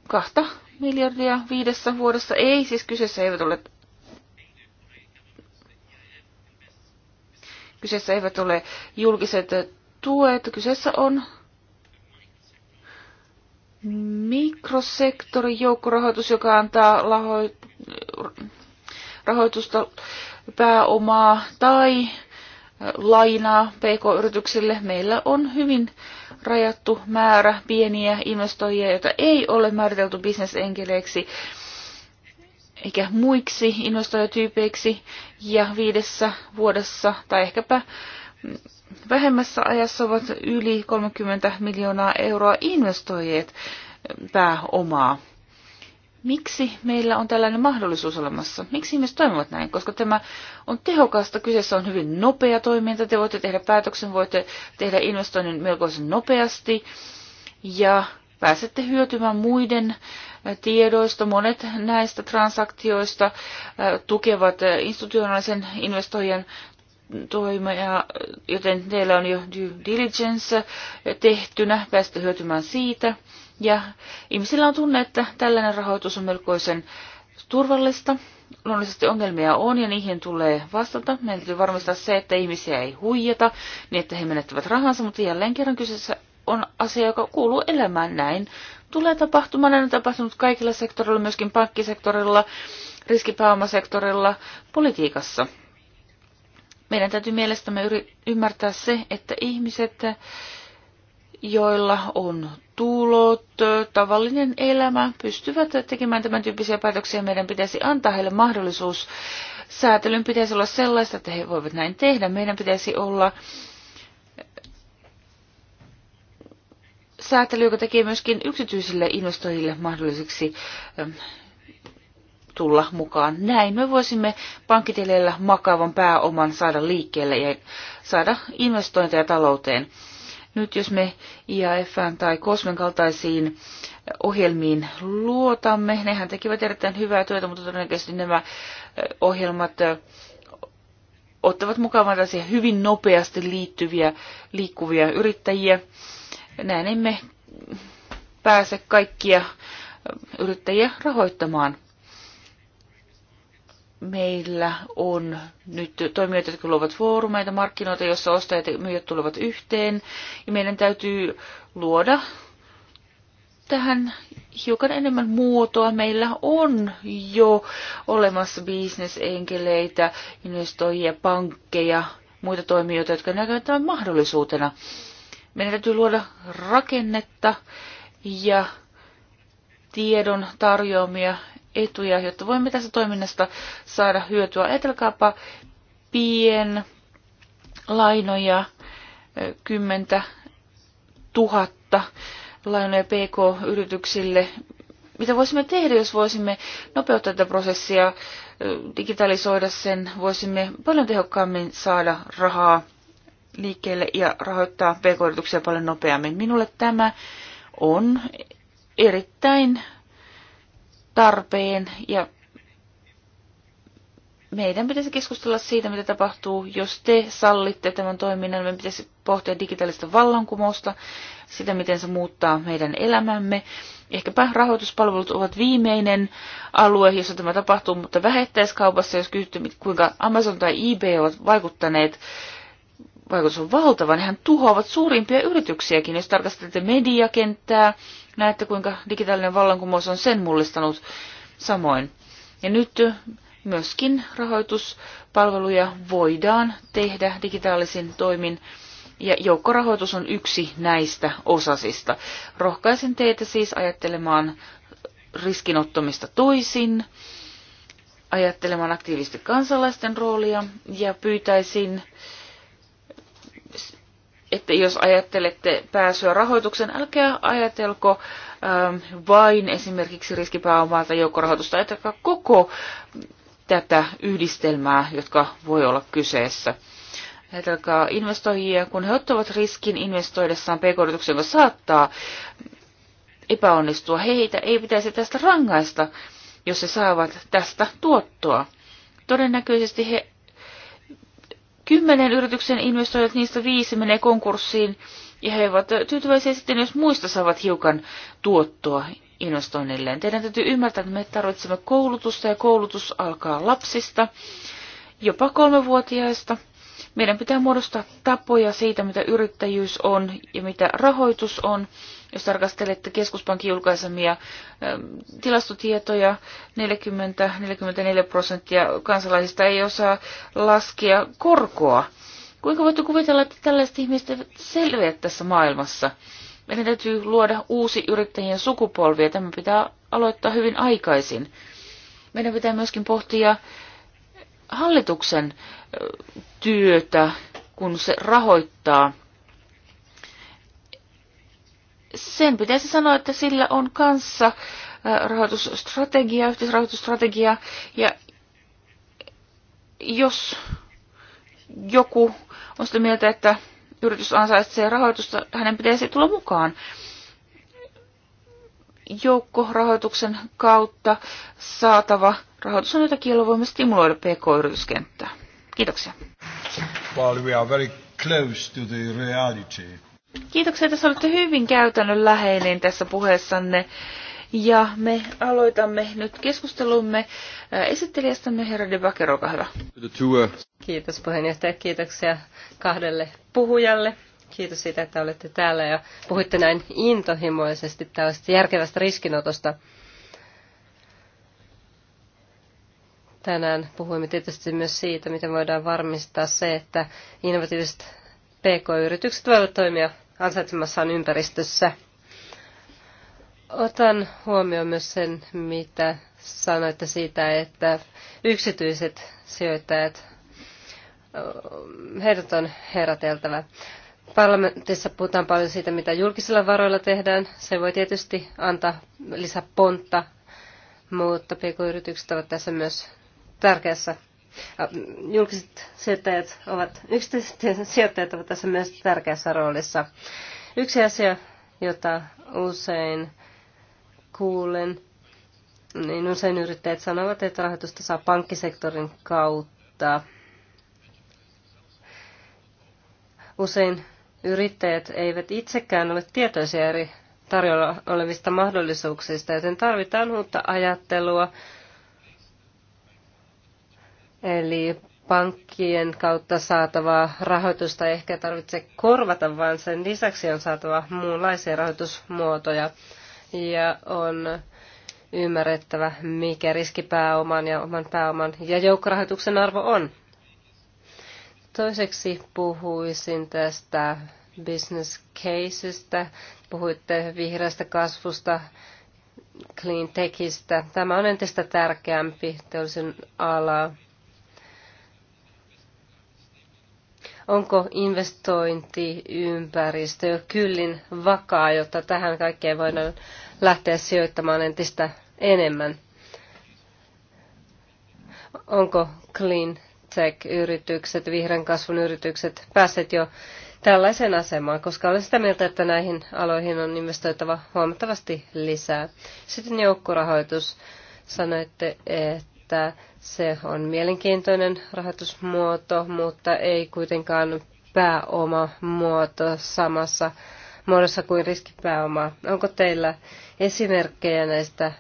kahta miljardia viidessä vuodessa. Ei, siis kyseessä eivät ole Kyseessä eivät ole julkiset tuet, kyseessä on mikrosektorin joukkorahoitus, joka antaa rahoitusta pääomaa tai lainaa pk-yrityksille. Meillä on hyvin rajattu määrä pieniä investoijia, joita ei ole määritelty bisnesenkeleiksi eikä muiksi investoijatyypeiksi, ja viidessä vuodessa tai ehkäpä vähemmässä ajassa ovat yli 30 miljoonaa euroa investoijat pääomaa miksi meillä on tällainen mahdollisuus olemassa? Miksi ihmiset toimivat näin? Koska tämä on tehokasta, kyseessä on hyvin nopea toiminta, te voitte tehdä päätöksen, voitte tehdä investoinnin melkoisen nopeasti ja pääsette hyötymään muiden tiedoista. Monet näistä transaktioista tukevat institutionaalisen investoijan toimia, joten teillä on jo due diligence tehtynä, pääsette hyötymään siitä. Ja ihmisillä on tunne, että tällainen rahoitus on melkoisen turvallista. Luonnollisesti ongelmia on ja niihin tulee vastata. Meidän täytyy varmistaa se, että ihmisiä ei huijata niin, että he menettävät rahansa, mutta jälleen kerran kyseessä on asia, joka kuuluu elämään näin. Tulee tapahtumaan, näin on tapahtunut kaikilla sektorilla, myöskin pankkisektorilla, riskipääomasektorilla, politiikassa. Meidän täytyy mielestämme ymmärtää se, että ihmiset joilla on tulot, tavallinen elämä, pystyvät tekemään tämän tyyppisiä päätöksiä. Meidän pitäisi antaa heille mahdollisuus. Säätelyn pitäisi olla sellaista, että he voivat näin tehdä. Meidän pitäisi olla säätely, joka tekee myöskin yksityisille investoijille mahdolliseksi ähm, tulla mukaan. Näin me voisimme pankkitilillä makaavan pääoman saada liikkeelle ja saada investointeja talouteen. Nyt jos me IAF tai Kosmen kaltaisiin ohjelmiin luotamme, nehän tekivät erittäin hyvää työtä, mutta todennäköisesti nämä ohjelmat ottavat mukavan tällaisia hyvin nopeasti liittyviä, liikkuvia yrittäjiä. Näin emme pääse kaikkia yrittäjiä rahoittamaan meillä on nyt toimijoita, jotka luovat foorumeita, markkinoita, joissa ostajat ja myyjät tulevat yhteen. Ja meidän täytyy luoda tähän hiukan enemmän muotoa. Meillä on jo olemassa bisnesenkeleitä, investoijia, pankkeja, muita toimijoita, jotka näkevät tämän mahdollisuutena. Meidän täytyy luoda rakennetta ja tiedon tarjoamia etuja, jotta voimme tästä toiminnasta saada hyötyä. Ajatelkaapa pien lainoja kymmentä tuhatta lainoja PK-yrityksille. Mitä voisimme tehdä, jos voisimme nopeuttaa tätä prosessia, digitalisoida sen, voisimme paljon tehokkaammin saada rahaa liikkeelle ja rahoittaa pk-yrityksiä paljon nopeammin. Minulle tämä on erittäin tarpeen ja meidän pitäisi keskustella siitä, mitä tapahtuu, jos te sallitte tämän toiminnan. Meidän pitäisi pohtia digitaalista vallankumousta, sitä, miten se muuttaa meidän elämämme. Ehkäpä rahoituspalvelut ovat viimeinen alue, jossa tämä tapahtuu, mutta vähettäiskaupassa, jos kysytte, kuinka Amazon tai eBay ovat vaikuttaneet vaikutus on valtava. Niin hän tuhoavat suurimpia yrityksiäkin. Jos tarkastelette mediakenttää, näette kuinka digitaalinen vallankumous on sen mullistanut samoin. Ja nyt myöskin rahoituspalveluja voidaan tehdä digitaalisin toimin. Ja joukkorahoitus on yksi näistä osasista. Rohkaisen teitä siis ajattelemaan riskinottomista toisin, ajattelemaan aktiivisesti kansalaisten roolia ja pyytäisin että jos ajattelette pääsyä rahoituksen, älkää ajatelko ähm, vain esimerkiksi riskipääomaa tai joukkorahoitusta, ajatelkaa koko tätä yhdistelmää, jotka voi olla kyseessä. Ajatelkaa investoijia, kun he ottavat riskin investoidessaan pk joka saattaa epäonnistua. Heitä ei pitäisi tästä rangaista, jos he saavat tästä tuottoa. Todennäköisesti he kymmenen yrityksen investoijat, niistä viisi menee konkurssiin ja he ovat tyytyväisiä sitten, jos muista saavat hiukan tuottoa investoinnilleen. Teidän täytyy ymmärtää, että me tarvitsemme koulutusta ja koulutus alkaa lapsista, jopa kolmevuotiaista. Meidän pitää muodostaa tapoja siitä, mitä yrittäjyys on ja mitä rahoitus on. Jos tarkastelette keskuspankin julkaisemia tilastotietoja, 40-44 prosenttia kansalaisista ei osaa laskea korkoa. Kuinka voitte kuvitella, että tällaiset ihmiset eivät selviä tässä maailmassa? Meidän täytyy luoda uusi yrittäjien sukupolvi ja tämä pitää aloittaa hyvin aikaisin. Meidän pitää myöskin pohtia hallituksen työtä, kun se rahoittaa sen pitäisi sanoa, että sillä on kanssa rahoitusstrategia, yhteisrahoitusstrategia, ja jos joku on sitä mieltä, että yritys ansaitsee rahoitusta, hänen pitäisi tulla mukaan. Joukkorahoituksen kautta saatava rahoitus on jotakin, jolla voimme stimuloida pk-yrityskenttää. Kiitoksia. Well, we are very close to the reality. Kiitoksia, että olette hyvin läheinen tässä puheessanne. Ja me aloitamme nyt keskustelumme äh, esittelijästämme herra De Backer, olkaa hyvä. Kiitos puheenjohtaja, kiitoksia kahdelle puhujalle. Kiitos siitä, että olette täällä ja puhuitte näin intohimoisesti tällaista järkevästä riskinotosta. Tänään puhuimme tietysti myös siitä, miten voidaan varmistaa se, että innovatiiviset PK-yritykset voivat toimia ansaitsemassaan ympäristössä. Otan huomioon myös sen, mitä sanoitte siitä, että yksityiset sijoittajat, heidät on heräteltävä. Parlamentissa puhutaan paljon siitä, mitä julkisilla varoilla tehdään. Se voi tietysti antaa lisäpontta, mutta pk-yritykset ovat tässä myös tärkeässä Julkiset sijoittajat ovat, yksityiset sijoittajat ovat tässä myös tärkeässä roolissa. Yksi asia, jota usein kuulen, niin usein yrittäjät sanovat, että rahoitusta saa pankkisektorin kautta. Usein yrittäjät eivät itsekään ole tietoisia eri tarjolla olevista mahdollisuuksista, joten tarvitaan uutta ajattelua, Eli pankkien kautta saatavaa rahoitusta ei ehkä tarvitse korvata, vaan sen lisäksi on saatava muunlaisia rahoitusmuotoja ja on ymmärrettävä, mikä riski pääoman ja oman pääoman ja joukkorahoituksen arvo on. Toiseksi puhuisin tästä business casesta. Puhuitte vihreästä kasvusta, clean techistä. Tämä on entistä tärkeämpi teollisen ala onko investointiympäristö jo kyllin vakaa, jotta tähän kaikkeen voidaan lähteä sijoittamaan entistä enemmän. Onko clean tech-yritykset, vihreän kasvun yritykset päässeet jo tällaiseen asemaan, koska olen sitä mieltä, että näihin aloihin on investoitava huomattavasti lisää. Sitten joukkorahoitus. Sanoitte, että että se on mielenkiintoinen rahoitusmuoto, mutta ei kuitenkaan pääoma muoto samassa muodossa kuin riskipääoma. Onko teillä esimerkkejä näistä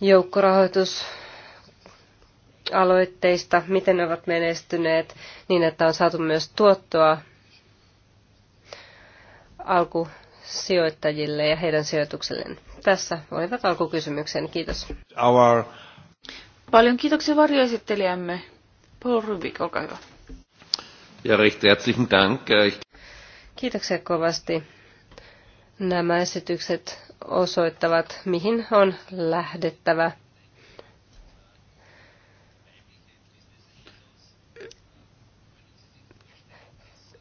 joukkorahoitusaloitteista, miten ne ovat menestyneet niin, että on saatu myös tuottoa alkusijoittajille ja heidän sijoitukselleen? Tässä olivat alkukysymyksen. Kiitos. Our... Paljon kiitoksia varjoesittelijämme. Paul Rubik, olkaa hyvä. Ja recht herzlichen Dank. Kiitoksia kovasti. Nämä esitykset osoittavat, mihin on lähdettävä.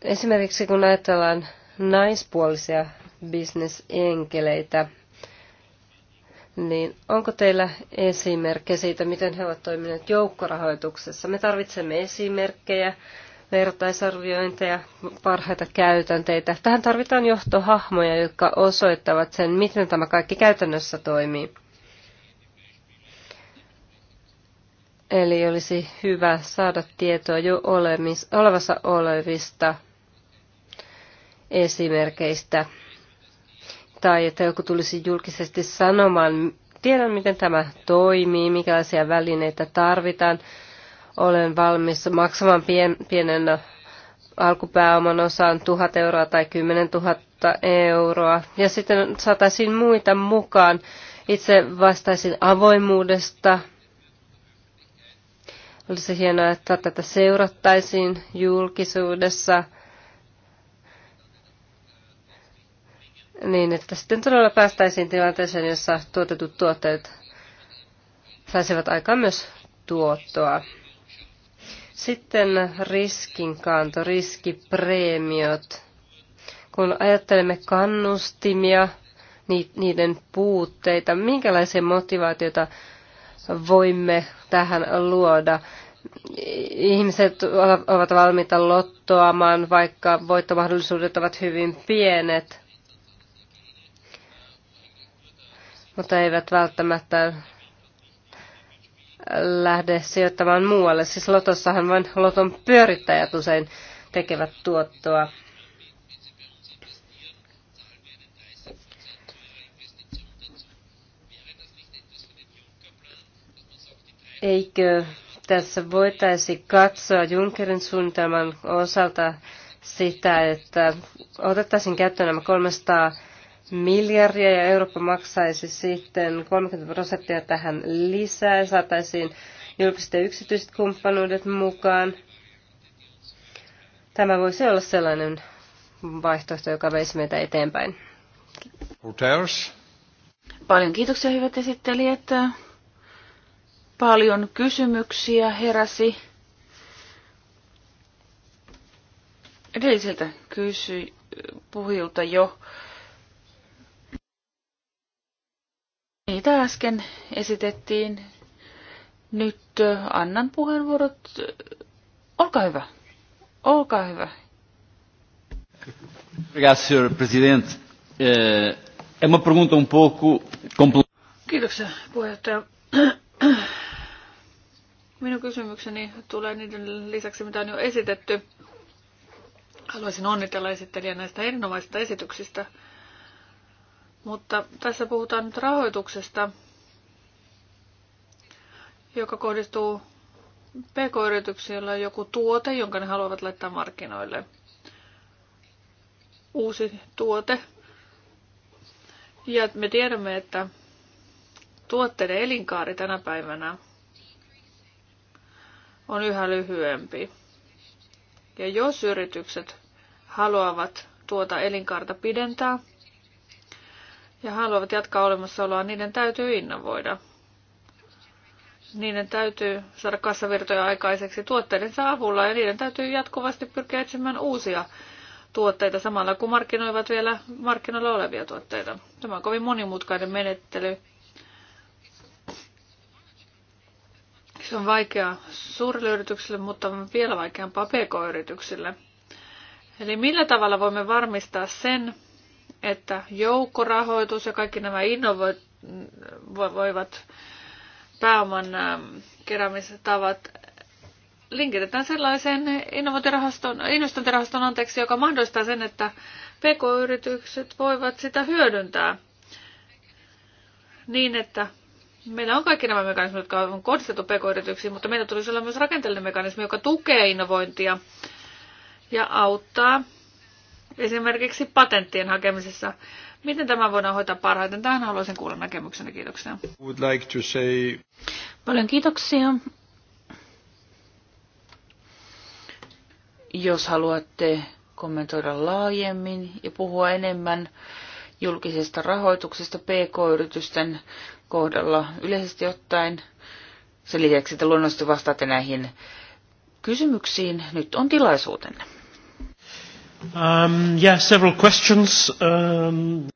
Esimerkiksi kun ajatellaan naispuolisia bisnesenkeleitä, niin onko teillä esimerkkejä siitä, miten he ovat toimineet joukkorahoituksessa? Me tarvitsemme esimerkkejä, vertaisarviointeja, parhaita käytänteitä. Tähän tarvitaan johtohahmoja, jotka osoittavat sen, miten tämä kaikki käytännössä toimii. Eli olisi hyvä saada tietoa jo olemis, olevassa olevista esimerkkeistä tai että joku tulisi julkisesti sanomaan, tiedän miten tämä toimii, mikälaisia välineitä tarvitaan, olen valmis maksamaan pien, pienen alkupääoman osaan 1000 euroa tai 10 000 euroa. Ja sitten saataisiin muita mukaan. Itse vastaisin avoimuudesta. Olisi hienoa, että tätä seurattaisiin julkisuudessa – niin, että sitten todella päästäisiin tilanteeseen, jossa tuotetut tuotteet saisivat aikaan myös tuottoa. Sitten riskinkanto, riskipreemiot. Kun ajattelemme kannustimia, niiden puutteita, minkälaisia motivaatioita voimme tähän luoda. Ihmiset ovat valmiita lottoamaan, vaikka voittomahdollisuudet ovat hyvin pienet. mutta eivät välttämättä lähde sijoittamaan muualle. Siis lotossahan vain loton pyörittäjät usein tekevät tuottoa. Eikö tässä voitaisi katsoa Junckerin suunnitelman osalta sitä, että otettaisiin käyttöön nämä 300 miljardia ja Eurooppa maksaisi sitten 30 prosenttia tähän lisää ja saataisiin julkiset ja yksityiset kumppanuudet mukaan. Tämä voisi olla sellainen vaihtoehto, joka veisi meitä eteenpäin. Hotels. Paljon kiitoksia hyvät esittelijät. Paljon kysymyksiä heräsi. Edelliseltä kysyi puhujilta jo Niitä äsken esitettiin. Nyt annan puheenvuorot. Olkaa hyvä. Olkaa hyvä. Um Kiitoksia, puheenjohtaja. Minun kysymykseni tulee niiden lisäksi, mitä on jo esitetty. Haluaisin onnitella esittelijä näistä erinomaisista esityksistä. Mutta tässä puhutaan nyt rahoituksesta, joka kohdistuu pk-yrityksiin, joilla on joku tuote, jonka ne haluavat laittaa markkinoille. Uusi tuote. Ja me tiedämme, että tuotteiden elinkaari tänä päivänä on yhä lyhyempi. Ja jos yritykset haluavat tuota elinkaarta pidentää, ja haluavat jatkaa olemassaoloa, niiden täytyy innovoida. Niiden täytyy saada kassavirtoja aikaiseksi tuotteidensa avulla ja niiden täytyy jatkuvasti pyrkiä etsimään uusia tuotteita samalla kun markkinoivat vielä markkinoilla olevia tuotteita. Tämä on kovin monimutkainen menettely. Se on vaikea suurille yrityksille, mutta vielä vaikeampaa pk-yrityksille. Eli millä tavalla voimme varmistaa sen, että joukkorahoitus ja kaikki nämä innovoivat pääoman keräämistavat linkitetään sellaiseen investointirahaston, anteeksi, joka mahdollistaa sen, että pk-yritykset voivat sitä hyödyntää niin, että meillä on kaikki nämä mekanismit, jotka on kohdistettu pk-yrityksiin, mutta meillä tulisi olla myös rakenteellinen mekanismi, joka tukee innovointia ja auttaa esimerkiksi patenttien hakemisessa. Miten tämä voidaan hoitaa parhaiten? Tähän haluaisin kuulla näkemyksenä. Kiitoksia. Would like to say... Paljon kiitoksia. Jos haluatte kommentoida laajemmin ja puhua enemmän julkisesta rahoituksesta PK-yritysten kohdalla yleisesti ottaen, sen lisäksi, että luonnollisesti vastaatte näihin kysymyksiin, nyt on tilaisuutenne. Um, yeah, several questions. Um...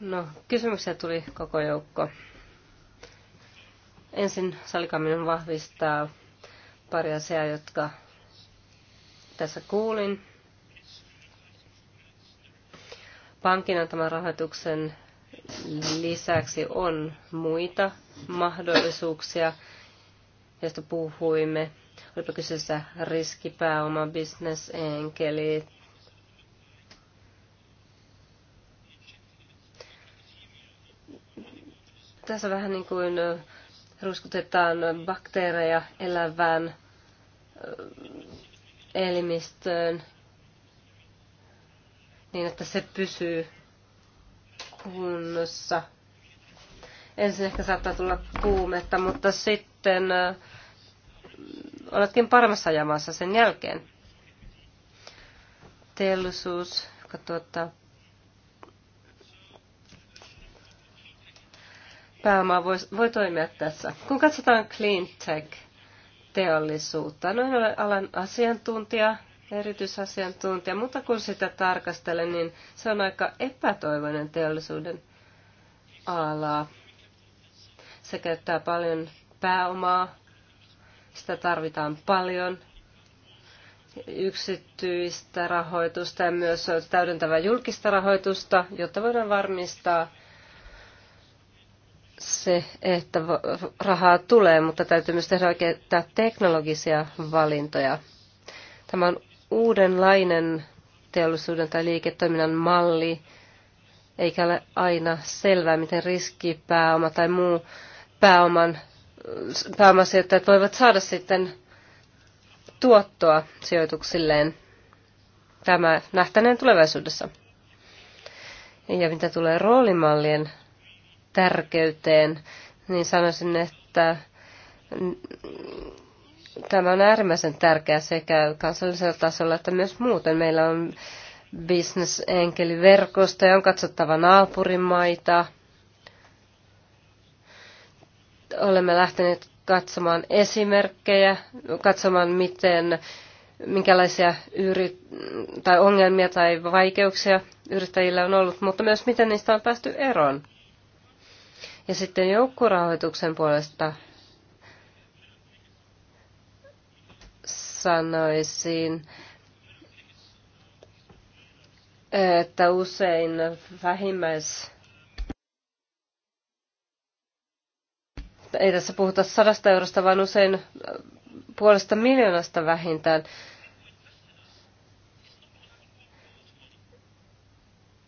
No, kysymyksiä tuli koko joukko. Ensin salikaminen vahvistaa pari asiaa, jotka tässä kuulin. Pankin antaman rahoituksen lisäksi on muita mahdollisuuksia, joista puhuimme. Olipa kyseessä riskipääoma, bisnesenkelit, Tässä vähän niin kuin ruskutetaan bakteereja elävään elimistöön niin, että se pysyy kunnossa. Ensin ehkä saattaa tulla kuumetta, mutta sitten oletkin paremmassa jamassa sen jälkeen. Teollisuus, joka tuottaa pääoma voi, voi toimia tässä. Kun katsotaan cleantech-teollisuutta, noin olen alan asiantuntija, erityisasiantuntija, mutta kun sitä tarkastelen, niin se on aika epätoivoinen teollisuuden ala. Se käyttää paljon pääomaa, sitä tarvitaan paljon, yksityistä rahoitusta ja myös täydentävää julkista rahoitusta, jotta voidaan varmistaa se, että rahaa tulee, mutta täytyy myös tehdä oikeita teknologisia valintoja. Tämä on uudenlainen teollisuuden tai liiketoiminnan malli, eikä ole aina selvää, miten riskipääoma tai muu pääoman, pääomasijoittajat voivat saada sitten tuottoa sijoituksilleen. Tämä nähtäneen tulevaisuudessa. Ja mitä tulee roolimallien tärkeyteen, niin sanoisin, että tämä on äärimmäisen tärkeä sekä kansallisella tasolla että myös muuten. Meillä on bisnesenkeliverkosto ja on katsottava naapurimaita. Olemme lähteneet katsomaan esimerkkejä, katsomaan miten, minkälaisia yri- tai ongelmia tai vaikeuksia yrittäjillä on ollut, mutta myös miten niistä on päästy eroon. Ja sitten joukkurahoituksen puolesta sanoisin, että usein vähimmäis... Ei tässä puhuta sadasta eurosta, vaan usein puolesta miljoonasta vähintään.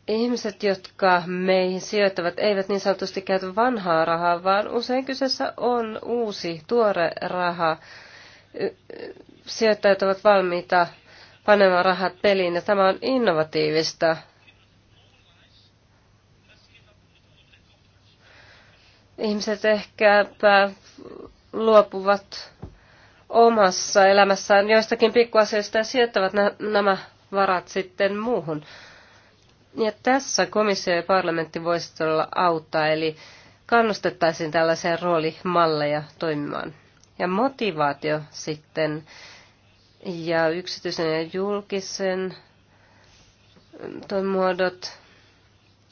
Ihmiset, jotka meihin sijoittavat, eivät niin sanotusti käytä vanhaa rahaa, vaan usein kyseessä on uusi, tuore raha. Sijoittajat ovat valmiita panemaan rahat peliin, ja tämä on innovatiivista. Ihmiset ehkäpä luopuvat omassa elämässään joistakin pikkuasioista ja sijoittavat nämä varat sitten muuhun. Ja tässä komissio ja parlamentti voisivat todella auttaa, eli kannustettaisiin tällaisia roolimalleja toimimaan. Ja motivaatio sitten ja yksityisen ja julkisen mm, muodot.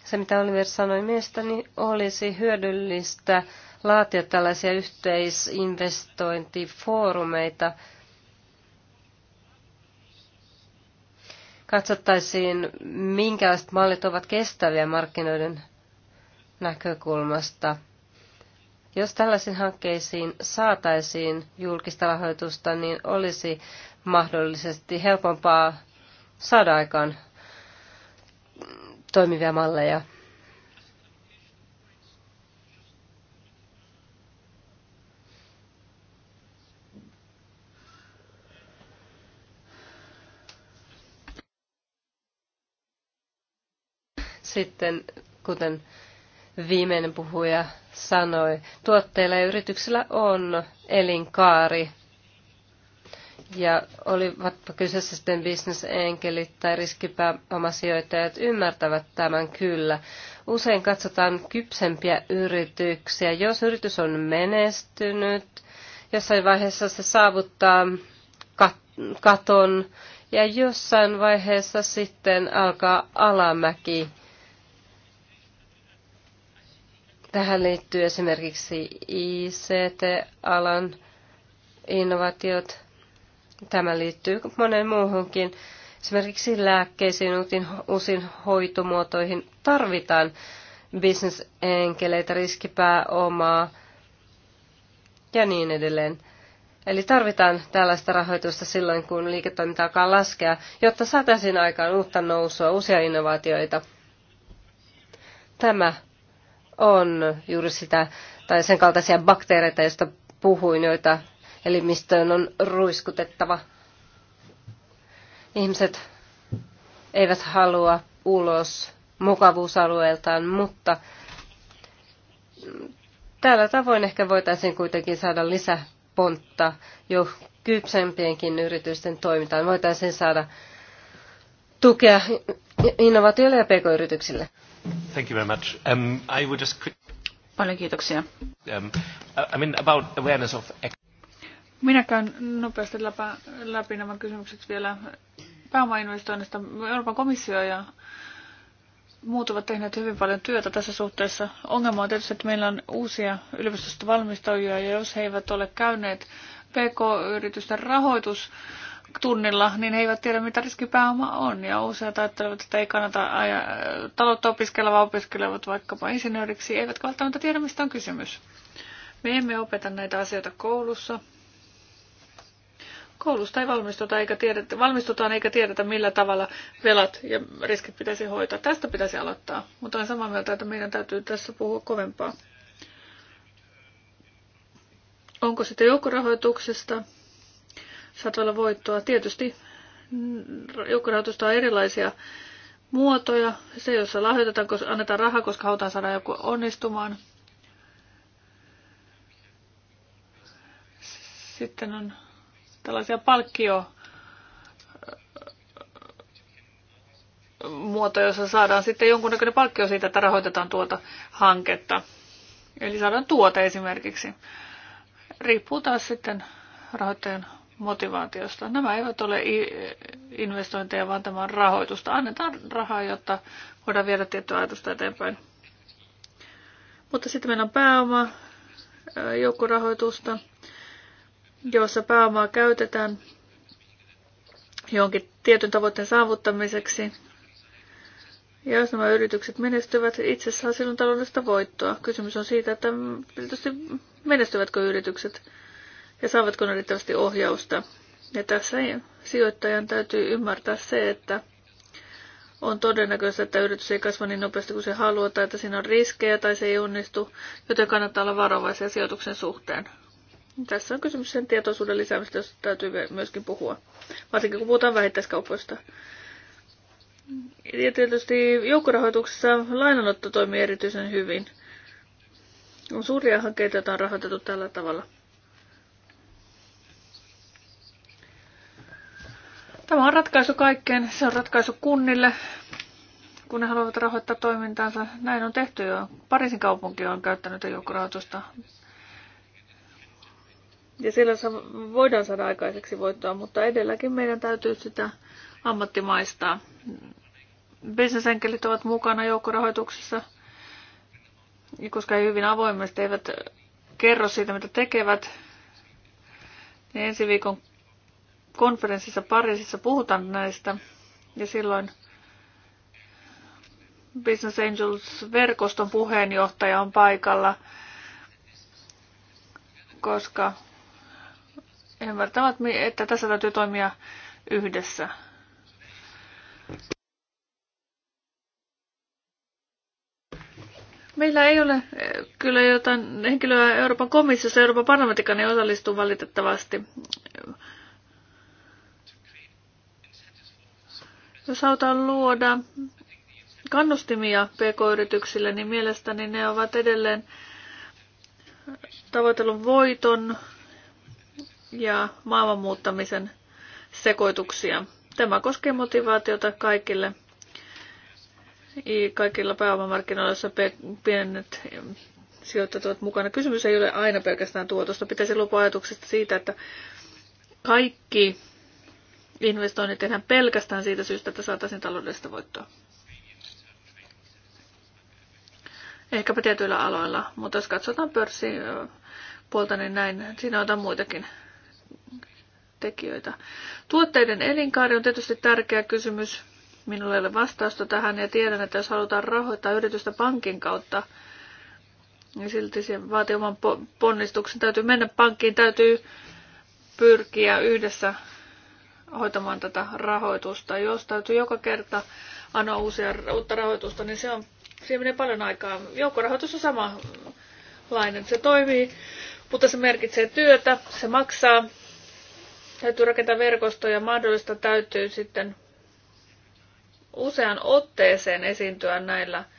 Se, mitä Oliver sanoi mielestäni, olisi hyödyllistä laatia tällaisia yhteisinvestointifoorumeita, katsottaisiin, minkälaiset mallit ovat kestäviä markkinoiden näkökulmasta. Jos tällaisiin hankkeisiin saataisiin julkista rahoitusta, niin olisi mahdollisesti helpompaa saada aikaan toimivia malleja. Sitten, kuten viimeinen puhuja sanoi, tuotteilla ja yrityksillä on elinkaari. Ja olivatpa kyseessä sitten bisnesenkelit tai riskipääomasijoittajat, ymmärtävät tämän kyllä. Usein katsotaan kypsempiä yrityksiä. Jos yritys on menestynyt, jossain vaiheessa se saavuttaa katon ja jossain vaiheessa sitten alkaa alamäki Tähän liittyy esimerkiksi ICT-alan innovaatiot. Tämä liittyy moneen muuhunkin. Esimerkiksi lääkkeisiin, uusiin hoitomuotoihin tarvitaan bisnesenkeleitä, riskipääomaa ja niin edelleen. Eli tarvitaan tällaista rahoitusta silloin, kun liiketoiminta alkaa laskea, jotta saataisiin aikaan uutta nousua, uusia innovaatioita. Tämä on juuri sitä, tai sen kaltaisia bakteereita, joista puhuin, joita elimistöön on ruiskutettava. Ihmiset eivät halua ulos mukavuusalueeltaan, mutta tällä tavoin ehkä voitaisiin kuitenkin saada lisäpontta jo kypsempienkin yritysten toimintaan. Voitaisiin saada tukea innovaatioille ja pk-yrityksille. Thank you very much. Um, I would just quick... Paljon kiitoksia. Um, I mean about awareness of... Minä käyn nopeasti läpi, läpi nämä kysymykset vielä pääomainvestoinnista. Euroopan komissio ja muut ovat tehneet hyvin paljon työtä tässä suhteessa. Ongelma on tietysti, että meillä on uusia yliopistosta valmistajia ja jos he eivät ole käyneet PK-yritysten rahoitus tunnilla, niin he eivät tiedä, mitä riskipääoma on. Ja useat ajattelevat, että ei kannata aja, taloutta opiskella, vaan opiskelevat vaikkapa insinööriksi, eivätkä välttämättä tiedä, mistä on kysymys. Me emme opeta näitä asioita koulussa. Koulusta ei valmistuta eikä tiedetä, valmistutaan eikä tiedetä, millä tavalla velat ja riskit pitäisi hoitaa. Tästä pitäisi aloittaa, mutta olen samaa mieltä, että meidän täytyy tässä puhua kovempaa. Onko sitten joukkorahoituksesta? saatoilla voittoa. Tietysti joukkorahoitusta on erilaisia muotoja. Se, jossa lahjoitetaan, kun annetaan rahaa, koska halutaan saada joku onnistumaan. Sitten on tällaisia palkkio äh, muoto, jossa saadaan sitten jonkunnäköinen palkkio siitä, että rahoitetaan tuota hanketta. Eli saadaan tuote esimerkiksi. Riippuu taas sitten rahoittajan motivaatiosta. Nämä eivät ole investointeja, vaan tämä on rahoitusta. Annetaan rahaa, jotta voidaan viedä tiettyä ajatusta eteenpäin. Mutta sitten meillä on pääoma, joukkorahoitusta, jossa pääomaa käytetään jonkin tietyn tavoitteen saavuttamiseksi. Ja jos nämä yritykset menestyvät, itse saa silloin taloudellista voittoa. Kysymys on siitä, että menestyvätkö yritykset ja saavatko ne riittävästi ohjausta. Ja tässä sijoittajan täytyy ymmärtää se, että on todennäköistä, että yritys ei kasva niin nopeasti kuin se haluaa, tai että siinä on riskejä tai se ei onnistu, joten kannattaa olla varovaisia sijoituksen suhteen. Tässä on kysymys sen tietoisuuden lisäämistä, josta täytyy myöskin puhua, varsinkin kun puhutaan vähittäiskaupoista. Ja tietysti joukkorahoituksessa lainanotto toimii erityisen hyvin. On suuria hankkeita, joita on rahoitettu tällä tavalla – Tämä on ratkaisu kaikkeen. Se on ratkaisu kunnille, kun ne haluavat rahoittaa toimintaansa. Näin on tehty jo. Pariisin kaupunki on käyttänyt joukkorahoitusta. Ja sillä voidaan saada aikaiseksi voittoa, mutta edelläkin meidän täytyy sitä ammattimaistaa. Bisnesenkelit ovat mukana joukkorahoituksessa, koska he hyvin avoimesti eivät kerro siitä, mitä tekevät. ensi viikon konferenssissa Pariisissa puhutaan näistä ja silloin Business Angels-verkoston puheenjohtaja on paikalla, koska ymmärtävät, että tässä täytyy toimia yhdessä. Meillä ei ole eh, kyllä jotain henkilöä Euroopan komissiossa, Euroopan parlamentikaan ei osallistu valitettavasti. Jos halutaan luoda kannustimia pk-yrityksille, niin mielestäni ne ovat edelleen tavoitellut voiton ja maailmanmuuttamisen sekoituksia. Tämä koskee motivaatiota kaikille kaikilla pääomamarkkinoilla, joissa pienet sijoittajat ovat mukana. Kysymys ei ole aina pelkästään tuotosta. Pitäisi lupa ajatuksesta siitä, että kaikki investoinnit tehdään pelkästään siitä syystä, että saataisiin taloudellista voittoa. Ehkäpä tietyillä aloilla, mutta jos katsotaan puolta, niin näin. Siinä on muitakin tekijöitä. Tuotteiden elinkaari on tietysti tärkeä kysymys. Minulla ei ole vastausta tähän ja tiedän, että jos halutaan rahoittaa yritystä pankin kautta, niin silti se vaatii oman ponnistuksen. Täytyy mennä pankkiin, täytyy pyrkiä yhdessä hoitamaan tätä rahoitusta. Jos täytyy joka kerta anoa uusia, uutta rahoitusta, niin se on, siihen menee paljon aikaa. Joukkorahoitus on samanlainen, se toimii, mutta se merkitsee työtä, se maksaa, täytyy rakentaa verkostoja, mahdollista täytyy sitten usean otteeseen esiintyä näillä –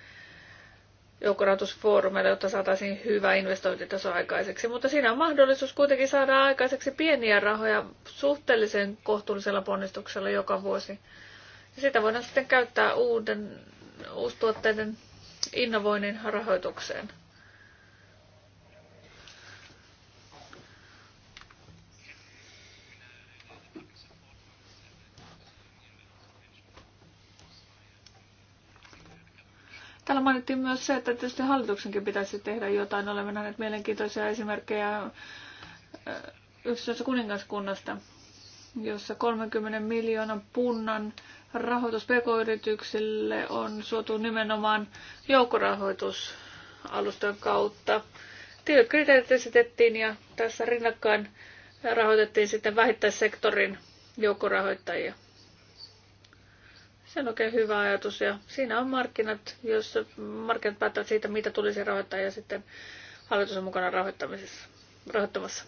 joukkorahoitusfoorumeille, jotta saataisiin hyvä investointitaso aikaiseksi. Mutta siinä on mahdollisuus kuitenkin saada aikaiseksi pieniä rahoja suhteellisen kohtuullisella ponnistuksella joka vuosi. Ja sitä voidaan sitten käyttää uuden, uustuotteiden innovoinnin rahoitukseen. Täällä mainittiin myös se, että tietysti hallituksenkin pitäisi tehdä jotain. Olemme nähneet mielenkiintoisia esimerkkejä yksityisessä kuningaskunnasta, jossa 30 miljoonan punnan rahoitus pk-yrityksille on suotu nimenomaan joukkorahoitusalustan kautta. Tietyt kriteerit esitettiin ja tässä rinnakkain rahoitettiin sitten vähittäissektorin joukkorahoittajia. Se on oikein hyvä ajatus ja siinä on markkinat, jos markkinat päättävät siitä, mitä tulisi rahoittaa ja sitten hallitus on mukana rahoittamisessa, rahoittamassa.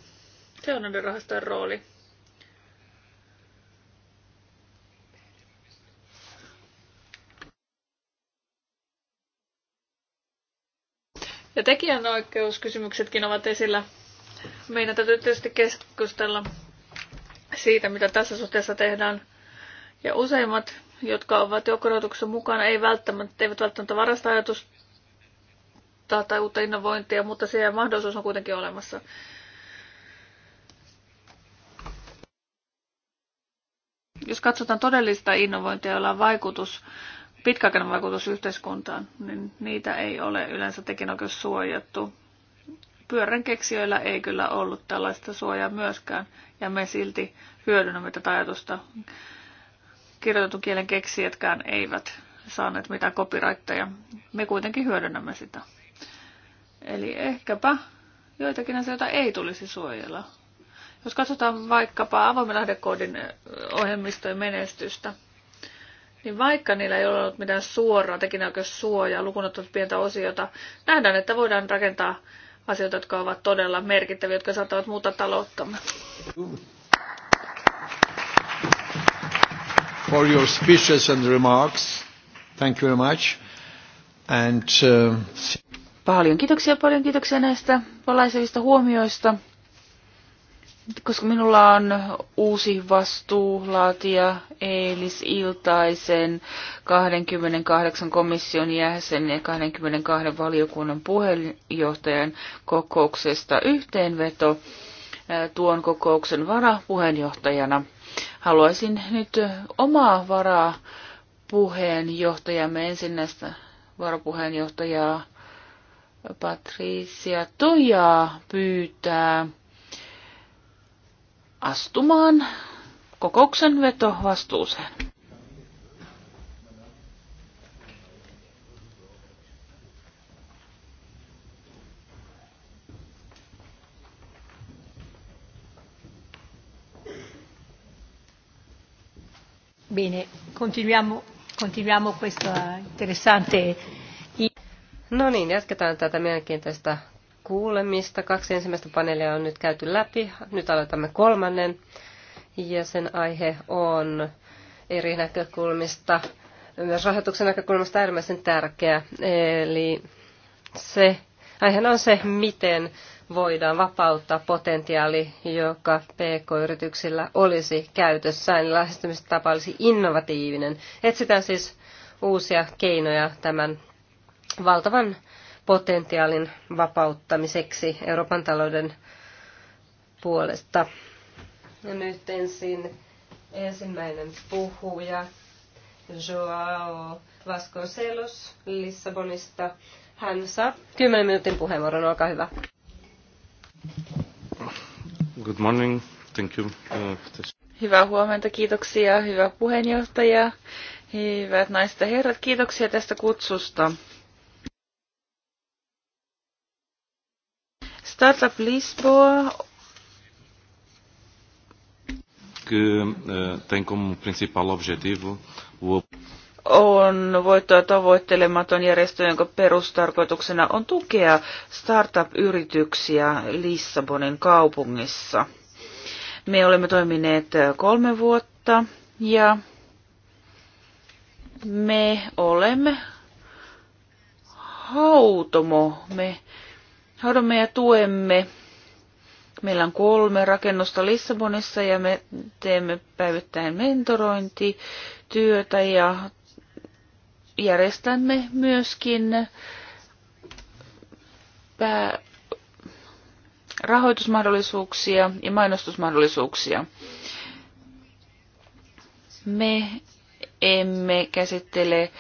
Se on näiden rahastojen rooli. Ja tekijänoikeuskysymyksetkin ovat esillä. Meidän täytyy tietysti keskustella siitä, mitä tässä suhteessa tehdään. Ja useimmat jotka ovat joukkorahoituksessa mukana, ei välttämättä, eivät välttämättä varasta ajatusta tai uutta innovointia, mutta se mahdollisuus on kuitenkin olemassa. Jos katsotaan todellista innovointia, jolla on vaikutus, pitkäaikainen vaikutus yhteiskuntaan, niin niitä ei ole yleensä tekinoikeus suojattu. Pyörän keksijöillä ei kyllä ollut tällaista suojaa myöskään, ja me silti hyödynnämme tätä ajatusta kirjoitetun kielen keksijätkään eivät saaneet mitään copyrightteja. Me kuitenkin hyödynnämme sitä. Eli ehkäpä joitakin asioita ei tulisi suojella. Jos katsotaan vaikkapa avoimen lähdekoodin ohjelmistojen menestystä, niin vaikka niillä ei ole ollut mitään suoraa tekijänoikeussuojaa, lukunottamatta pientä osiota, nähdään, että voidaan rakentaa asioita, jotka ovat todella merkittäviä, jotka saattavat muuttaa talouttamme. for your speeches and remarks. Thank you very much. And, uh... Paljon kiitoksia, paljon kiitoksia näistä valaisevista huomioista. Koska minulla on uusi vastuu laatia eilisiltaisen 28 komission jäsen ja 22 valiokunnan puheenjohtajan kokouksesta yhteenveto tuon kokouksen varapuheenjohtajana. Haluaisin nyt omaa varaa puheenjohtajamme ensin varapuheenjohtajaa Patricia Tojaa pyytää astumaan kokouksen vetovastuuseen. Bene, continuiamo, continuiamo questa interessante... No niin, jatketaan tätä mielenkiintoista kuulemista. Kaksi ensimmäistä paneelia on nyt käyty läpi. Nyt aloitamme kolmannen. Ja sen aihe on eri näkökulmista, myös rahoituksen näkökulmasta äärimmäisen tärkeä. Eli se, aiheena on se, miten voidaan vapauttaa potentiaali, joka PK-yrityksillä olisi käytössään. Niin lähestymistapa olisi innovatiivinen. Etsitään siis uusia keinoja tämän valtavan potentiaalin vapauttamiseksi Euroopan talouden puolesta. Ja nyt ensin ensimmäinen puhuja, Joao Vasconcelos Lissabonista. Hän saa 10 minuutin puheenvuoron, olkaa hyvä. Good morning. Thank you. Uh, Hyvää huomenta, kiitoksia, hyvä puheenjohtaja, hyvät naiset ja herrat, kiitoksia tästä kutsusta. Startup Lisboa que uh, tem como principal objetivo o on voittoa tavoittelematon järjestö, jonka perustarkoituksena on tukea startup-yrityksiä Lissabonin kaupungissa. Me olemme toimineet kolme vuotta ja me olemme hautomo. Me haudomme ja tuemme. Meillä on kolme rakennusta Lissabonissa ja me teemme päivittäin mentorointityötä ja järjestämme myöskin pää- rahoitusmahdollisuuksia ja mainostusmahdollisuuksia. Me emme käsittele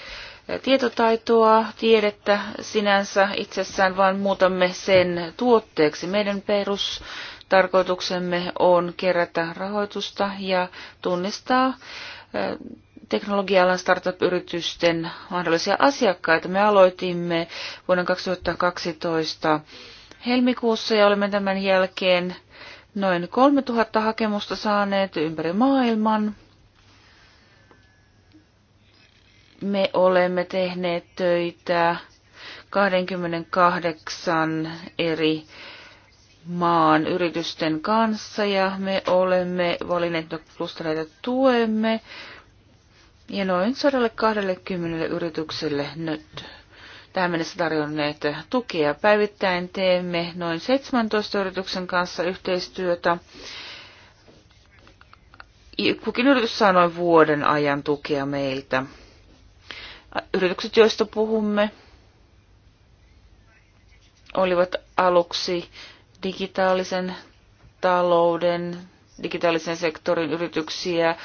tietotaitoa, tiedettä sinänsä itsessään, vaan muutamme sen tuotteeksi. Meidän perustarkoituksemme on kerätä rahoitusta ja tunnistaa teknologia-alan startup-yritysten mahdollisia asiakkaita. Me aloitimme vuonna 2012 helmikuussa ja olemme tämän jälkeen noin 3000 hakemusta saaneet ympäri maailman. Me olemme tehneet töitä 28 eri maan yritysten kanssa ja me olemme valinneet no, klustereita tuemme ja noin 120 yritykselle nyt tähän mennessä tarjonneet tukea. Päivittäin teemme noin 17 yrityksen kanssa yhteistyötä. Kukin yritys saa noin vuoden ajan tukea meiltä. Yritykset, joista puhumme, olivat aluksi digitaalisen talouden digitaalisen sektorin yrityksiä,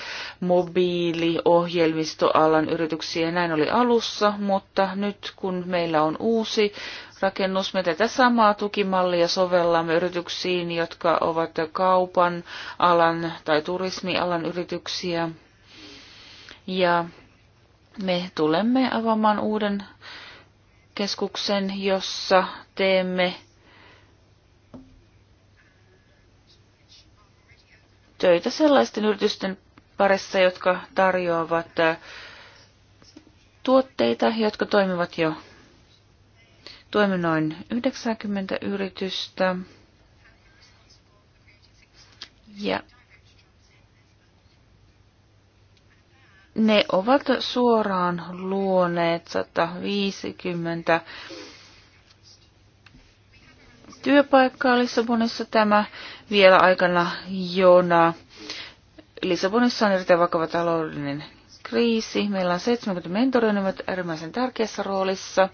mobiili, ohjelmistoalan yrityksiä. Näin oli alussa, mutta nyt kun meillä on uusi rakennus, me tätä samaa tukimallia sovellamme yrityksiin, jotka ovat kaupan alan tai turismialan yrityksiä. Ja me tulemme avaamaan uuden keskuksen, jossa teemme töitä sellaisten yritysten parissa, jotka tarjoavat äh, tuotteita, jotka toimivat jo. Toimme noin 90 yritystä. Ja ne ovat suoraan luoneet 150 työpaikkaa Lissabonissa tämä vielä aikana jona. Lissabonissa on erittäin vakava taloudellinen kriisi. Meillä on 70 mentoria, ne ovat äärimmäisen tärkeässä roolissa.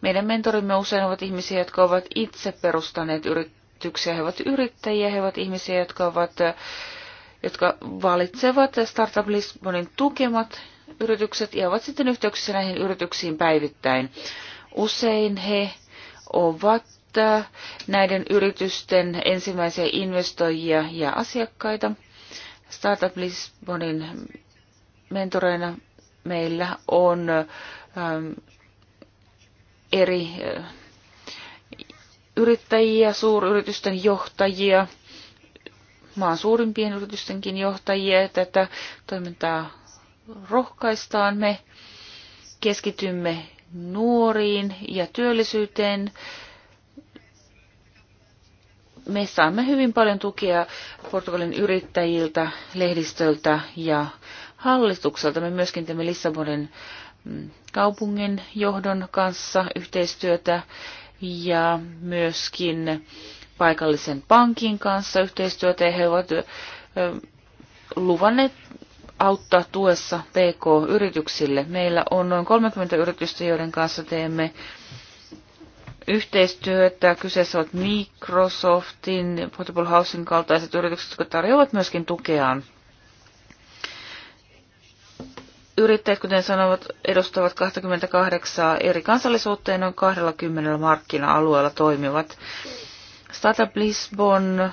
Meidän mentorimme usein ovat ihmisiä, jotka ovat itse perustaneet yrityksiä. He ovat yrittäjiä, he ovat ihmisiä, jotka, ovat, jotka valitsevat Startup Lisbonin tukemat yritykset ja ovat sitten yhteyksissä näihin yrityksiin päivittäin. Usein he ovat näiden yritysten ensimmäisiä investoijia ja asiakkaita. Startup Lisbonin mentoreina meillä on ähm, eri äh, yrittäjiä, suuryritysten johtajia, maan suurimpien yritystenkin johtajia. Tätä toimintaa rohkaistaan. Me keskitymme nuoriin ja työllisyyteen me saamme hyvin paljon tukea Portugalin yrittäjiltä, lehdistöltä ja hallitukselta. Me myöskin teemme Lissabonin mm, kaupungin johdon kanssa yhteistyötä ja myöskin paikallisen pankin kanssa yhteistyötä ja he ovat luvanneet auttaa tuessa PK-yrityksille. Meillä on noin 30 yritystä, joiden kanssa teemme yhteistyötä. Kyseessä ovat Microsoftin, Portable Housing kaltaiset yritykset, jotka tarjoavat myöskin tukeaan. Yrittäjät, kuten sanovat, edustavat 28 eri kansallisuutta ja noin 20 markkina-alueella toimivat. Startup Lisbon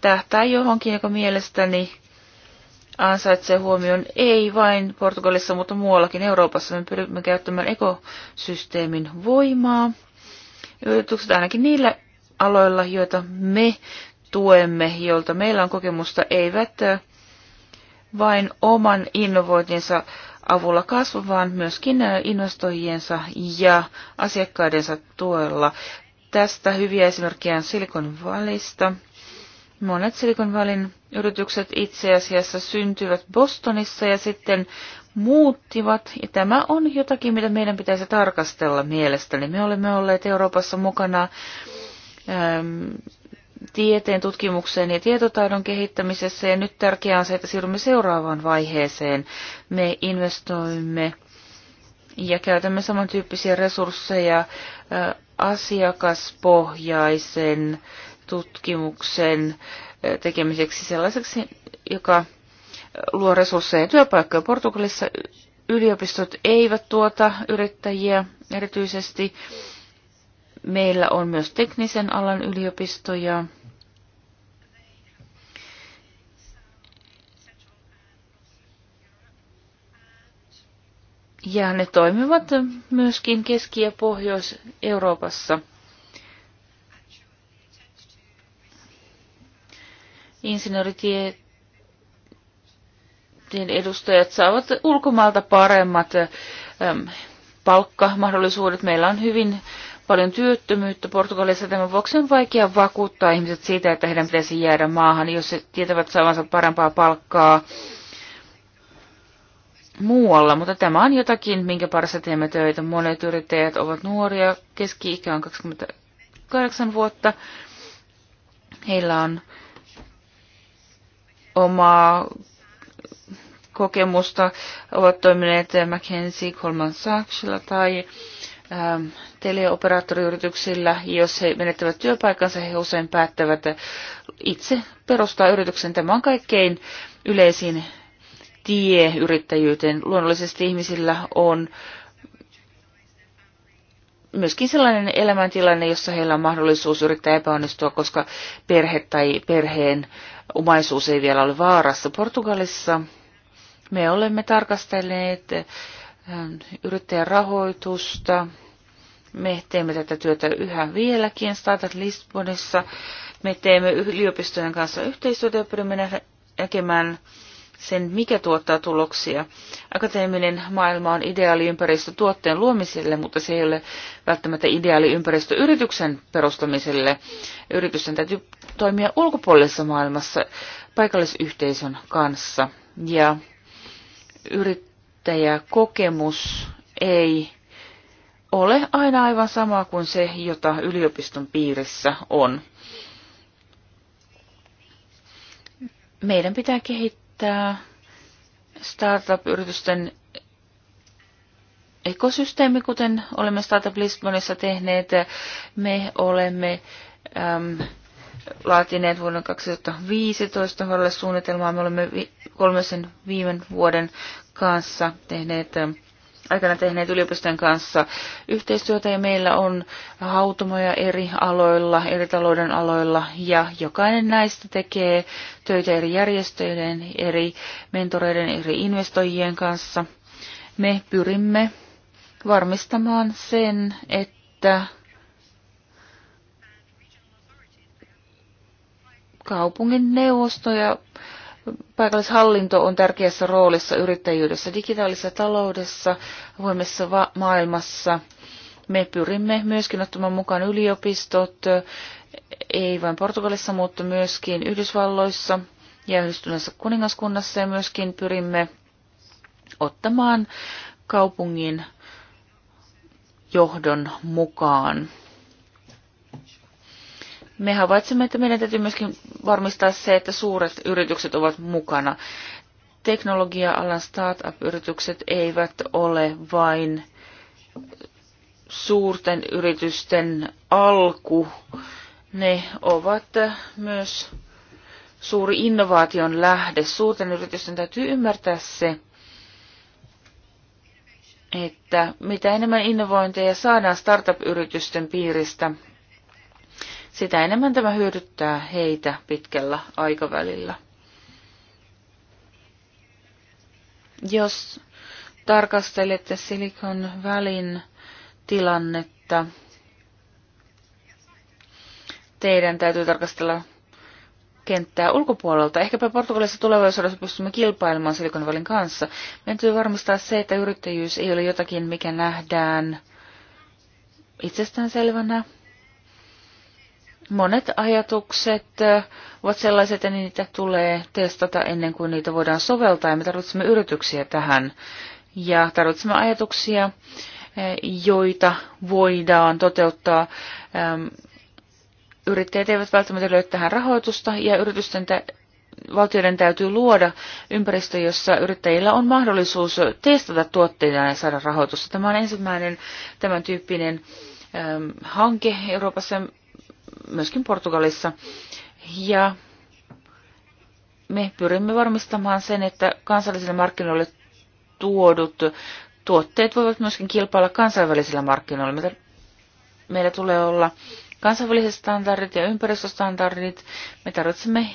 tähtää johonkin, joka mielestäni ansaitsee huomion ei vain Portugalissa, mutta muuallakin Euroopassa. Me pyrimme käyttämään ekosysteemin voimaa yritykset ainakin niillä aloilla, joita me tuemme, jolta meillä on kokemusta, eivät vain oman innovointinsa avulla kasva, vaan myöskin investoijiensa ja asiakkaidensa tuella. Tästä hyviä esimerkkejä on Silicon Valleysta. Monet Silicon Valleyn yritykset itse asiassa syntyvät Bostonissa ja sitten muuttivat. Ja tämä on jotakin, mitä meidän pitäisi tarkastella mielestäni. Me olemme olleet Euroopassa mukana äm, tieteen tutkimukseen ja tietotaidon kehittämisessä. Ja nyt tärkeää on se, että siirrymme seuraavaan vaiheeseen. Me investoimme ja käytämme samantyyppisiä resursseja ä, äh, asiakaspohjaisen tutkimuksen ä, äh, tekemiseksi sellaiseksi, joka luo resursseja ja työpaikkoja. Portugalissa yliopistot eivät tuota yrittäjiä erityisesti. Meillä on myös teknisen alan yliopistoja. Ja ne toimivat myöskin Keski- ja Pohjois-Euroopassa. Insinööritieteen niin edustajat saavat ulkomailta paremmat ähm, palkkamahdollisuudet. Meillä on hyvin paljon työttömyyttä Portugalissa. Tämän vuoksi on vaikea vakuuttaa ihmiset siitä, että heidän pitäisi jäädä maahan, jos he tietävät saavansa parempaa palkkaa muualla, mutta tämä on jotakin, minkä parissa teemme töitä. Monet yrittäjät ovat nuoria, keski-ikä on 28 vuotta. Heillä on omaa kokemusta, ovat toimineet McKenzie Goldman Sachsilla tai ähm, teleoperaattoriyrityksillä. Jos he menettävät työpaikkansa, he usein päättävät itse perustaa yrityksen. Tämä on kaikkein yleisin tie yrittäjyyteen. Luonnollisesti ihmisillä on myöskin sellainen elämäntilanne, jossa heillä on mahdollisuus yrittää epäonnistua, koska perhe tai perheen omaisuus ei vielä ole vaarassa. Portugalissa me olemme tarkastelleet ähm, yrittäjän rahoitusta. Me teemme tätä työtä yhä vieläkin Startup Lisbonissa. Me teemme yliopistojen kanssa yhteistyötä ja pyrimme näkemään sen, mikä tuottaa tuloksia. Akateeminen maailma on ideaali ympäristö tuotteen luomiselle, mutta se ei ole välttämättä ideaali ympäristö yrityksen perustamiselle. Yritysten täytyy toimia ulkopuolisessa maailmassa paikallisyhteisön kanssa. Ja yrittäjäkokemus ei ole aina aivan sama kuin se, jota yliopiston piirissä on. Meidän pitää kehittää startup-yritysten ekosysteemi, kuten olemme Startup Lisbonissa tehneet. Me olemme laatineet vuonna 2015 varalle suunnitelmaa. Me olemme vi- kolmisen viime vuoden kanssa tehneet ähm, aikana tehneet yliopistojen kanssa yhteistyötä ja meillä on hautomoja eri aloilla, eri talouden aloilla ja jokainen näistä tekee töitä eri järjestöiden, eri mentoreiden, eri investoijien kanssa. Me pyrimme varmistamaan sen, että kaupungin neuvosto ja paikallishallinto on tärkeässä roolissa yrittäjyydessä, digitaalisessa taloudessa, avoimessa maailmassa. Me pyrimme myöskin ottamaan mukaan yliopistot, ei vain Portugalissa, mutta myöskin Yhdysvalloissa ja yhdistyneessä kuningaskunnassa ja myöskin pyrimme ottamaan kaupungin johdon mukaan me havaitsemme, että meidän täytyy myöskin varmistaa se, että suuret yritykset ovat mukana. Teknologia-alan startup-yritykset eivät ole vain suurten yritysten alku. Ne ovat myös suuri innovaation lähde. Suurten yritysten täytyy ymmärtää se, että mitä enemmän innovointeja saadaan startup-yritysten piiristä, sitä enemmän tämä hyödyttää heitä pitkällä aikavälillä. Jos tarkastelette Silikon välin tilannetta, teidän täytyy tarkastella kenttää ulkopuolelta. Ehkäpä Portugalissa tulevaisuudessa pystymme kilpailemaan Silikon välin kanssa. Meidän täytyy varmistaa se, että yrittäjyys ei ole jotakin, mikä nähdään itsestäänselvänä, monet ajatukset ovat sellaiset, että niitä tulee testata ennen kuin niitä voidaan soveltaa. Ja me tarvitsemme yrityksiä tähän ja tarvitsemme ajatuksia, joita voidaan toteuttaa. Yrittäjät eivät välttämättä löydä tähän rahoitusta ja yritysten valtioiden täytyy luoda ympäristö, jossa yrittäjillä on mahdollisuus testata tuotteita ja saada rahoitusta. Tämä on ensimmäinen tämän tyyppinen hanke Euroopassa myöskin Portugalissa. Ja me pyrimme varmistamaan sen, että kansallisille markkinoille tuodut tuotteet voivat myöskin kilpailla kansainvälisillä markkinoilla. Meillä tulee olla kansainväliset standardit ja ympäristöstandardit. Me tarvitsemme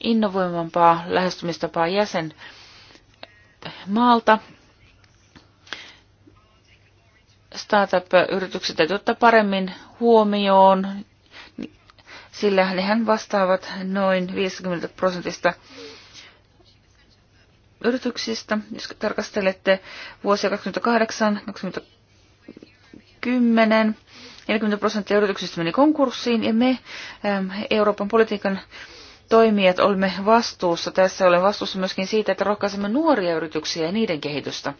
innovoimampaa lähestymistapaa jäsen maalta. Startup-yritykset täytyy ottaa paremmin huomioon sillä nehän vastaavat noin 50 prosentista yrityksistä. Jos tarkastelette vuosia 2008 2010, 40 prosenttia yrityksistä meni konkurssiin ja me ähm, Euroopan politiikan toimijat olemme vastuussa. Tässä olen vastuussa myöskin siitä, että rohkaisemme nuoria yrityksiä ja niiden kehitystä.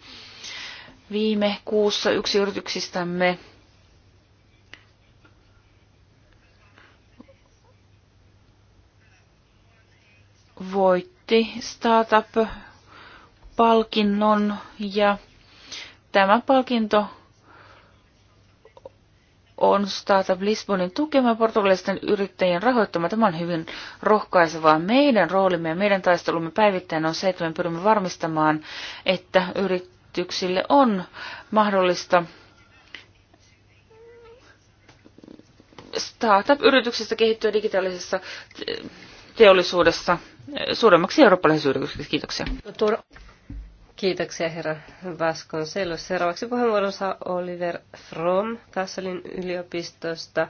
Viime kuussa yksi yrityksistämme voitti Startup-palkinnon ja tämä palkinto on Startup Lisbonin tukema portugalisten yrittäjien rahoittama. Tämä on hyvin rohkaisevaa. Meidän roolimme ja meidän taistelumme päivittäin on se, että me pyrimme varmistamaan, että yrityksille on mahdollista startup-yrityksistä kehittyä digitaalisessa teollisuudessa suuremmaksi eurooppalaisessa yrityksessä. Kiitoksia. Kiitoksia herra Vaskon selvästi. Seuraavaksi puheenvuoron saa Oliver From Kasselin yliopistosta.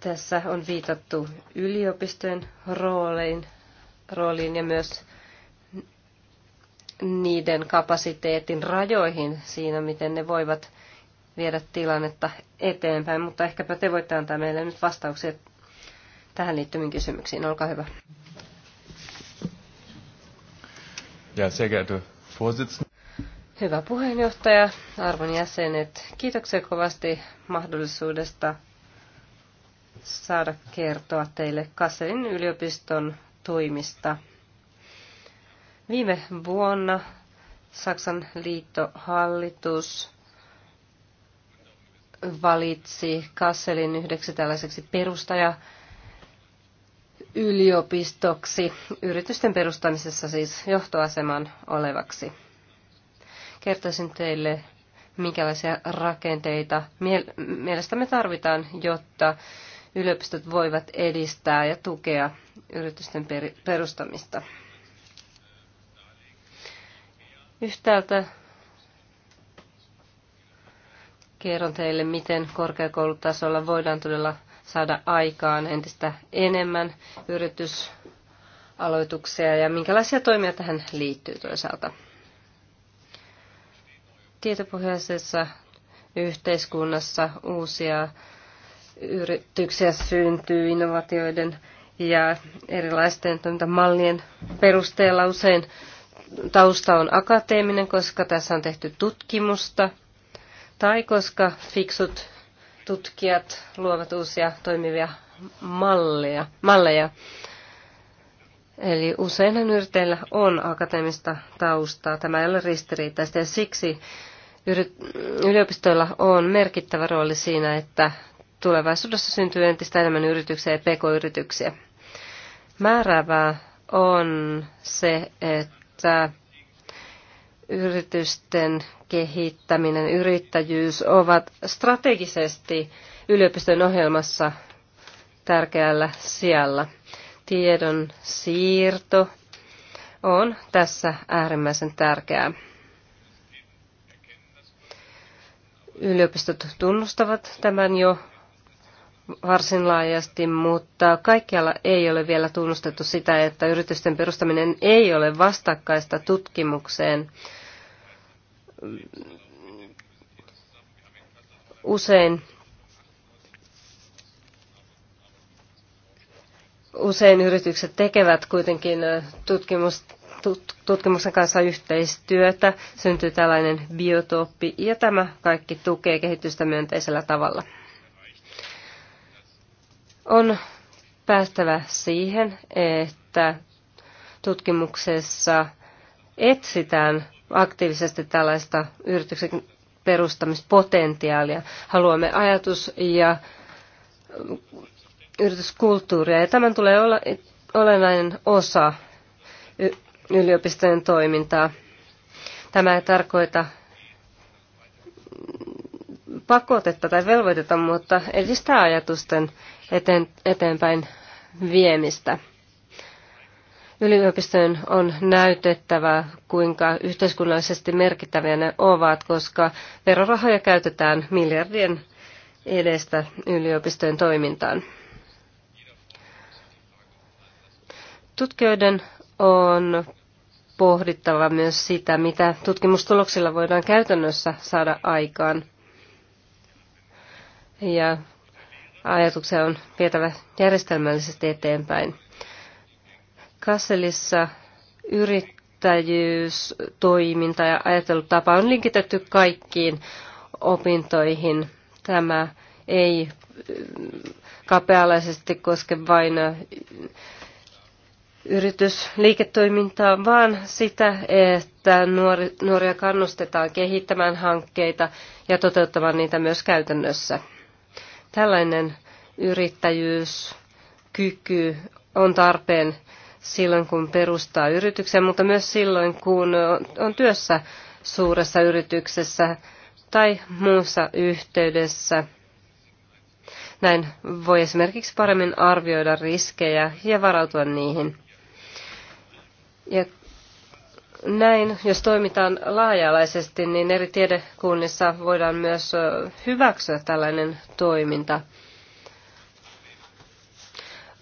Tässä on viitattu yliopistojen rooliin, rooliin ja myös niiden kapasiteetin rajoihin siinä, miten ne voivat viedä tilannetta eteenpäin, mutta ehkäpä te voitte antaa meille nyt vastauksia tähän liittyviin kysymyksiin. Olkaa hyvä. Ja, sehr Hyvä puheenjohtaja, arvon jäsenet, kiitoksia kovasti mahdollisuudesta saada kertoa teille Kasselin yliopiston toimista. Viime vuonna Saksan liittohallitus valitsi Kasselin yhdeksi tällaiseksi perustajaksi yliopistoksi, yritysten perustamisessa siis johtoaseman olevaksi. Kertoisin teille, minkälaisia rakenteita mielestämme tarvitaan, jotta yliopistot voivat edistää ja tukea yritysten perustamista. Yhtäältä kerron teille, miten korkeakoulutasolla voidaan todella saada aikaan entistä enemmän yritysaloituksia ja minkälaisia toimia tähän liittyy toisaalta. Tietopohjaisessa yhteiskunnassa uusia yrityksiä syntyy innovaatioiden ja erilaisten toimintamallien perusteella usein tausta on akateeminen, koska tässä on tehty tutkimusta, tai koska fiksut tutkijat luovat uusia toimivia malleja. malleja. Eli usein yrittäjillä on akateemista taustaa. Tämä ei ole ristiriitaista ja siksi yliopistoilla on merkittävä rooli siinä, että tulevaisuudessa syntyy entistä enemmän yrityksiä ja pk-yrityksiä. Määräävää on se, että yritysten kehittäminen, yrittäjyys ovat strategisesti yliopiston ohjelmassa tärkeällä sijalla. Tiedon siirto on tässä äärimmäisen tärkeää. Yliopistot tunnustavat tämän jo varsin laajasti, mutta kaikkialla ei ole vielä tunnustettu sitä, että yritysten perustaminen ei ole vastakkaista tutkimukseen usein usein yritykset tekevät kuitenkin tutkimus, tutkimuksen kanssa yhteistyötä, syntyy tällainen biotooppi ja tämä kaikki tukee kehitystä myönteisellä tavalla. On päästävä siihen, että tutkimuksessa etsitään aktiivisesti tällaista yrityksen perustamispotentiaalia. Haluamme ajatus- ja mm, yrityskulttuuria, ja tämän tulee olla olennainen osa yliopistojen toimintaa. Tämä ei tarkoita mm, pakotetta tai velvoitetta, mutta edistää ajatusten eteenpäin viemistä. Yliopistojen on näytettävä, kuinka yhteiskunnallisesti merkittäviä ne ovat, koska verorahoja käytetään miljardien edestä yliopistojen toimintaan. Tutkijoiden on pohdittava myös sitä, mitä tutkimustuloksilla voidaan käytännössä saada aikaan. Ja ajatuksia on vietävä järjestelmällisesti eteenpäin. Kasselissa yrittäjyystoiminta ja ajattelutapa on linkitetty kaikkiin opintoihin. Tämä ei mm, kapealaisesti koske vain mm, yritysliiketoimintaa, vaan sitä, että nuori, nuoria kannustetaan kehittämään hankkeita ja toteuttamaan niitä myös käytännössä. Tällainen yrittäjyyskyky on tarpeen silloin, kun perustaa yrityksen, mutta myös silloin, kun on työssä suuressa yrityksessä tai muussa yhteydessä. Näin voi esimerkiksi paremmin arvioida riskejä ja varautua niihin. Ja näin, jos toimitaan laaja-alaisesti, niin eri tiedekunnissa voidaan myös hyväksyä tällainen toiminta.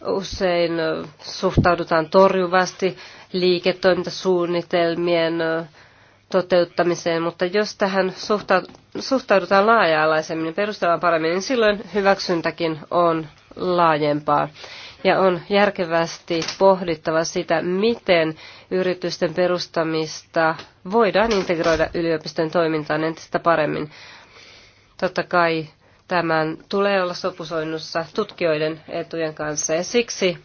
Usein suhtaudutaan torjuvasti liiketoimintasuunnitelmien toteuttamiseen, mutta jos tähän suhtaudutaan laaja-alaisemmin perustellaan paremmin, niin silloin hyväksyntäkin on laajempaa. Ja on järkevästi pohdittava sitä, miten yritysten perustamista voidaan integroida yliopiston toimintaan entistä paremmin. Totta kai Tämän tulee olla sopusoinnussa tutkijoiden etujen kanssa ja siksi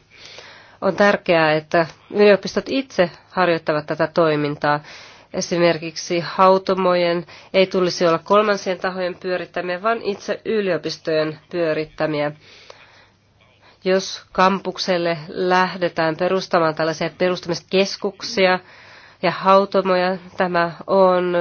on tärkeää, että yliopistot itse harjoittavat tätä toimintaa. Esimerkiksi hautomojen ei tulisi olla kolmansien tahojen pyörittämiä, vaan itse yliopistojen pyörittämiä. Jos kampukselle lähdetään perustamaan tällaisia perustamiskeskuksia ja hautomoja, tämä on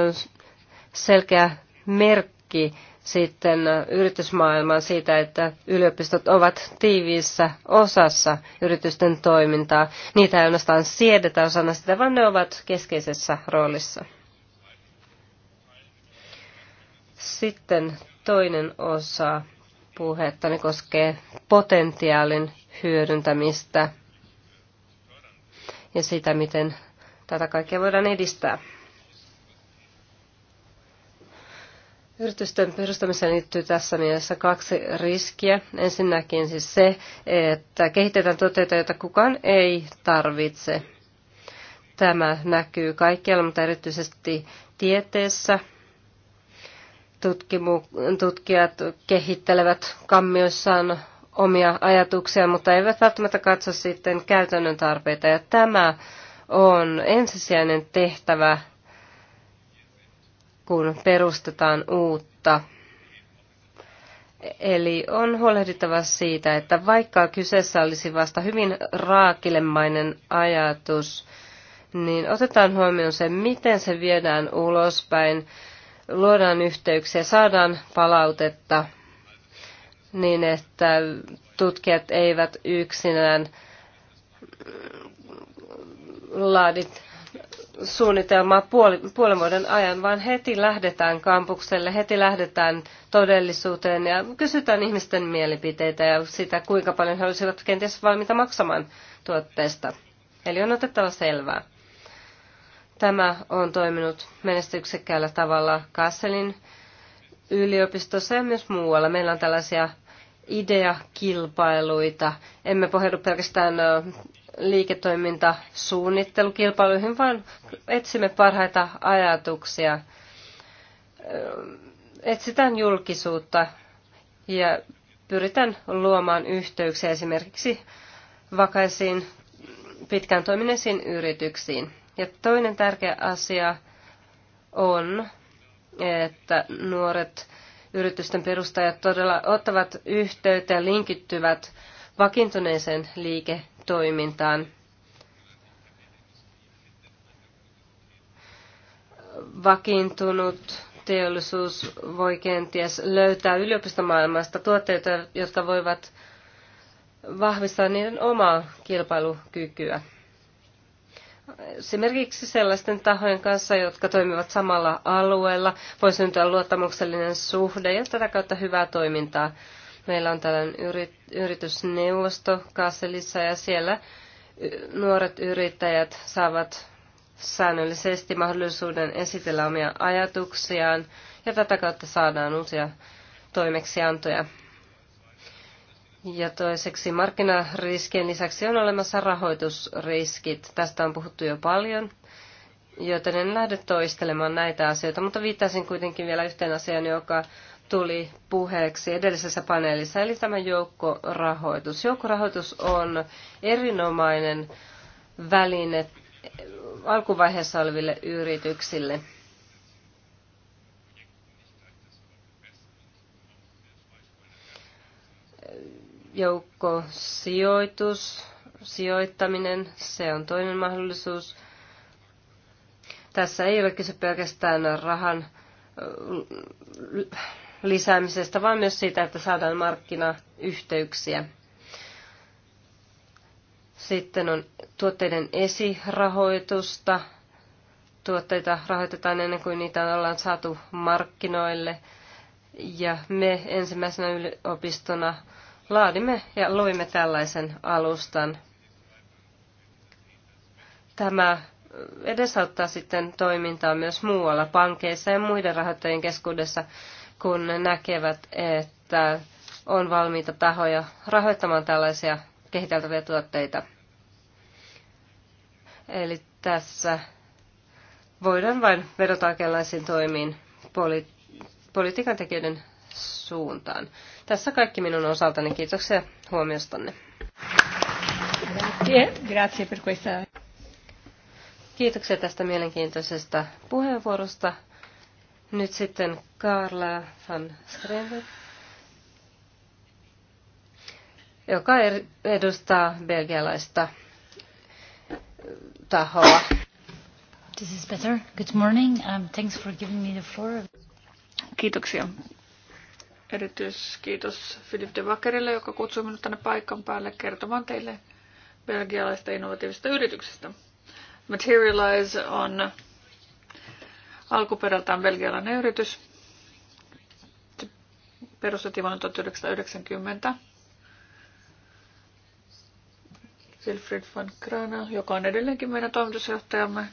selkeä merkki sitten yritysmaailmaan siitä, että yliopistot ovat tiiviissä osassa yritysten toimintaa. Niitä ei ainoastaan siedetä osana sitä, vaan ne ovat keskeisessä roolissa. Sitten toinen osa puhettani koskee potentiaalin hyödyntämistä ja sitä, miten tätä kaikkea voidaan edistää. Yritysten perustamiseen liittyy tässä mielessä kaksi riskiä. Ensinnäkin siis se, että kehitetään tuotteita, joita kukaan ei tarvitse. Tämä näkyy kaikkialla, mutta erityisesti tieteessä. Tutkimu- tutkijat kehittelevät kammioissaan omia ajatuksia, mutta eivät välttämättä katso sitten käytännön tarpeita. Ja tämä on ensisijainen tehtävä kun perustetaan uutta. Eli on huolehdittava siitä, että vaikka kyseessä olisi vasta hyvin raakilemainen ajatus, niin otetaan huomioon se, miten se viedään ulospäin, luodaan yhteyksiä, saadaan palautetta niin, että tutkijat eivät yksinään laadit suunnitelmaa puoli, puolen vuoden ajan, vaan heti lähdetään kampukselle, heti lähdetään todellisuuteen ja kysytään ihmisten mielipiteitä ja sitä, kuinka paljon he olisivat kenties valmiita maksamaan tuotteesta. Eli on otettava selvää. Tämä on toiminut menestyksekkäällä tavalla Kasselin yliopistossa ja myös muualla. Meillä on tällaisia ideakilpailuita. Emme pohjaudu pelkästään liiketoimintasuunnittelukilpailuihin, vaan etsimme parhaita ajatuksia. Etsitään julkisuutta ja pyritään luomaan yhteyksiä esimerkiksi vakaisiin pitkään toimineisiin yrityksiin. Ja toinen tärkeä asia on, että nuoret yritysten perustajat todella ottavat yhteyttä ja linkittyvät vakiintuneeseen liike- toimintaan. Vakiintunut teollisuus voi kenties löytää yliopistomaailmasta tuotteita, jotka voivat vahvistaa niiden omaa kilpailukykyä. Esimerkiksi sellaisten tahojen kanssa, jotka toimivat samalla alueella, voi syntyä luottamuksellinen suhde ja tätä kautta hyvää toimintaa Meillä on tällainen yritysneuvosto Kasselissa ja siellä nuoret yrittäjät saavat säännöllisesti mahdollisuuden esitellä omia ajatuksiaan ja tätä kautta saadaan uusia toimeksiantoja. Ja toiseksi markkinariskien lisäksi on olemassa rahoitusriskit. Tästä on puhuttu jo paljon, joten en lähde toistelemaan näitä asioita, mutta viittaisin kuitenkin vielä yhteen asiaan, joka tuli puheeksi edellisessä paneelissa, eli tämä joukkorahoitus. Joukkorahoitus on erinomainen väline alkuvaiheessa oleville yrityksille. Joukkosijoitus, sijoittaminen, se on toinen mahdollisuus. Tässä ei ole kyse pelkästään rahan lisäämisestä, vaan myös siitä, että saadaan markkinayhteyksiä. Sitten on tuotteiden esirahoitusta. Tuotteita rahoitetaan ennen kuin niitä ollaan saatu markkinoille. Ja me ensimmäisenä yliopistona laadimme ja loimme tällaisen alustan. Tämä edesauttaa sitten toimintaa myös muualla, pankeissa ja muiden rahoittajien keskuudessa, kun ne näkevät, että on valmiita tahoja rahoittamaan tällaisia kehiteltäviä tuotteita. Eli tässä voidaan vain vedota kaikenlaisiin toimiin poli- politiikan tekijöiden suuntaan. Tässä kaikki minun osaltani. Kiitoksia huomiostanne. Grazie per questa. Kiitoksia tästä mielenkiintoisesta puheenvuorosta. Nyt sitten Karla van Strenberg, joka edustaa belgialaista äh, tahoa. This is better. Good morning. Um, thanks for giving me the floor. Kiitoksia. Erityiskiitos Philip de Wackerille, joka kutsui minut tänne paikan päälle kertomaan teille belgialaista innovatiivisesta yrityksestä. Materialize on Alkuperältään belgialainen yritys. Se perustettiin vuonna 1990. Wilfried van Krana, joka on edelleenkin meidän toimitusjohtajamme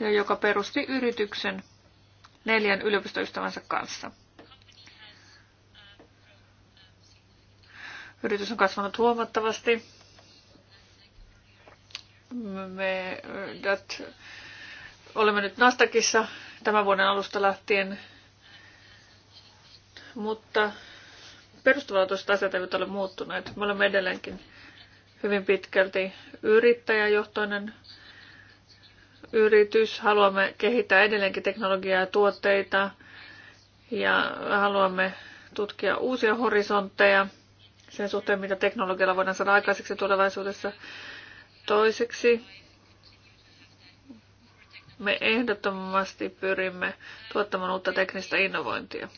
ja joka perusti yrityksen neljän yliopistoystävänsä kanssa. Yritys on kasvanut huomattavasti. Me, that, Olemme nyt Nastakissa tämän vuoden alusta lähtien, mutta perustavanlaatuiset asiat eivät ole muuttuneet. Me olemme edelleenkin hyvin pitkälti yrittäjäjohtoinen yritys. Haluamme kehittää edelleenkin teknologiaa ja tuotteita ja haluamme tutkia uusia horisontteja sen suhteen, mitä teknologialla voidaan saada aikaiseksi tulevaisuudessa. Toiseksi me ehdottomasti pyrimme tuottamaan uutta teknistä innovointia.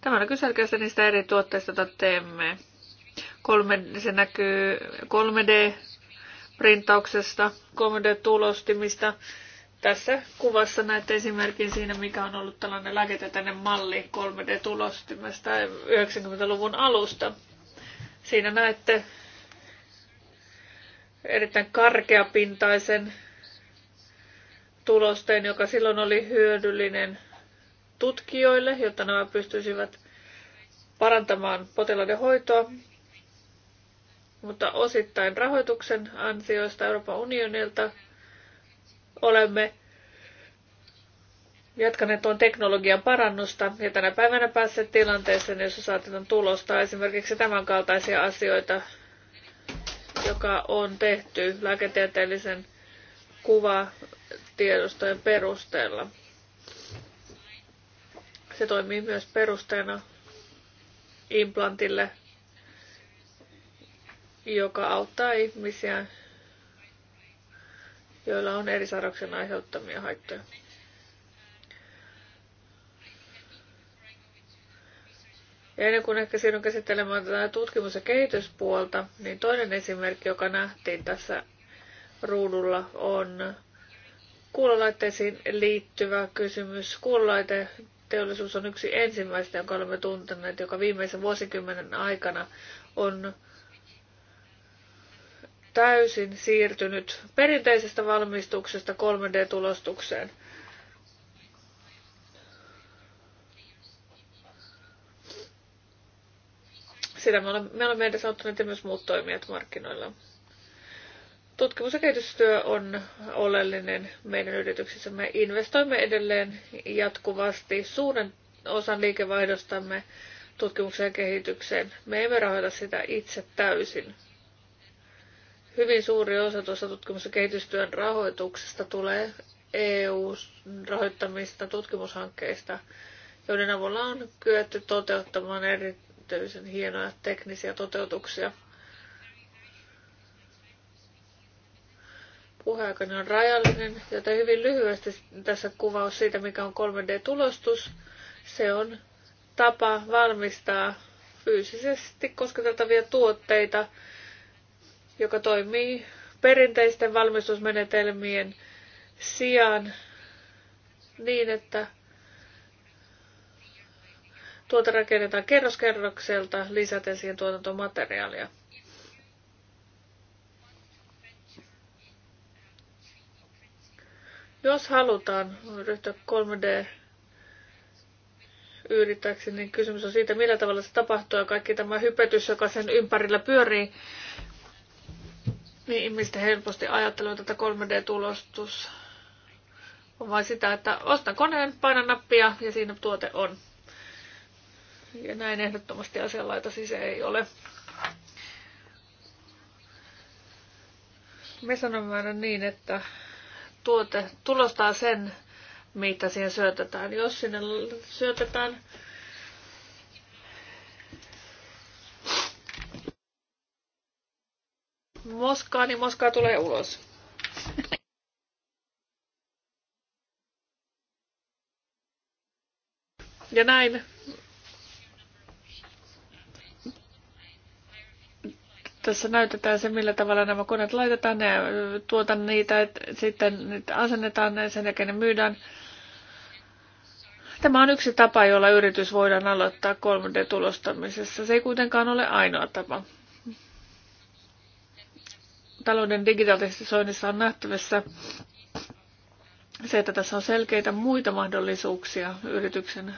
Tämä näkyy selkeästi niistä eri tuotteista, joita teemme. Kolme, se näkyy 3D-printauksesta, 3D-tulostimista. Tässä kuvassa näette esimerkin siinä, mikä on ollut tällainen lääketieteinen malli 3D-tulostimesta 90-luvun alusta. Siinä näette erittäin karkeapintaisen tulosteen, joka silloin oli hyödyllinen tutkijoille, jotta nämä pystyisivät parantamaan potilaiden hoitoa, mutta osittain rahoituksen ansioista Euroopan unionilta olemme jatkaneet tuon teknologian parannusta ja tänä päivänä päässeet tilanteeseen, jossa saatetaan tulostaa esimerkiksi tämän kaltaisia asioita, joka on tehty lääketieteellisen kuvatiedostojen perusteella. Se toimii myös perusteena implantille, joka auttaa ihmisiä, joilla on eri sairauksen aiheuttamia haittoja. Ja ennen kuin ehkä siirryn käsittelemään tätä tutkimus- ja kehityspuolta, niin toinen esimerkki, joka nähtiin tässä ruudulla, on kuulolaitteisiin liittyvä kysymys. Kuulolaite teollisuus on yksi ensimmäistä, jonka olemme tunteneet, joka viimeisen vuosikymmenen aikana on täysin siirtynyt perinteisestä valmistuksesta 3D-tulostukseen. Sitä me ollaan, me ollaan meidän auttaneet ja myös muut toimijat markkinoilla. Tutkimus- ja kehitystyö on oleellinen meidän yrityksissä. Me investoimme edelleen jatkuvasti suuren osan liikevaihdostamme tutkimukseen ja kehitykseen. Me emme rahoita sitä itse täysin. Hyvin suuri osa tuossa tutkimus- ja kehitystyön rahoituksesta tulee EU-rahoittamista tutkimushankkeista, joiden avulla on kyetty toteuttamaan eri erityisen hienoja teknisiä toteutuksia. Puheaikani on rajallinen, joten hyvin lyhyesti tässä kuvaus siitä, mikä on 3D-tulostus. Se on tapa valmistaa fyysisesti kosketeltavia tuotteita, joka toimii perinteisten valmistusmenetelmien sijaan niin, että tuote rakennetaan kerroskerrokselta lisäten siihen tuotantomateriaalia. Jos halutaan ryhtyä 3D yrittäjäksi, niin kysymys on siitä, millä tavalla se tapahtuu ja kaikki tämä hypetys, joka sen ympärillä pyörii, niin ihmistä helposti ajattelee tätä 3D-tulostus on vain sitä, että ostan koneen, painan nappia ja siinä tuote on. Ja näin ehdottomasti asianlaita siis ei ole. Me sanomme aina niin, että tuote tulostaa sen, mitä siihen syötetään. Jos sinne syötetään moskaa, niin moskaa tulee ulos. Ja näin Tässä näytetään se, millä tavalla nämä koneet laitetaan ja tuotan niitä, että sitten niitä asennetaan ja sen jälkeen ne myydään. Tämä on yksi tapa, jolla yritys voidaan aloittaa 3D-tulostamisessa. Se ei kuitenkaan ole ainoa tapa. Talouden digitalisoinnissa on nähtävissä se, että tässä on selkeitä muita mahdollisuuksia yrityksen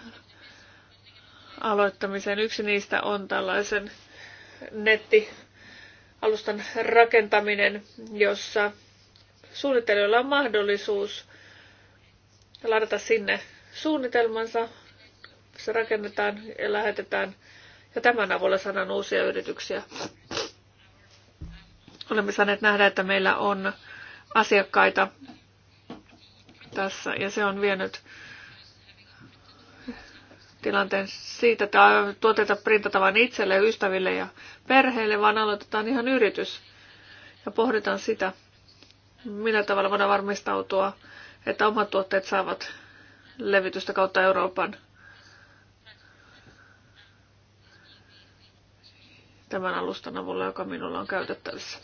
aloittamiseen. Yksi niistä on tällaisen netti alustan rakentaminen, jossa suunnittelijoilla on mahdollisuus ladata sinne suunnitelmansa, se rakennetaan ja lähetetään ja tämän avulla saadaan uusia yrityksiä. Olemme saaneet nähdä, että meillä on asiakkaita tässä ja se on vienyt tilanteen siitä, että tuotteita printataan vain itselle, ystäville ja perheille, vaan aloitetaan ihan yritys ja pohditaan sitä, millä tavalla voidaan varmistautua, että omat tuotteet saavat levitystä kautta Euroopan. tämän alustan avulla, joka minulla on käytettävissä.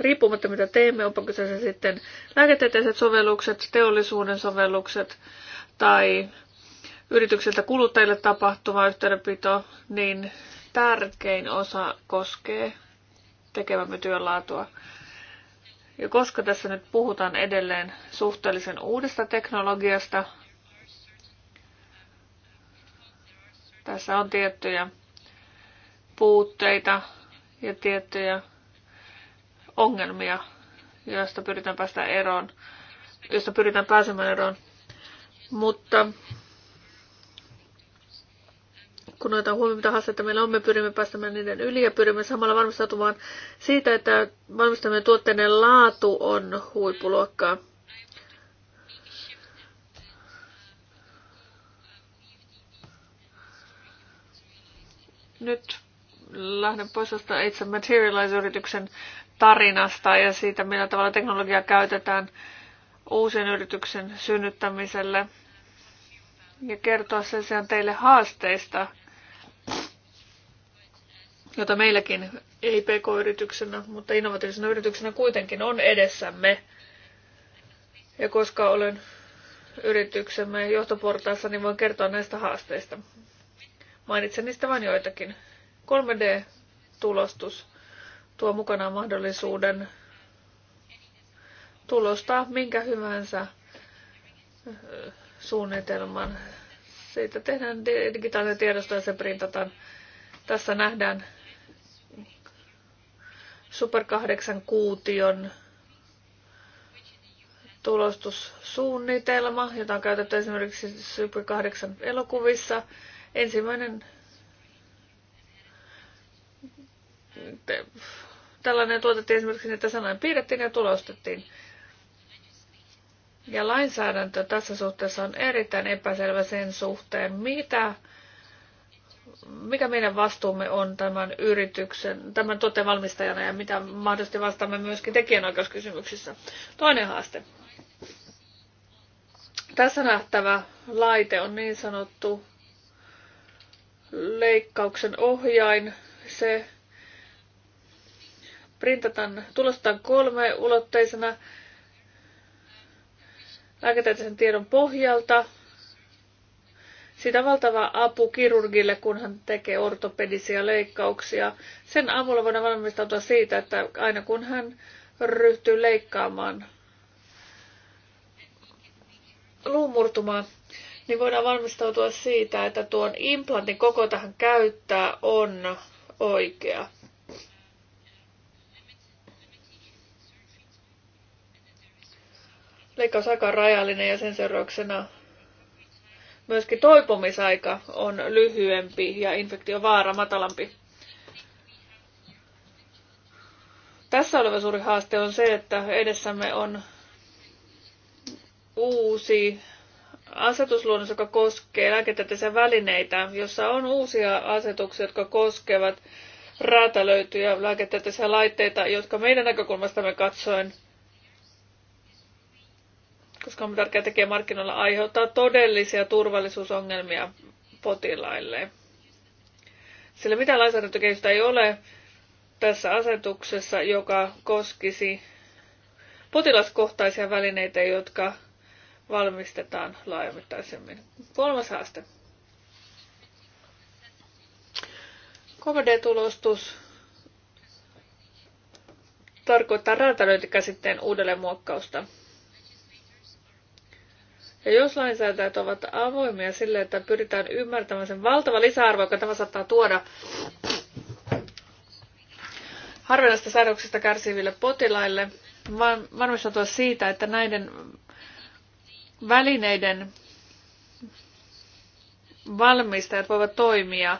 Riippumatta mitä teemme, onpa kyseessä sitten lääketieteelliset sovellukset, teollisuuden sovellukset tai yrityksiltä kuluttajille tapahtuvaa yhteydenpito, niin tärkein osa koskee tekemämme työn laatua. Ja koska tässä nyt puhutaan edelleen suhteellisen uudesta teknologiasta, tässä on tiettyjä puutteita ja tiettyjä ongelmia, joista pyritään päästä eroon, joista pyritään pääsemään eroon. Mutta kun otetaan huomioon, mitä haasteita meillä on, me pyrimme päästämään niiden yli ja pyrimme samalla varmistautumaan siitä, että valmistamien tuotteiden laatu on huippuluokkaa. Nyt lähden pois tuosta itse Materialize-yrityksen tarinasta ja siitä, millä tavalla teknologiaa käytetään uusien yrityksen synnyttämiselle ja kertoa sen sijaan teille haasteista, jota meilläkin ei pk-yrityksenä, mutta innovatiivisena yrityksenä kuitenkin on edessämme. Ja koska olen yrityksemme johtoportaassa, niin voin kertoa näistä haasteista. Mainitsen niistä vain joitakin. 3D-tulostus tuo mukanaan mahdollisuuden tulostaa minkä hyvänsä suunnitelman. Siitä tehdään digitaalinen tiedosto ja se printataan. Tässä nähdään Super 8 kuution tulostussuunnitelma, jota on käytetty esimerkiksi Super 8 elokuvissa. Ensimmäinen tällainen tuotettiin esimerkiksi, niin, että sanoin piirrettiin ja tulostettiin. Ja lainsäädäntö tässä suhteessa on erittäin epäselvä sen suhteen, mitä mikä meidän vastuumme on tämän yrityksen, tämän tuotteen valmistajana ja mitä mahdollisesti vastaamme myöskin tekijänoikeuskysymyksissä. Toinen haaste. Tässä nähtävä laite on niin sanottu leikkauksen ohjain. Se printataan, tulostetaan kolme ulotteisena lääketieteellisen tiedon pohjalta – sitä valtava apu kirurgille, kun hän tekee ortopedisia leikkauksia. Sen avulla voidaan valmistautua siitä, että aina kun hän ryhtyy leikkaamaan luumurtumaa, niin voidaan valmistautua siitä, että tuon implantin koko tähän käyttää on oikea. Leikkaus aika rajallinen ja sen seurauksena myöskin toipumisaika on lyhyempi ja infektiovaara matalampi. Tässä oleva suuri haaste on se, että edessämme on uusi asetusluonnos, joka koskee lääketieteellisiä välineitä, jossa on uusia asetuksia, jotka koskevat räätälöityjä lääketieteellisiä laitteita, jotka meidän näkökulmastamme katsoen – koska on tärkeää tekee markkinoilla, aiheuttaa todellisia turvallisuusongelmia potilaille. Sillä mitä lainsäädäntökehitystä ei ole tässä asetuksessa, joka koskisi potilaskohtaisia välineitä, jotka valmistetaan laajamittaisemmin. Kolmas haaste. KVD-tulostus tarkoittaa räätälöintikäsitteen uudelleenmuokkausta. Ja jos lainsäätäjät ovat avoimia sille, että pyritään ymmärtämään sen valtava lisäarvo, joka tämä saattaa tuoda harvinaista sairauksista kärsiville potilaille, vaan varmistautua siitä, että näiden välineiden valmistajat voivat toimia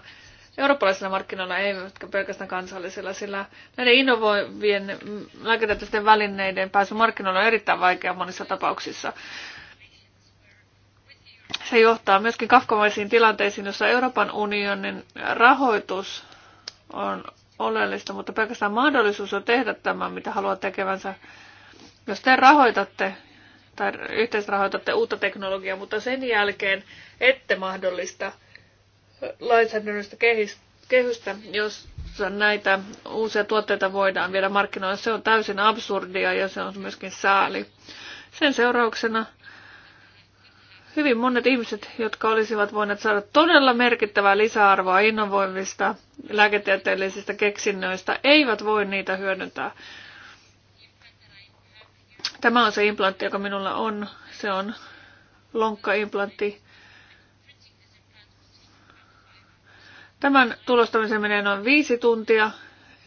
eurooppalaisilla markkinoilla, eivätkä pelkästään kansallisilla, sillä näiden innovoivien lääketieteellisten välineiden pääsy markkinoilla on erittäin vaikeaa monissa tapauksissa. Se johtaa myöskin kafkamaisiin tilanteisiin, jossa Euroopan unionin rahoitus on oleellista, mutta pelkästään mahdollisuus on tehdä tämä, mitä haluaa tekevänsä. Jos te rahoitatte tai yhteisrahoitatte uutta teknologiaa, mutta sen jälkeen ette mahdollista lainsäädännöstä kehystä, jos näitä uusia tuotteita voidaan viedä markkinoille. Se on täysin absurdia ja se on myöskin sääli. Sen seurauksena hyvin monet ihmiset, jotka olisivat voineet saada todella merkittävää lisäarvoa innovoivista lääketieteellisistä keksinnöistä, eivät voi niitä hyödyntää. Tämä on se implantti, joka minulla on. Se on lonkkaimplantti. Tämän tulostamisen menee noin 5 tuntia,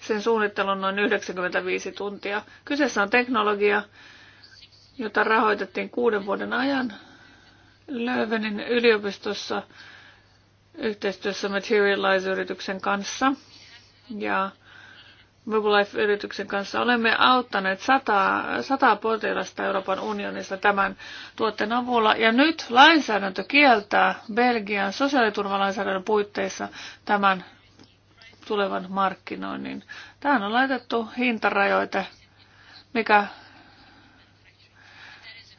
sen suunnittelu on noin 95 tuntia. Kyseessä on teknologia, jota rahoitettiin kuuden vuoden ajan Löövenin yliopistossa yhteistyössä Materialize-yrityksen kanssa ja Mobilife-yrityksen kanssa olemme auttaneet sataa, sataa potilasta Euroopan unionissa tämän tuotteen avulla. Ja nyt lainsäädäntö kieltää Belgian sosiaaliturvalainsäädännön puitteissa tämän tulevan markkinoinnin. Tähän on laitettu hintarajoite, mikä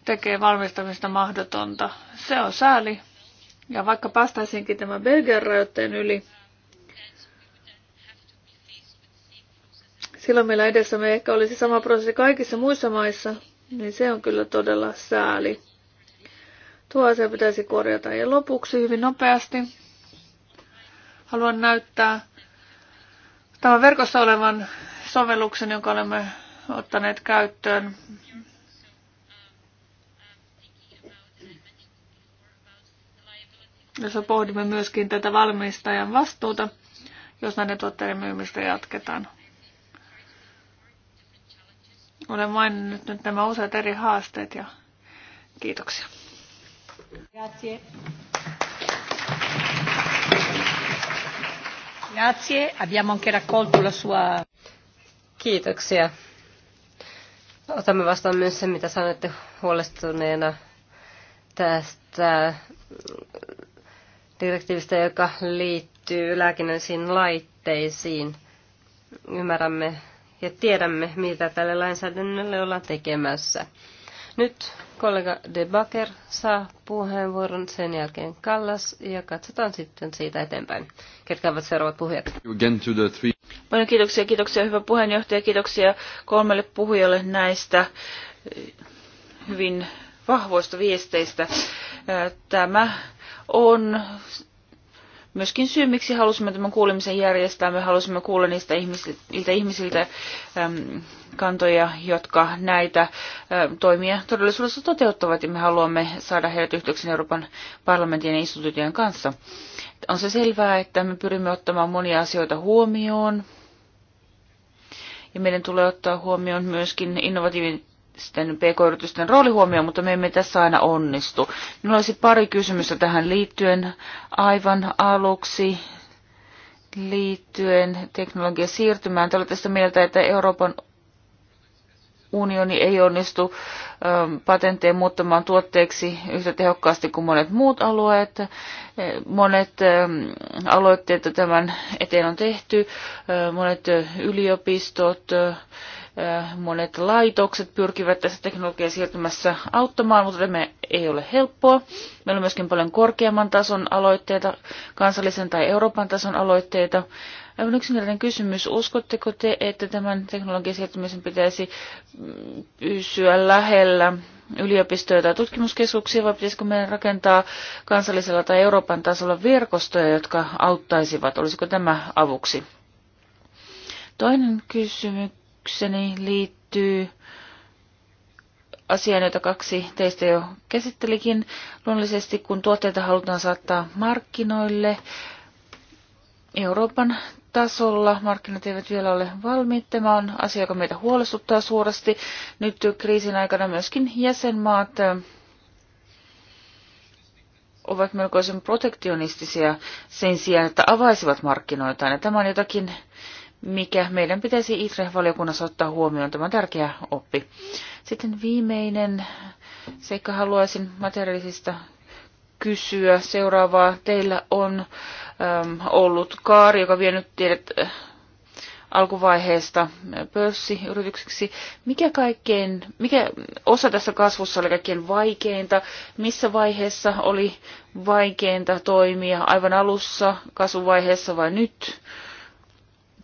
tekee valmistamista mahdotonta. Se on sääli. Ja vaikka päästäisinkin tämän Belgian rajoitteen yli, silloin meillä edessä me ehkä olisi sama prosessi kaikissa muissa maissa, niin se on kyllä todella sääli. Tuo asia pitäisi korjata. Ja lopuksi hyvin nopeasti haluan näyttää tämän verkossa olevan sovelluksen, jonka olemme ottaneet käyttöön. jossa pohdimme myöskin tätä valmistajan vastuuta, jos näiden tuotteiden myymistä jatketaan. Olen maininnut nyt nämä useat eri haasteet ja kiitoksia. Grazie. Grazie, abbiamo anche raccolto la sua... Kiitoksia. Otamme vastaan myös sen, mitä sanoitte huolestuneena tästä direktiivistä, joka liittyy lääkinnällisiin laitteisiin. Ymmärrämme ja tiedämme, mitä tälle lainsäädännölle ollaan tekemässä. Nyt kollega De Bakker saa puheenvuoron, sen jälkeen Kallas, ja katsotaan sitten siitä eteenpäin, ketkä ovat seuraavat puhujat. Paljon kiitoksia, kiitoksia hyvä puheenjohtaja, kiitoksia kolmelle puhujalle näistä eh, hyvin vahvoista viesteistä. Eh, tämä on myöskin syy, miksi halusimme tämän kuulemisen järjestää. Me halusimme kuulla niistä ihmisiltä, ihmisiltä äm, kantoja, jotka näitä äm, toimia todellisuudessa toteuttavat, ja me haluamme saada heidät yhteyksen Euroopan parlamentin ja instituutioiden kanssa. On se selvää, että me pyrimme ottamaan monia asioita huomioon, ja meidän tulee ottaa huomioon myöskin innovatiivinen sitten pk-yritysten rooli huomioon, mutta me emme tässä aina onnistu. Minulla olisi pari kysymystä tähän liittyen aivan aluksi liittyen teknologian siirtymään. Te olette sitä mieltä, että Euroopan unioni ei onnistu ähm, patentteja muuttamaan tuotteeksi yhtä tehokkaasti kuin monet muut alueet. Äh, monet ähm, aloitteet tämän eteen on tehty, äh, monet äh, yliopistot, Monet laitokset pyrkivät tässä teknologian siirtymässä auttamaan, mutta tämä ei ole helppoa. Meillä on myöskin paljon korkeamman tason aloitteita, kansallisen tai Euroopan tason aloitteita. Aivan yksinkertainen kysymys. Uskotteko te, että tämän teknologian siirtymisen pitäisi mm, pysyä lähellä yliopistoja tai tutkimuskeskuksia, vai pitäisikö meidän rakentaa kansallisella tai Euroopan tasolla verkostoja, jotka auttaisivat? Olisiko tämä avuksi? Toinen kysymys kysymykseni liittyy asiaan, jota kaksi teistä jo käsittelikin. Luonnollisesti, kun tuotteita halutaan saattaa markkinoille Euroopan tasolla, markkinat eivät vielä ole valmiit. Tämä on asia, joka meitä huolestuttaa suuresti. Nyt kriisin aikana myöskin jäsenmaat ovat melkoisen protektionistisia sen sijaan, että avaisivat markkinoitaan. Ja tämä on jotakin, mikä meidän pitäisi ITRE-valiokunnassa ottaa huomioon. Tämä on tärkeä oppi. Sitten viimeinen seikka haluaisin materiaalisista kysyä. Seuraavaa teillä on äm, ollut kaari, joka vienyt tiedet äh, alkuvaiheesta pörssiyritykseksi. Mikä, kaikkein, mikä osa tässä kasvussa oli kaikkein vaikeinta? Missä vaiheessa oli vaikeinta toimia? Aivan alussa, kasvuvaiheessa vai nyt?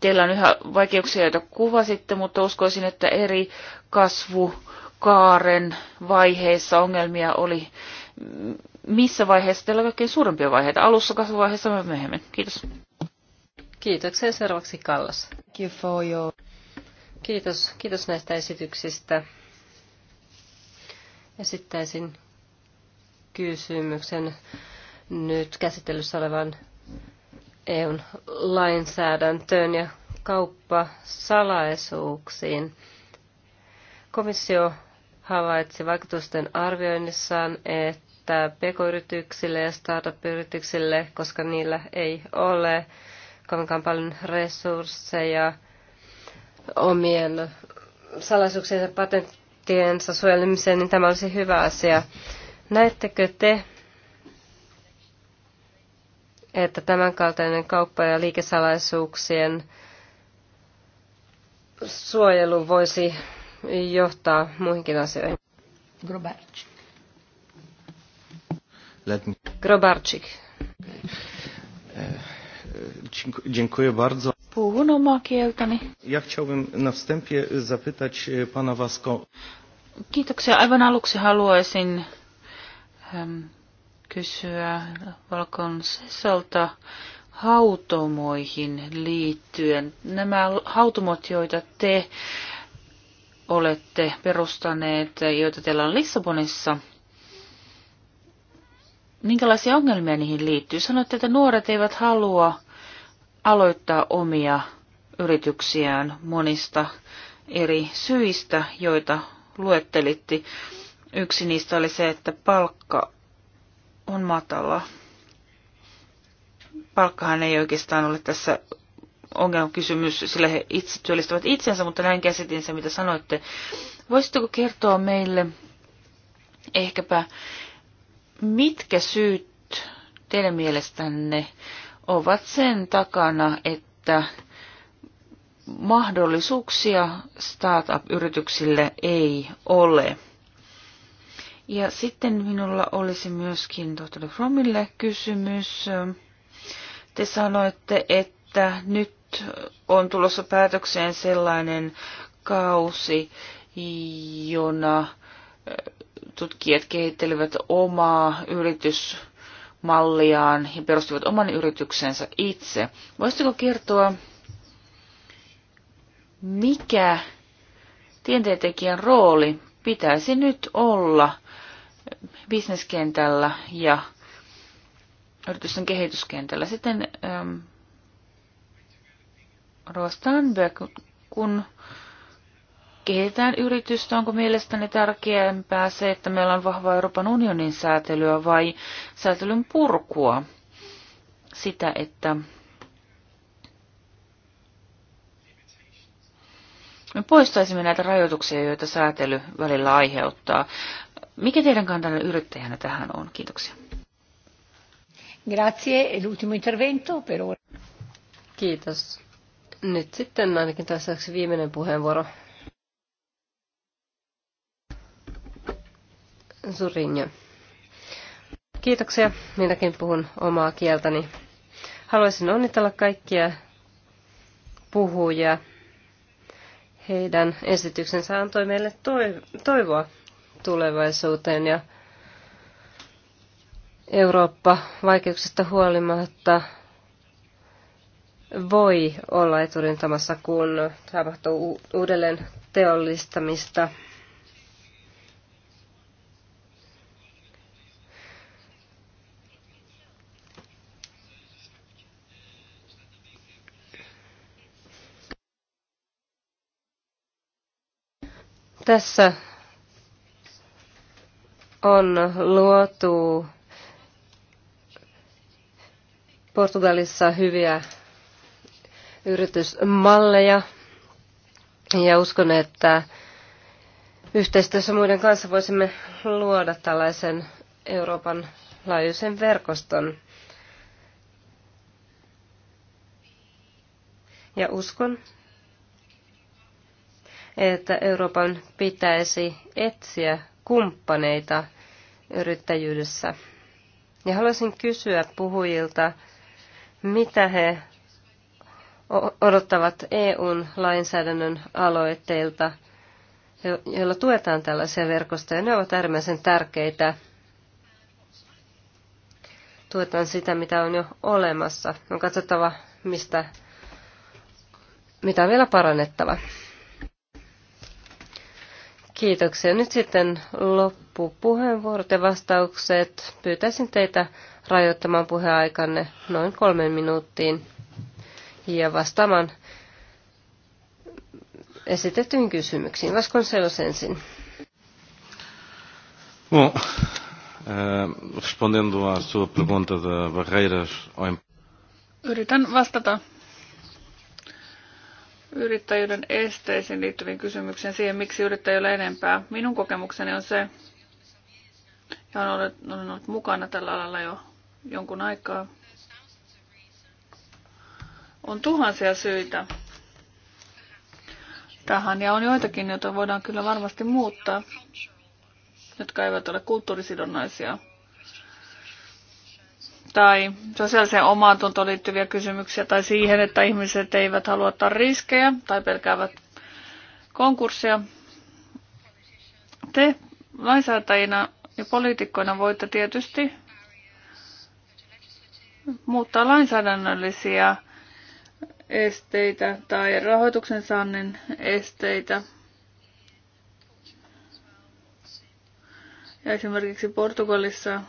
Teillä on yhä vaikeuksia, joita kuvasitte, mutta uskoisin, että eri kasvukaaren vaiheissa ongelmia oli. Missä vaiheessa teillä on kaikkein suurimpia vaiheita? Alussa, kasvuvaiheessa vai myöhemmin? Kiitos. Kiitoksia. Seuraavaksi Kallas. Kiitos, kiitos näistä esityksistä. Esittäisin kysymyksen nyt käsittelyssä olevan EUn lainsäädäntöön ja kauppasalaisuuksiin. Komissio havaitsi vaikutusten arvioinnissaan, että pk-yrityksille ja startup-yrityksille, koska niillä ei ole kovinkaan paljon resursseja omien ja patenttiensa suojelemiseen, niin tämä olisi hyvä asia. Näettekö te että tämänkaltainen kauppa- ja liikesalaisuuksien suojelu voisi johtaa muihinkin asioihin. Grobarczyk. Let me... Grobarczyk. Eh, dziękuję bardzo. Puhun kieltäni. Ja chciałbym na wstępie zapytać e, pana Vasko. Kiitoksia. Aivan aluksi haluaisin kysyä Valkon Sesalta hautomoihin liittyen. Nämä hautomot, joita te olette perustaneet, joita teillä on Lissabonissa, minkälaisia ongelmia niihin liittyy? Sanoitte, että nuoret eivät halua aloittaa omia yrityksiään monista eri syistä, joita luettelitti. Yksi niistä oli se, että palkka on matala. Palkkahan ei oikeastaan ole tässä ongelmakysymys, sillä he itse työllistävät itsensä, mutta näin käsitin se, mitä sanoitte. Voisitteko kertoa meille ehkäpä, mitkä syyt teidän mielestänne ovat sen takana, että mahdollisuuksia startup-yrityksille ei ole? Ja sitten minulla olisi myöskin Dr. Fromille kysymys. Te sanoitte, että nyt on tulossa päätökseen sellainen kausi, jona tutkijat kehittelevät omaa yritysmalliaan ja perustivat oman yrityksensä itse. Voisitko kertoa, mikä tieteentekijän rooli pitäisi nyt olla – bisneskentällä ja yritysten kehityskentällä. Sitten ähm, Roa kun kehitetään yritystä, onko mielestäni tärkeämpää se, että meillä on vahva Euroopan unionin säätelyä vai säätelyn purkua? Sitä, että me poistaisimme näitä rajoituksia, joita säätely välillä aiheuttaa. Mikä teidän kantanne yrittäjänä tähän on? Kiitoksia. Grazie. E l'ultimo intervento per ora. Kiitos. Nyt sitten ainakin tässä viimeinen puheenvuoro. Surinjo. Kiitoksia. Minäkin puhun omaa kieltäni. Haluaisin onnitella kaikkia puhujia. Heidän esityksensä antoi meille toivoa tulevaisuuteen ja Eurooppa vaikeuksista huolimatta voi olla eturintamassa, kun tapahtuu uudelleen teollistamista. Tässä on luotu Portugalissa hyviä yritysmalleja ja uskon, että yhteistyössä muiden kanssa voisimme luoda tällaisen Euroopan laajuisen verkoston. Ja uskon, että Euroopan pitäisi etsiä kumppaneita yrittäjyydessä. Ja haluaisin kysyä puhujilta, mitä he odottavat EUn lainsäädännön aloitteilta, joilla tuetaan tällaisia verkostoja. Ne ovat äärimmäisen tärkeitä. Tuetaan sitä, mitä on jo olemassa. On katsottava, mistä, mitä on vielä parannettava. Kiitoksia. Nyt sitten loppupuheenvuorot ja vastaukset. Pyytäisin teitä rajoittamaan puheaikanne noin kolmen minuuttiin ja vastaamaan esitettyihin kysymyksiin. selos ensin. Bom, eh, respondendo à sua pergunta de barreiras ao Yritän vastata yrittäjyyden esteisiin liittyviin kysymyksiin, siihen miksi yrittäjillä enempää. Minun kokemukseni on se, ja olen ollut, olen ollut mukana tällä alalla jo jonkun aikaa, on tuhansia syitä tähän, ja on joitakin, joita voidaan kyllä varmasti muuttaa, jotka eivät ole kulttuurisidonnaisia – tai sosiaaliseen omaantuntoon liittyviä kysymyksiä tai siihen, että ihmiset eivät halua ottaa riskejä tai pelkäävät konkurssia. Te lainsäätäjinä ja poliitikkoina voitte tietysti muuttaa lainsäädännöllisiä esteitä tai rahoituksen saannin esteitä. Ja esimerkiksi Portugalissa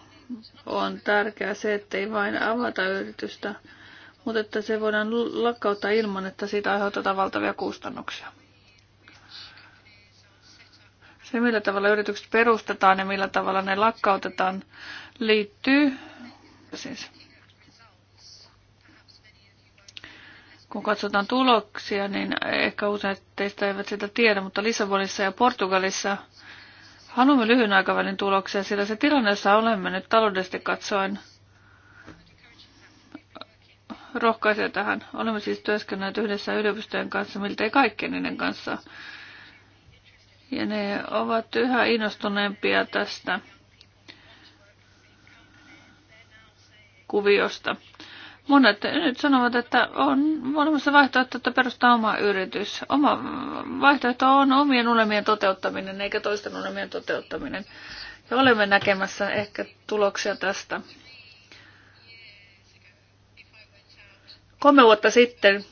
on tärkeää se, ettei vain avata yritystä, mutta että se voidaan lakkauttaa ilman, että siitä aiheutetaan valtavia kustannuksia. Se, millä tavalla yritykset perustetaan ja millä tavalla ne lakkautetaan, liittyy siis. Kun katsotaan tuloksia, niin ehkä useat teistä eivät sitä tiedä, mutta Lissabonissa ja Portugalissa – Haluamme lyhyen aikavälin tuloksia, sillä se tilanne, jossa olemme nyt taloudellisesti katsoen, rohkaisee tähän. Olemme siis työskennelleet yhdessä yliopistojen kanssa, miltei kaikkien niiden kanssa. Ja ne ovat yhä innostuneempia tästä kuviosta. Monet nyt sanovat, että on olemassa vaihtoehto, että perustaa oma yritys. Oma vaihtoehto on omien unelmien toteuttaminen, eikä toisten unelmien toteuttaminen. Ja olemme näkemässä ehkä tuloksia tästä. Kolme vuotta sitten,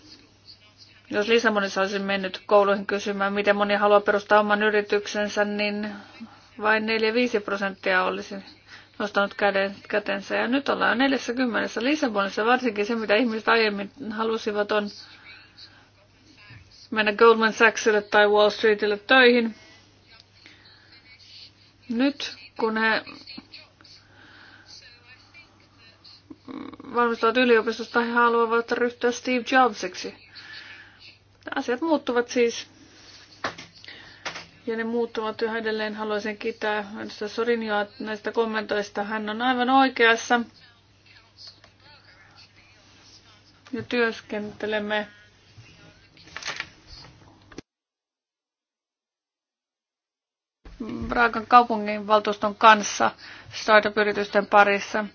jos Lissamonissa olisin mennyt kouluihin kysymään, miten moni haluaa perustaa oman yrityksensä, niin vain 4-5 prosenttia olisi nostanut käden, kätensä. Ja nyt ollaan 40 Lissabonissa. Varsinkin se, mitä ihmiset aiemmin halusivat, on mennä Goldman Sachsille tai Wall Streetille töihin. Nyt kun he valmistuvat yliopistosta, he haluavat ryhtyä Steve Jobsiksi. Asiat muuttuvat siis ja ne muuttuvat yhä edelleen. Haluaisin kiittää edustaja Sorinjoa näistä kommentoista. Hän on aivan oikeassa. Ja työskentelemme Raakan valtuuston kanssa startup-yritysten parissa.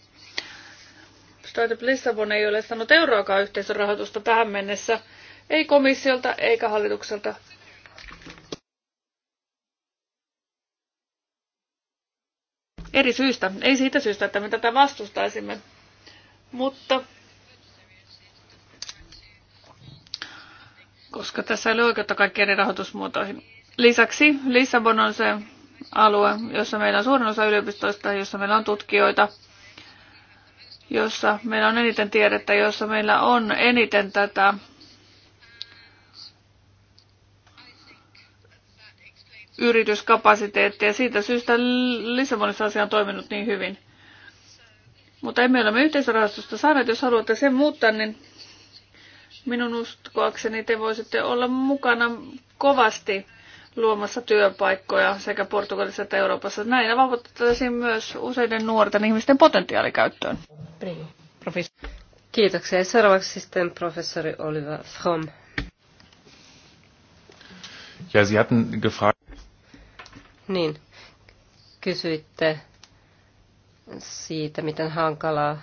Startup Lissabon ei ole saanut euroakaan yhteisörahoitusta tähän mennessä, ei komissiolta eikä hallitukselta. Eri syistä. Ei siitä syystä, että me tätä vastustaisimme. Mutta koska tässä ei ole oikeutta kaikkiin eri rahoitusmuotoihin. Lisäksi Lissabon on se alue, jossa meillä on suurin osa yliopistoista, jossa meillä on tutkijoita, jossa meillä on eniten tiedettä, jossa meillä on eniten tätä Yrityskapasiteetti ja Siitä syystä Lissabonissa asia on toiminut niin hyvin. Mutta emme ole me yhteisrahastosta saaneet. Jos haluatte sen muuttaa, niin minun uskoakseni te voisitte olla mukana kovasti luomassa työpaikkoja sekä Portugalissa että Euroopassa. Näin vapautettaisiin myös useiden nuorten ihmisten potentiaalikäyttöön. Kiitoksia. Seuraavaksi sitten professori Oliver Fromm. Ja, Sie hatten gefragt. Niin, kysyitte siitä, miten hankalaa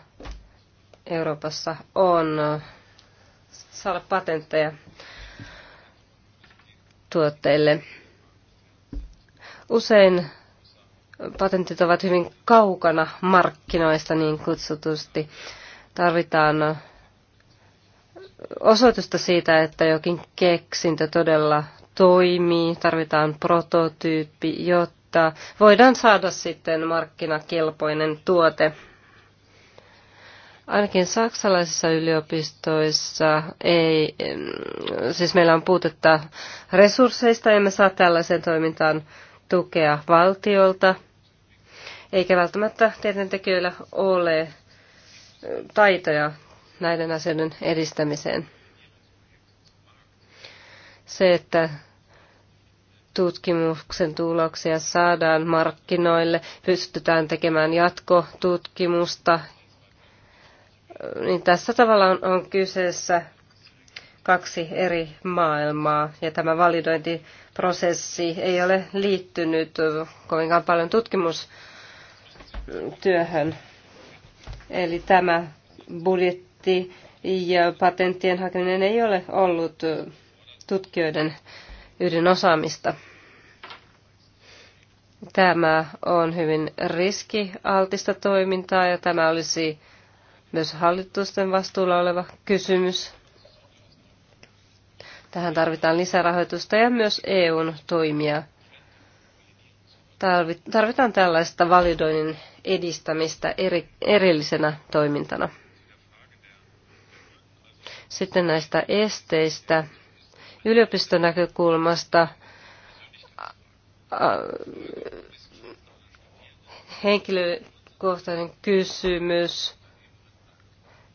Euroopassa on saada patentteja tuotteille. Usein patentit ovat hyvin kaukana markkinoista niin kutsutusti. Tarvitaan osoitusta siitä, että jokin keksintö todella toimii, tarvitaan prototyyppi, jotta voidaan saada sitten markkinakelpoinen tuote. Ainakin saksalaisissa yliopistoissa ei, siis meillä on puutetta resursseista, emme saa tällaiseen toimintaan tukea valtiolta, eikä välttämättä tieteentekijöillä ole taitoja näiden asioiden edistämiseen. Se, että tutkimuksen tuloksia saadaan markkinoille, pystytään tekemään jatkotutkimusta, niin tässä tavalla on kyseessä kaksi eri maailmaa ja tämä validointiprosessi ei ole liittynyt kovinkaan paljon tutkimustyöhön. Eli tämä budjetti ja patenttien hakeminen ei ole ollut tutkijoiden ydinosaamista. Tämä on hyvin riskialtista toimintaa ja tämä olisi myös hallitusten vastuulla oleva kysymys. Tähän tarvitaan lisärahoitusta ja myös EUn toimia. Tarvitaan tällaista validoinnin edistämistä eri, erillisenä toimintana. Sitten näistä esteistä. Yliopiston näkökulmasta henkilökohtainen kysymys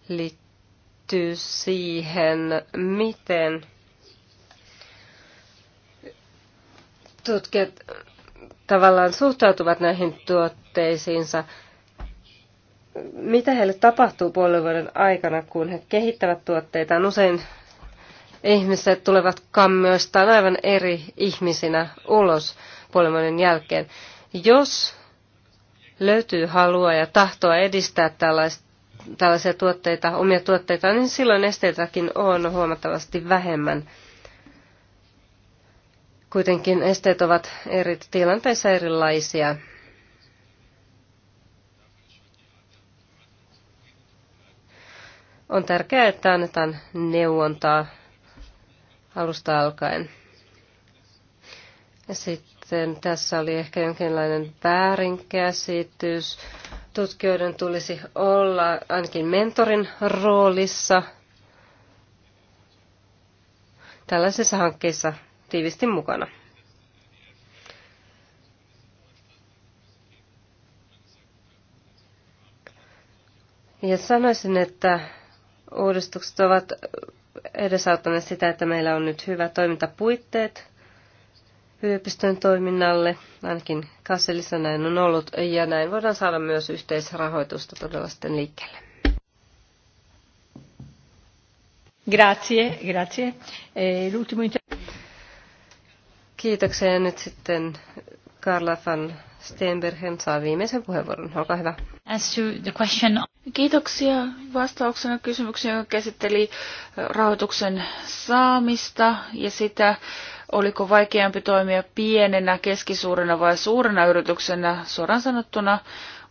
liittyy siihen, miten tutkijat tavallaan suhtautuvat näihin tuotteisiinsa. Mitä heille tapahtuu puolen vuoden aikana, kun he kehittävät tuotteitaan? Usein ihmiset tulevat kammioistaan aivan eri ihmisinä ulos kuolemanen jälkeen. Jos löytyy halua ja tahtoa edistää tällaista, tällaisia tuotteita, omia tuotteita, niin silloin esteitäkin on huomattavasti vähemmän. Kuitenkin esteet ovat eri tilanteissa erilaisia. On tärkeää, että annetaan neuvontaa alusta alkaen. Ja sitten sitten tässä oli ehkä jonkinlainen väärinkäsitys. Tutkijoiden tulisi olla ainakin mentorin roolissa tällaisissa hankkeissa tiivisti mukana. Ja sanoisin, että uudistukset ovat edesauttaneet sitä, että meillä on nyt hyvä toimintapuitteet yliopiston toiminnalle, ainakin Kasselissa näin on ollut, ja näin voidaan saada myös yhteisrahoitusta todella sitten liikkeelle. Grazie, grazie. Eh, Kiitoksia. Ja nyt sitten Karla van Steenbergen saa viimeisen puheenvuoron. Olkaa hyvä. Kiitoksia vastauksena kysymykseen, joka käsitteli eh, rahoituksen saamista ja sitä, oliko vaikeampi toimia pienenä, keskisuurena vai suurena yrityksenä, suoraan sanottuna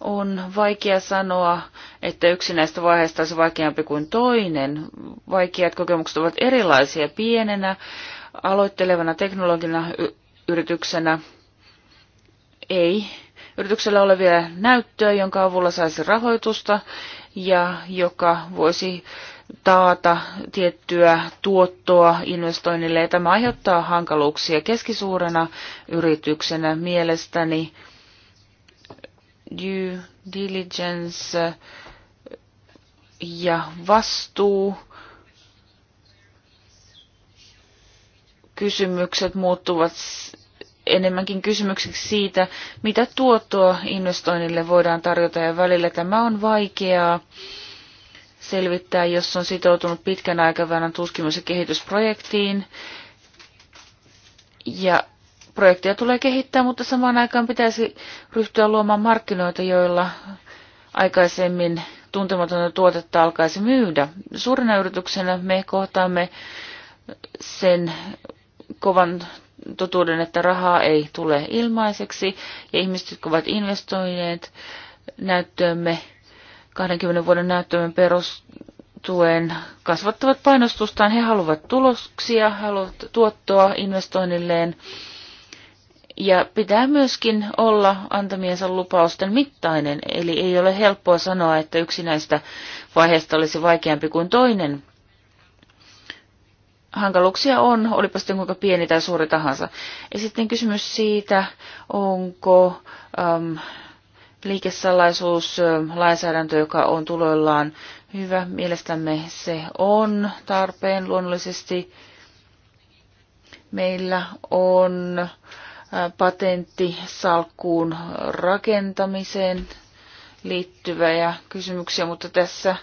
on vaikea sanoa, että yksi näistä vaiheista olisi vaikeampi kuin toinen. Vaikeat kokemukset ovat erilaisia pienenä, aloittelevana teknologina yrityksenä ei. Yrityksellä ole vielä näyttöä, jonka avulla saisi rahoitusta ja joka voisi taata tiettyä tuottoa investoinnille ja tämä aiheuttaa hankaluuksia keskisuurena yrityksenä mielestäni due diligence ja vastuu kysymykset muuttuvat enemmänkin kysymykseksi siitä, mitä tuottoa investoinnille voidaan tarjota ja välillä tämä on vaikeaa selvittää, jos on sitoutunut pitkän aikavälin tutkimus- ja kehitysprojektiin. Ja projektia tulee kehittää, mutta samaan aikaan pitäisi ryhtyä luomaan markkinoita, joilla aikaisemmin tuntematonta tuotetta alkaisi myydä. Suurina yrityksenä me kohtaamme sen kovan totuuden, että rahaa ei tule ilmaiseksi ja ihmiset, jotka ovat investoineet näyttöömme, 20 vuoden näyttömän perustuen kasvattavat painostustaan. He haluavat tuloksia, haluavat tuottoa investoinnilleen ja pitää myöskin olla antamiensa lupausten mittainen, eli ei ole helppoa sanoa, että yksi näistä vaiheista olisi vaikeampi kuin toinen. Hankaluuksia on, olipa sitten kuinka pieni tai suuri tahansa. Ja sitten kysymys siitä, onko äm, lainsäädäntö, joka on tuloillaan hyvä. Mielestämme se on tarpeen luonnollisesti. Meillä on salkkuun rakentamiseen liittyviä kysymyksiä, mutta tässä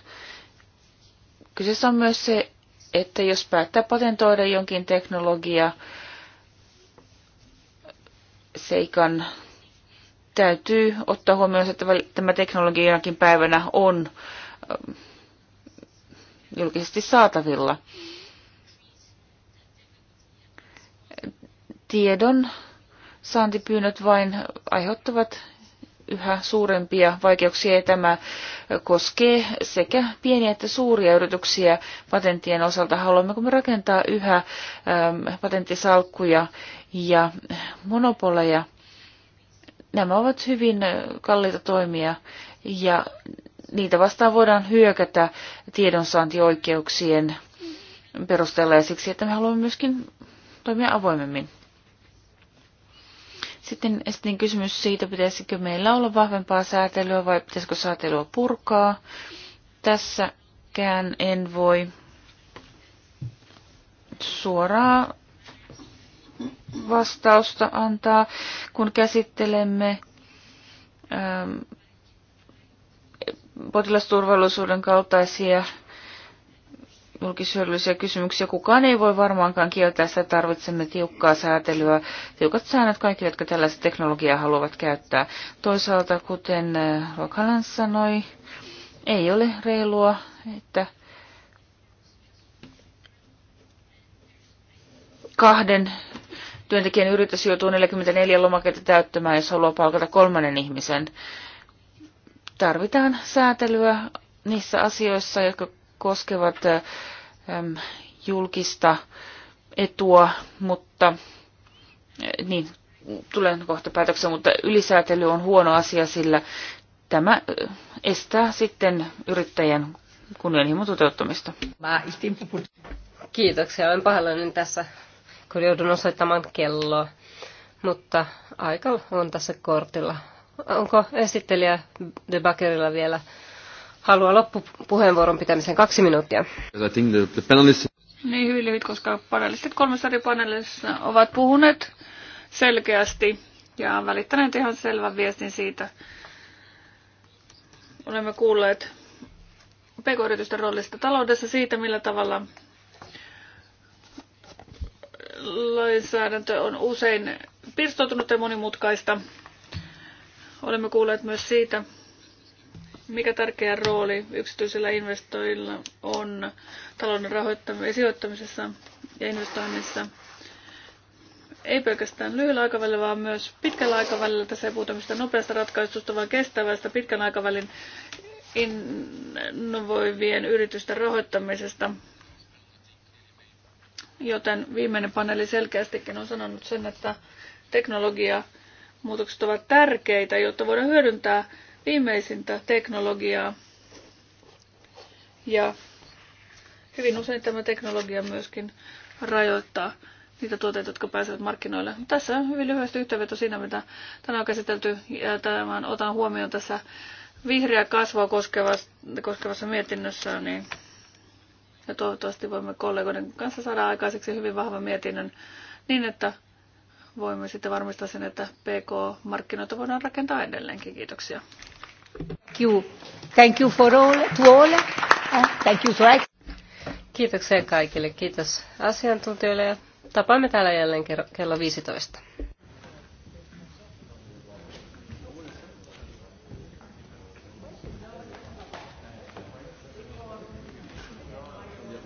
kyseessä on myös se, että jos päättää patentoida jonkin teknologia seikan Täytyy ottaa huomioon, että tämä teknologia päivänä on ähm, julkisesti saatavilla. Tiedon saantipyynnöt vain aiheuttavat yhä suurempia vaikeuksia ja tämä koskee sekä pieniä että suuria yrityksiä patenttien osalta. Haluammeko me rakentaa yhä ähm, patenttisalkkuja ja monopoleja? Nämä ovat hyvin kalliita toimia ja niitä vastaan voidaan hyökätä tiedonsaantioikeuksien perusteella ja siksi, että me haluamme myöskin toimia avoimemmin. Sitten esitin kysymys siitä, pitäisikö meillä olla vahvempaa säätelyä vai pitäisikö säätelyä purkaa. Tässäkään en voi suoraan vastausta antaa, kun käsittelemme ähm, potilasturvallisuuden kaltaisia julkishyödyllisiä kysymyksiä. Kukaan ei voi varmaankaan kieltää sitä, tarvitsemme tiukkaa säätelyä, tiukat säännöt kaikille, jotka tällaista teknologiaa haluavat käyttää. Toisaalta, kuten äh, Rokalan sanoi, ei ole reilua, että kahden työntekijän yritys joutuu 44 lomaketta täyttämään, jos haluaa palkata kolmannen ihmisen. Tarvitaan säätelyä niissä asioissa, jotka koskevat äm, julkista etua, mutta niin, tulen kohta päätöksen, mutta ylisäätely on huono asia, sillä tämä estää sitten yrittäjän kunnianhimon toteuttamista. Kiitoksia, olen pahallinen tässä kun joudun osoittamaan kelloa. Mutta aika on tässä kortilla. Onko esittelijä De Bakerilla vielä halua loppupuheenvuoron pitämisen kaksi minuuttia? Niin hyvin lyhyt, koska panelistit kolmessa eri panelissa ovat puhuneet selkeästi ja välittäneet ihan selvän viestin siitä. Olemme kuulleet pk roolista taloudessa siitä, millä tavalla lainsäädäntö on usein pirstoutunut ja monimutkaista. Olemme kuulleet myös siitä, mikä tärkeä rooli yksityisillä investoijilla on talouden rahoittamisessa, sijoittamisessa ja investoinnissa. Ei pelkästään lyhyellä aikavälillä, vaan myös pitkällä aikavälillä. Tässä ei puhuta mistä nopeasta ratkaisusta, vaan kestävästä pitkän aikavälin innovoivien yritysten rahoittamisesta – Joten viimeinen paneeli selkeästikin on sanonut sen, että teknologia ovat tärkeitä, jotta voidaan hyödyntää viimeisintä teknologiaa. Ja hyvin usein tämä teknologia myöskin rajoittaa niitä tuotteita, jotka pääsevät markkinoille. Tässä on hyvin lyhyesti yhteenveto siinä, mitä tänään on käsitelty. Ja tämän otan huomioon tässä vihreä kasvua koskevassa, koskevassa mietinnössä, niin ja toivottavasti voimme kollegoiden kanssa saada aikaiseksi hyvin vahvan mietinnön niin, että voimme sitten varmistaa sen, että PK-markkinoita voidaan rakentaa edelleenkin. Kiitoksia. Thank you. Thank you for all, to all. Ah, thank you to Kiitoksia kaikille. Kiitos asiantuntijoille ja tapaamme täällä jälleen kello 15.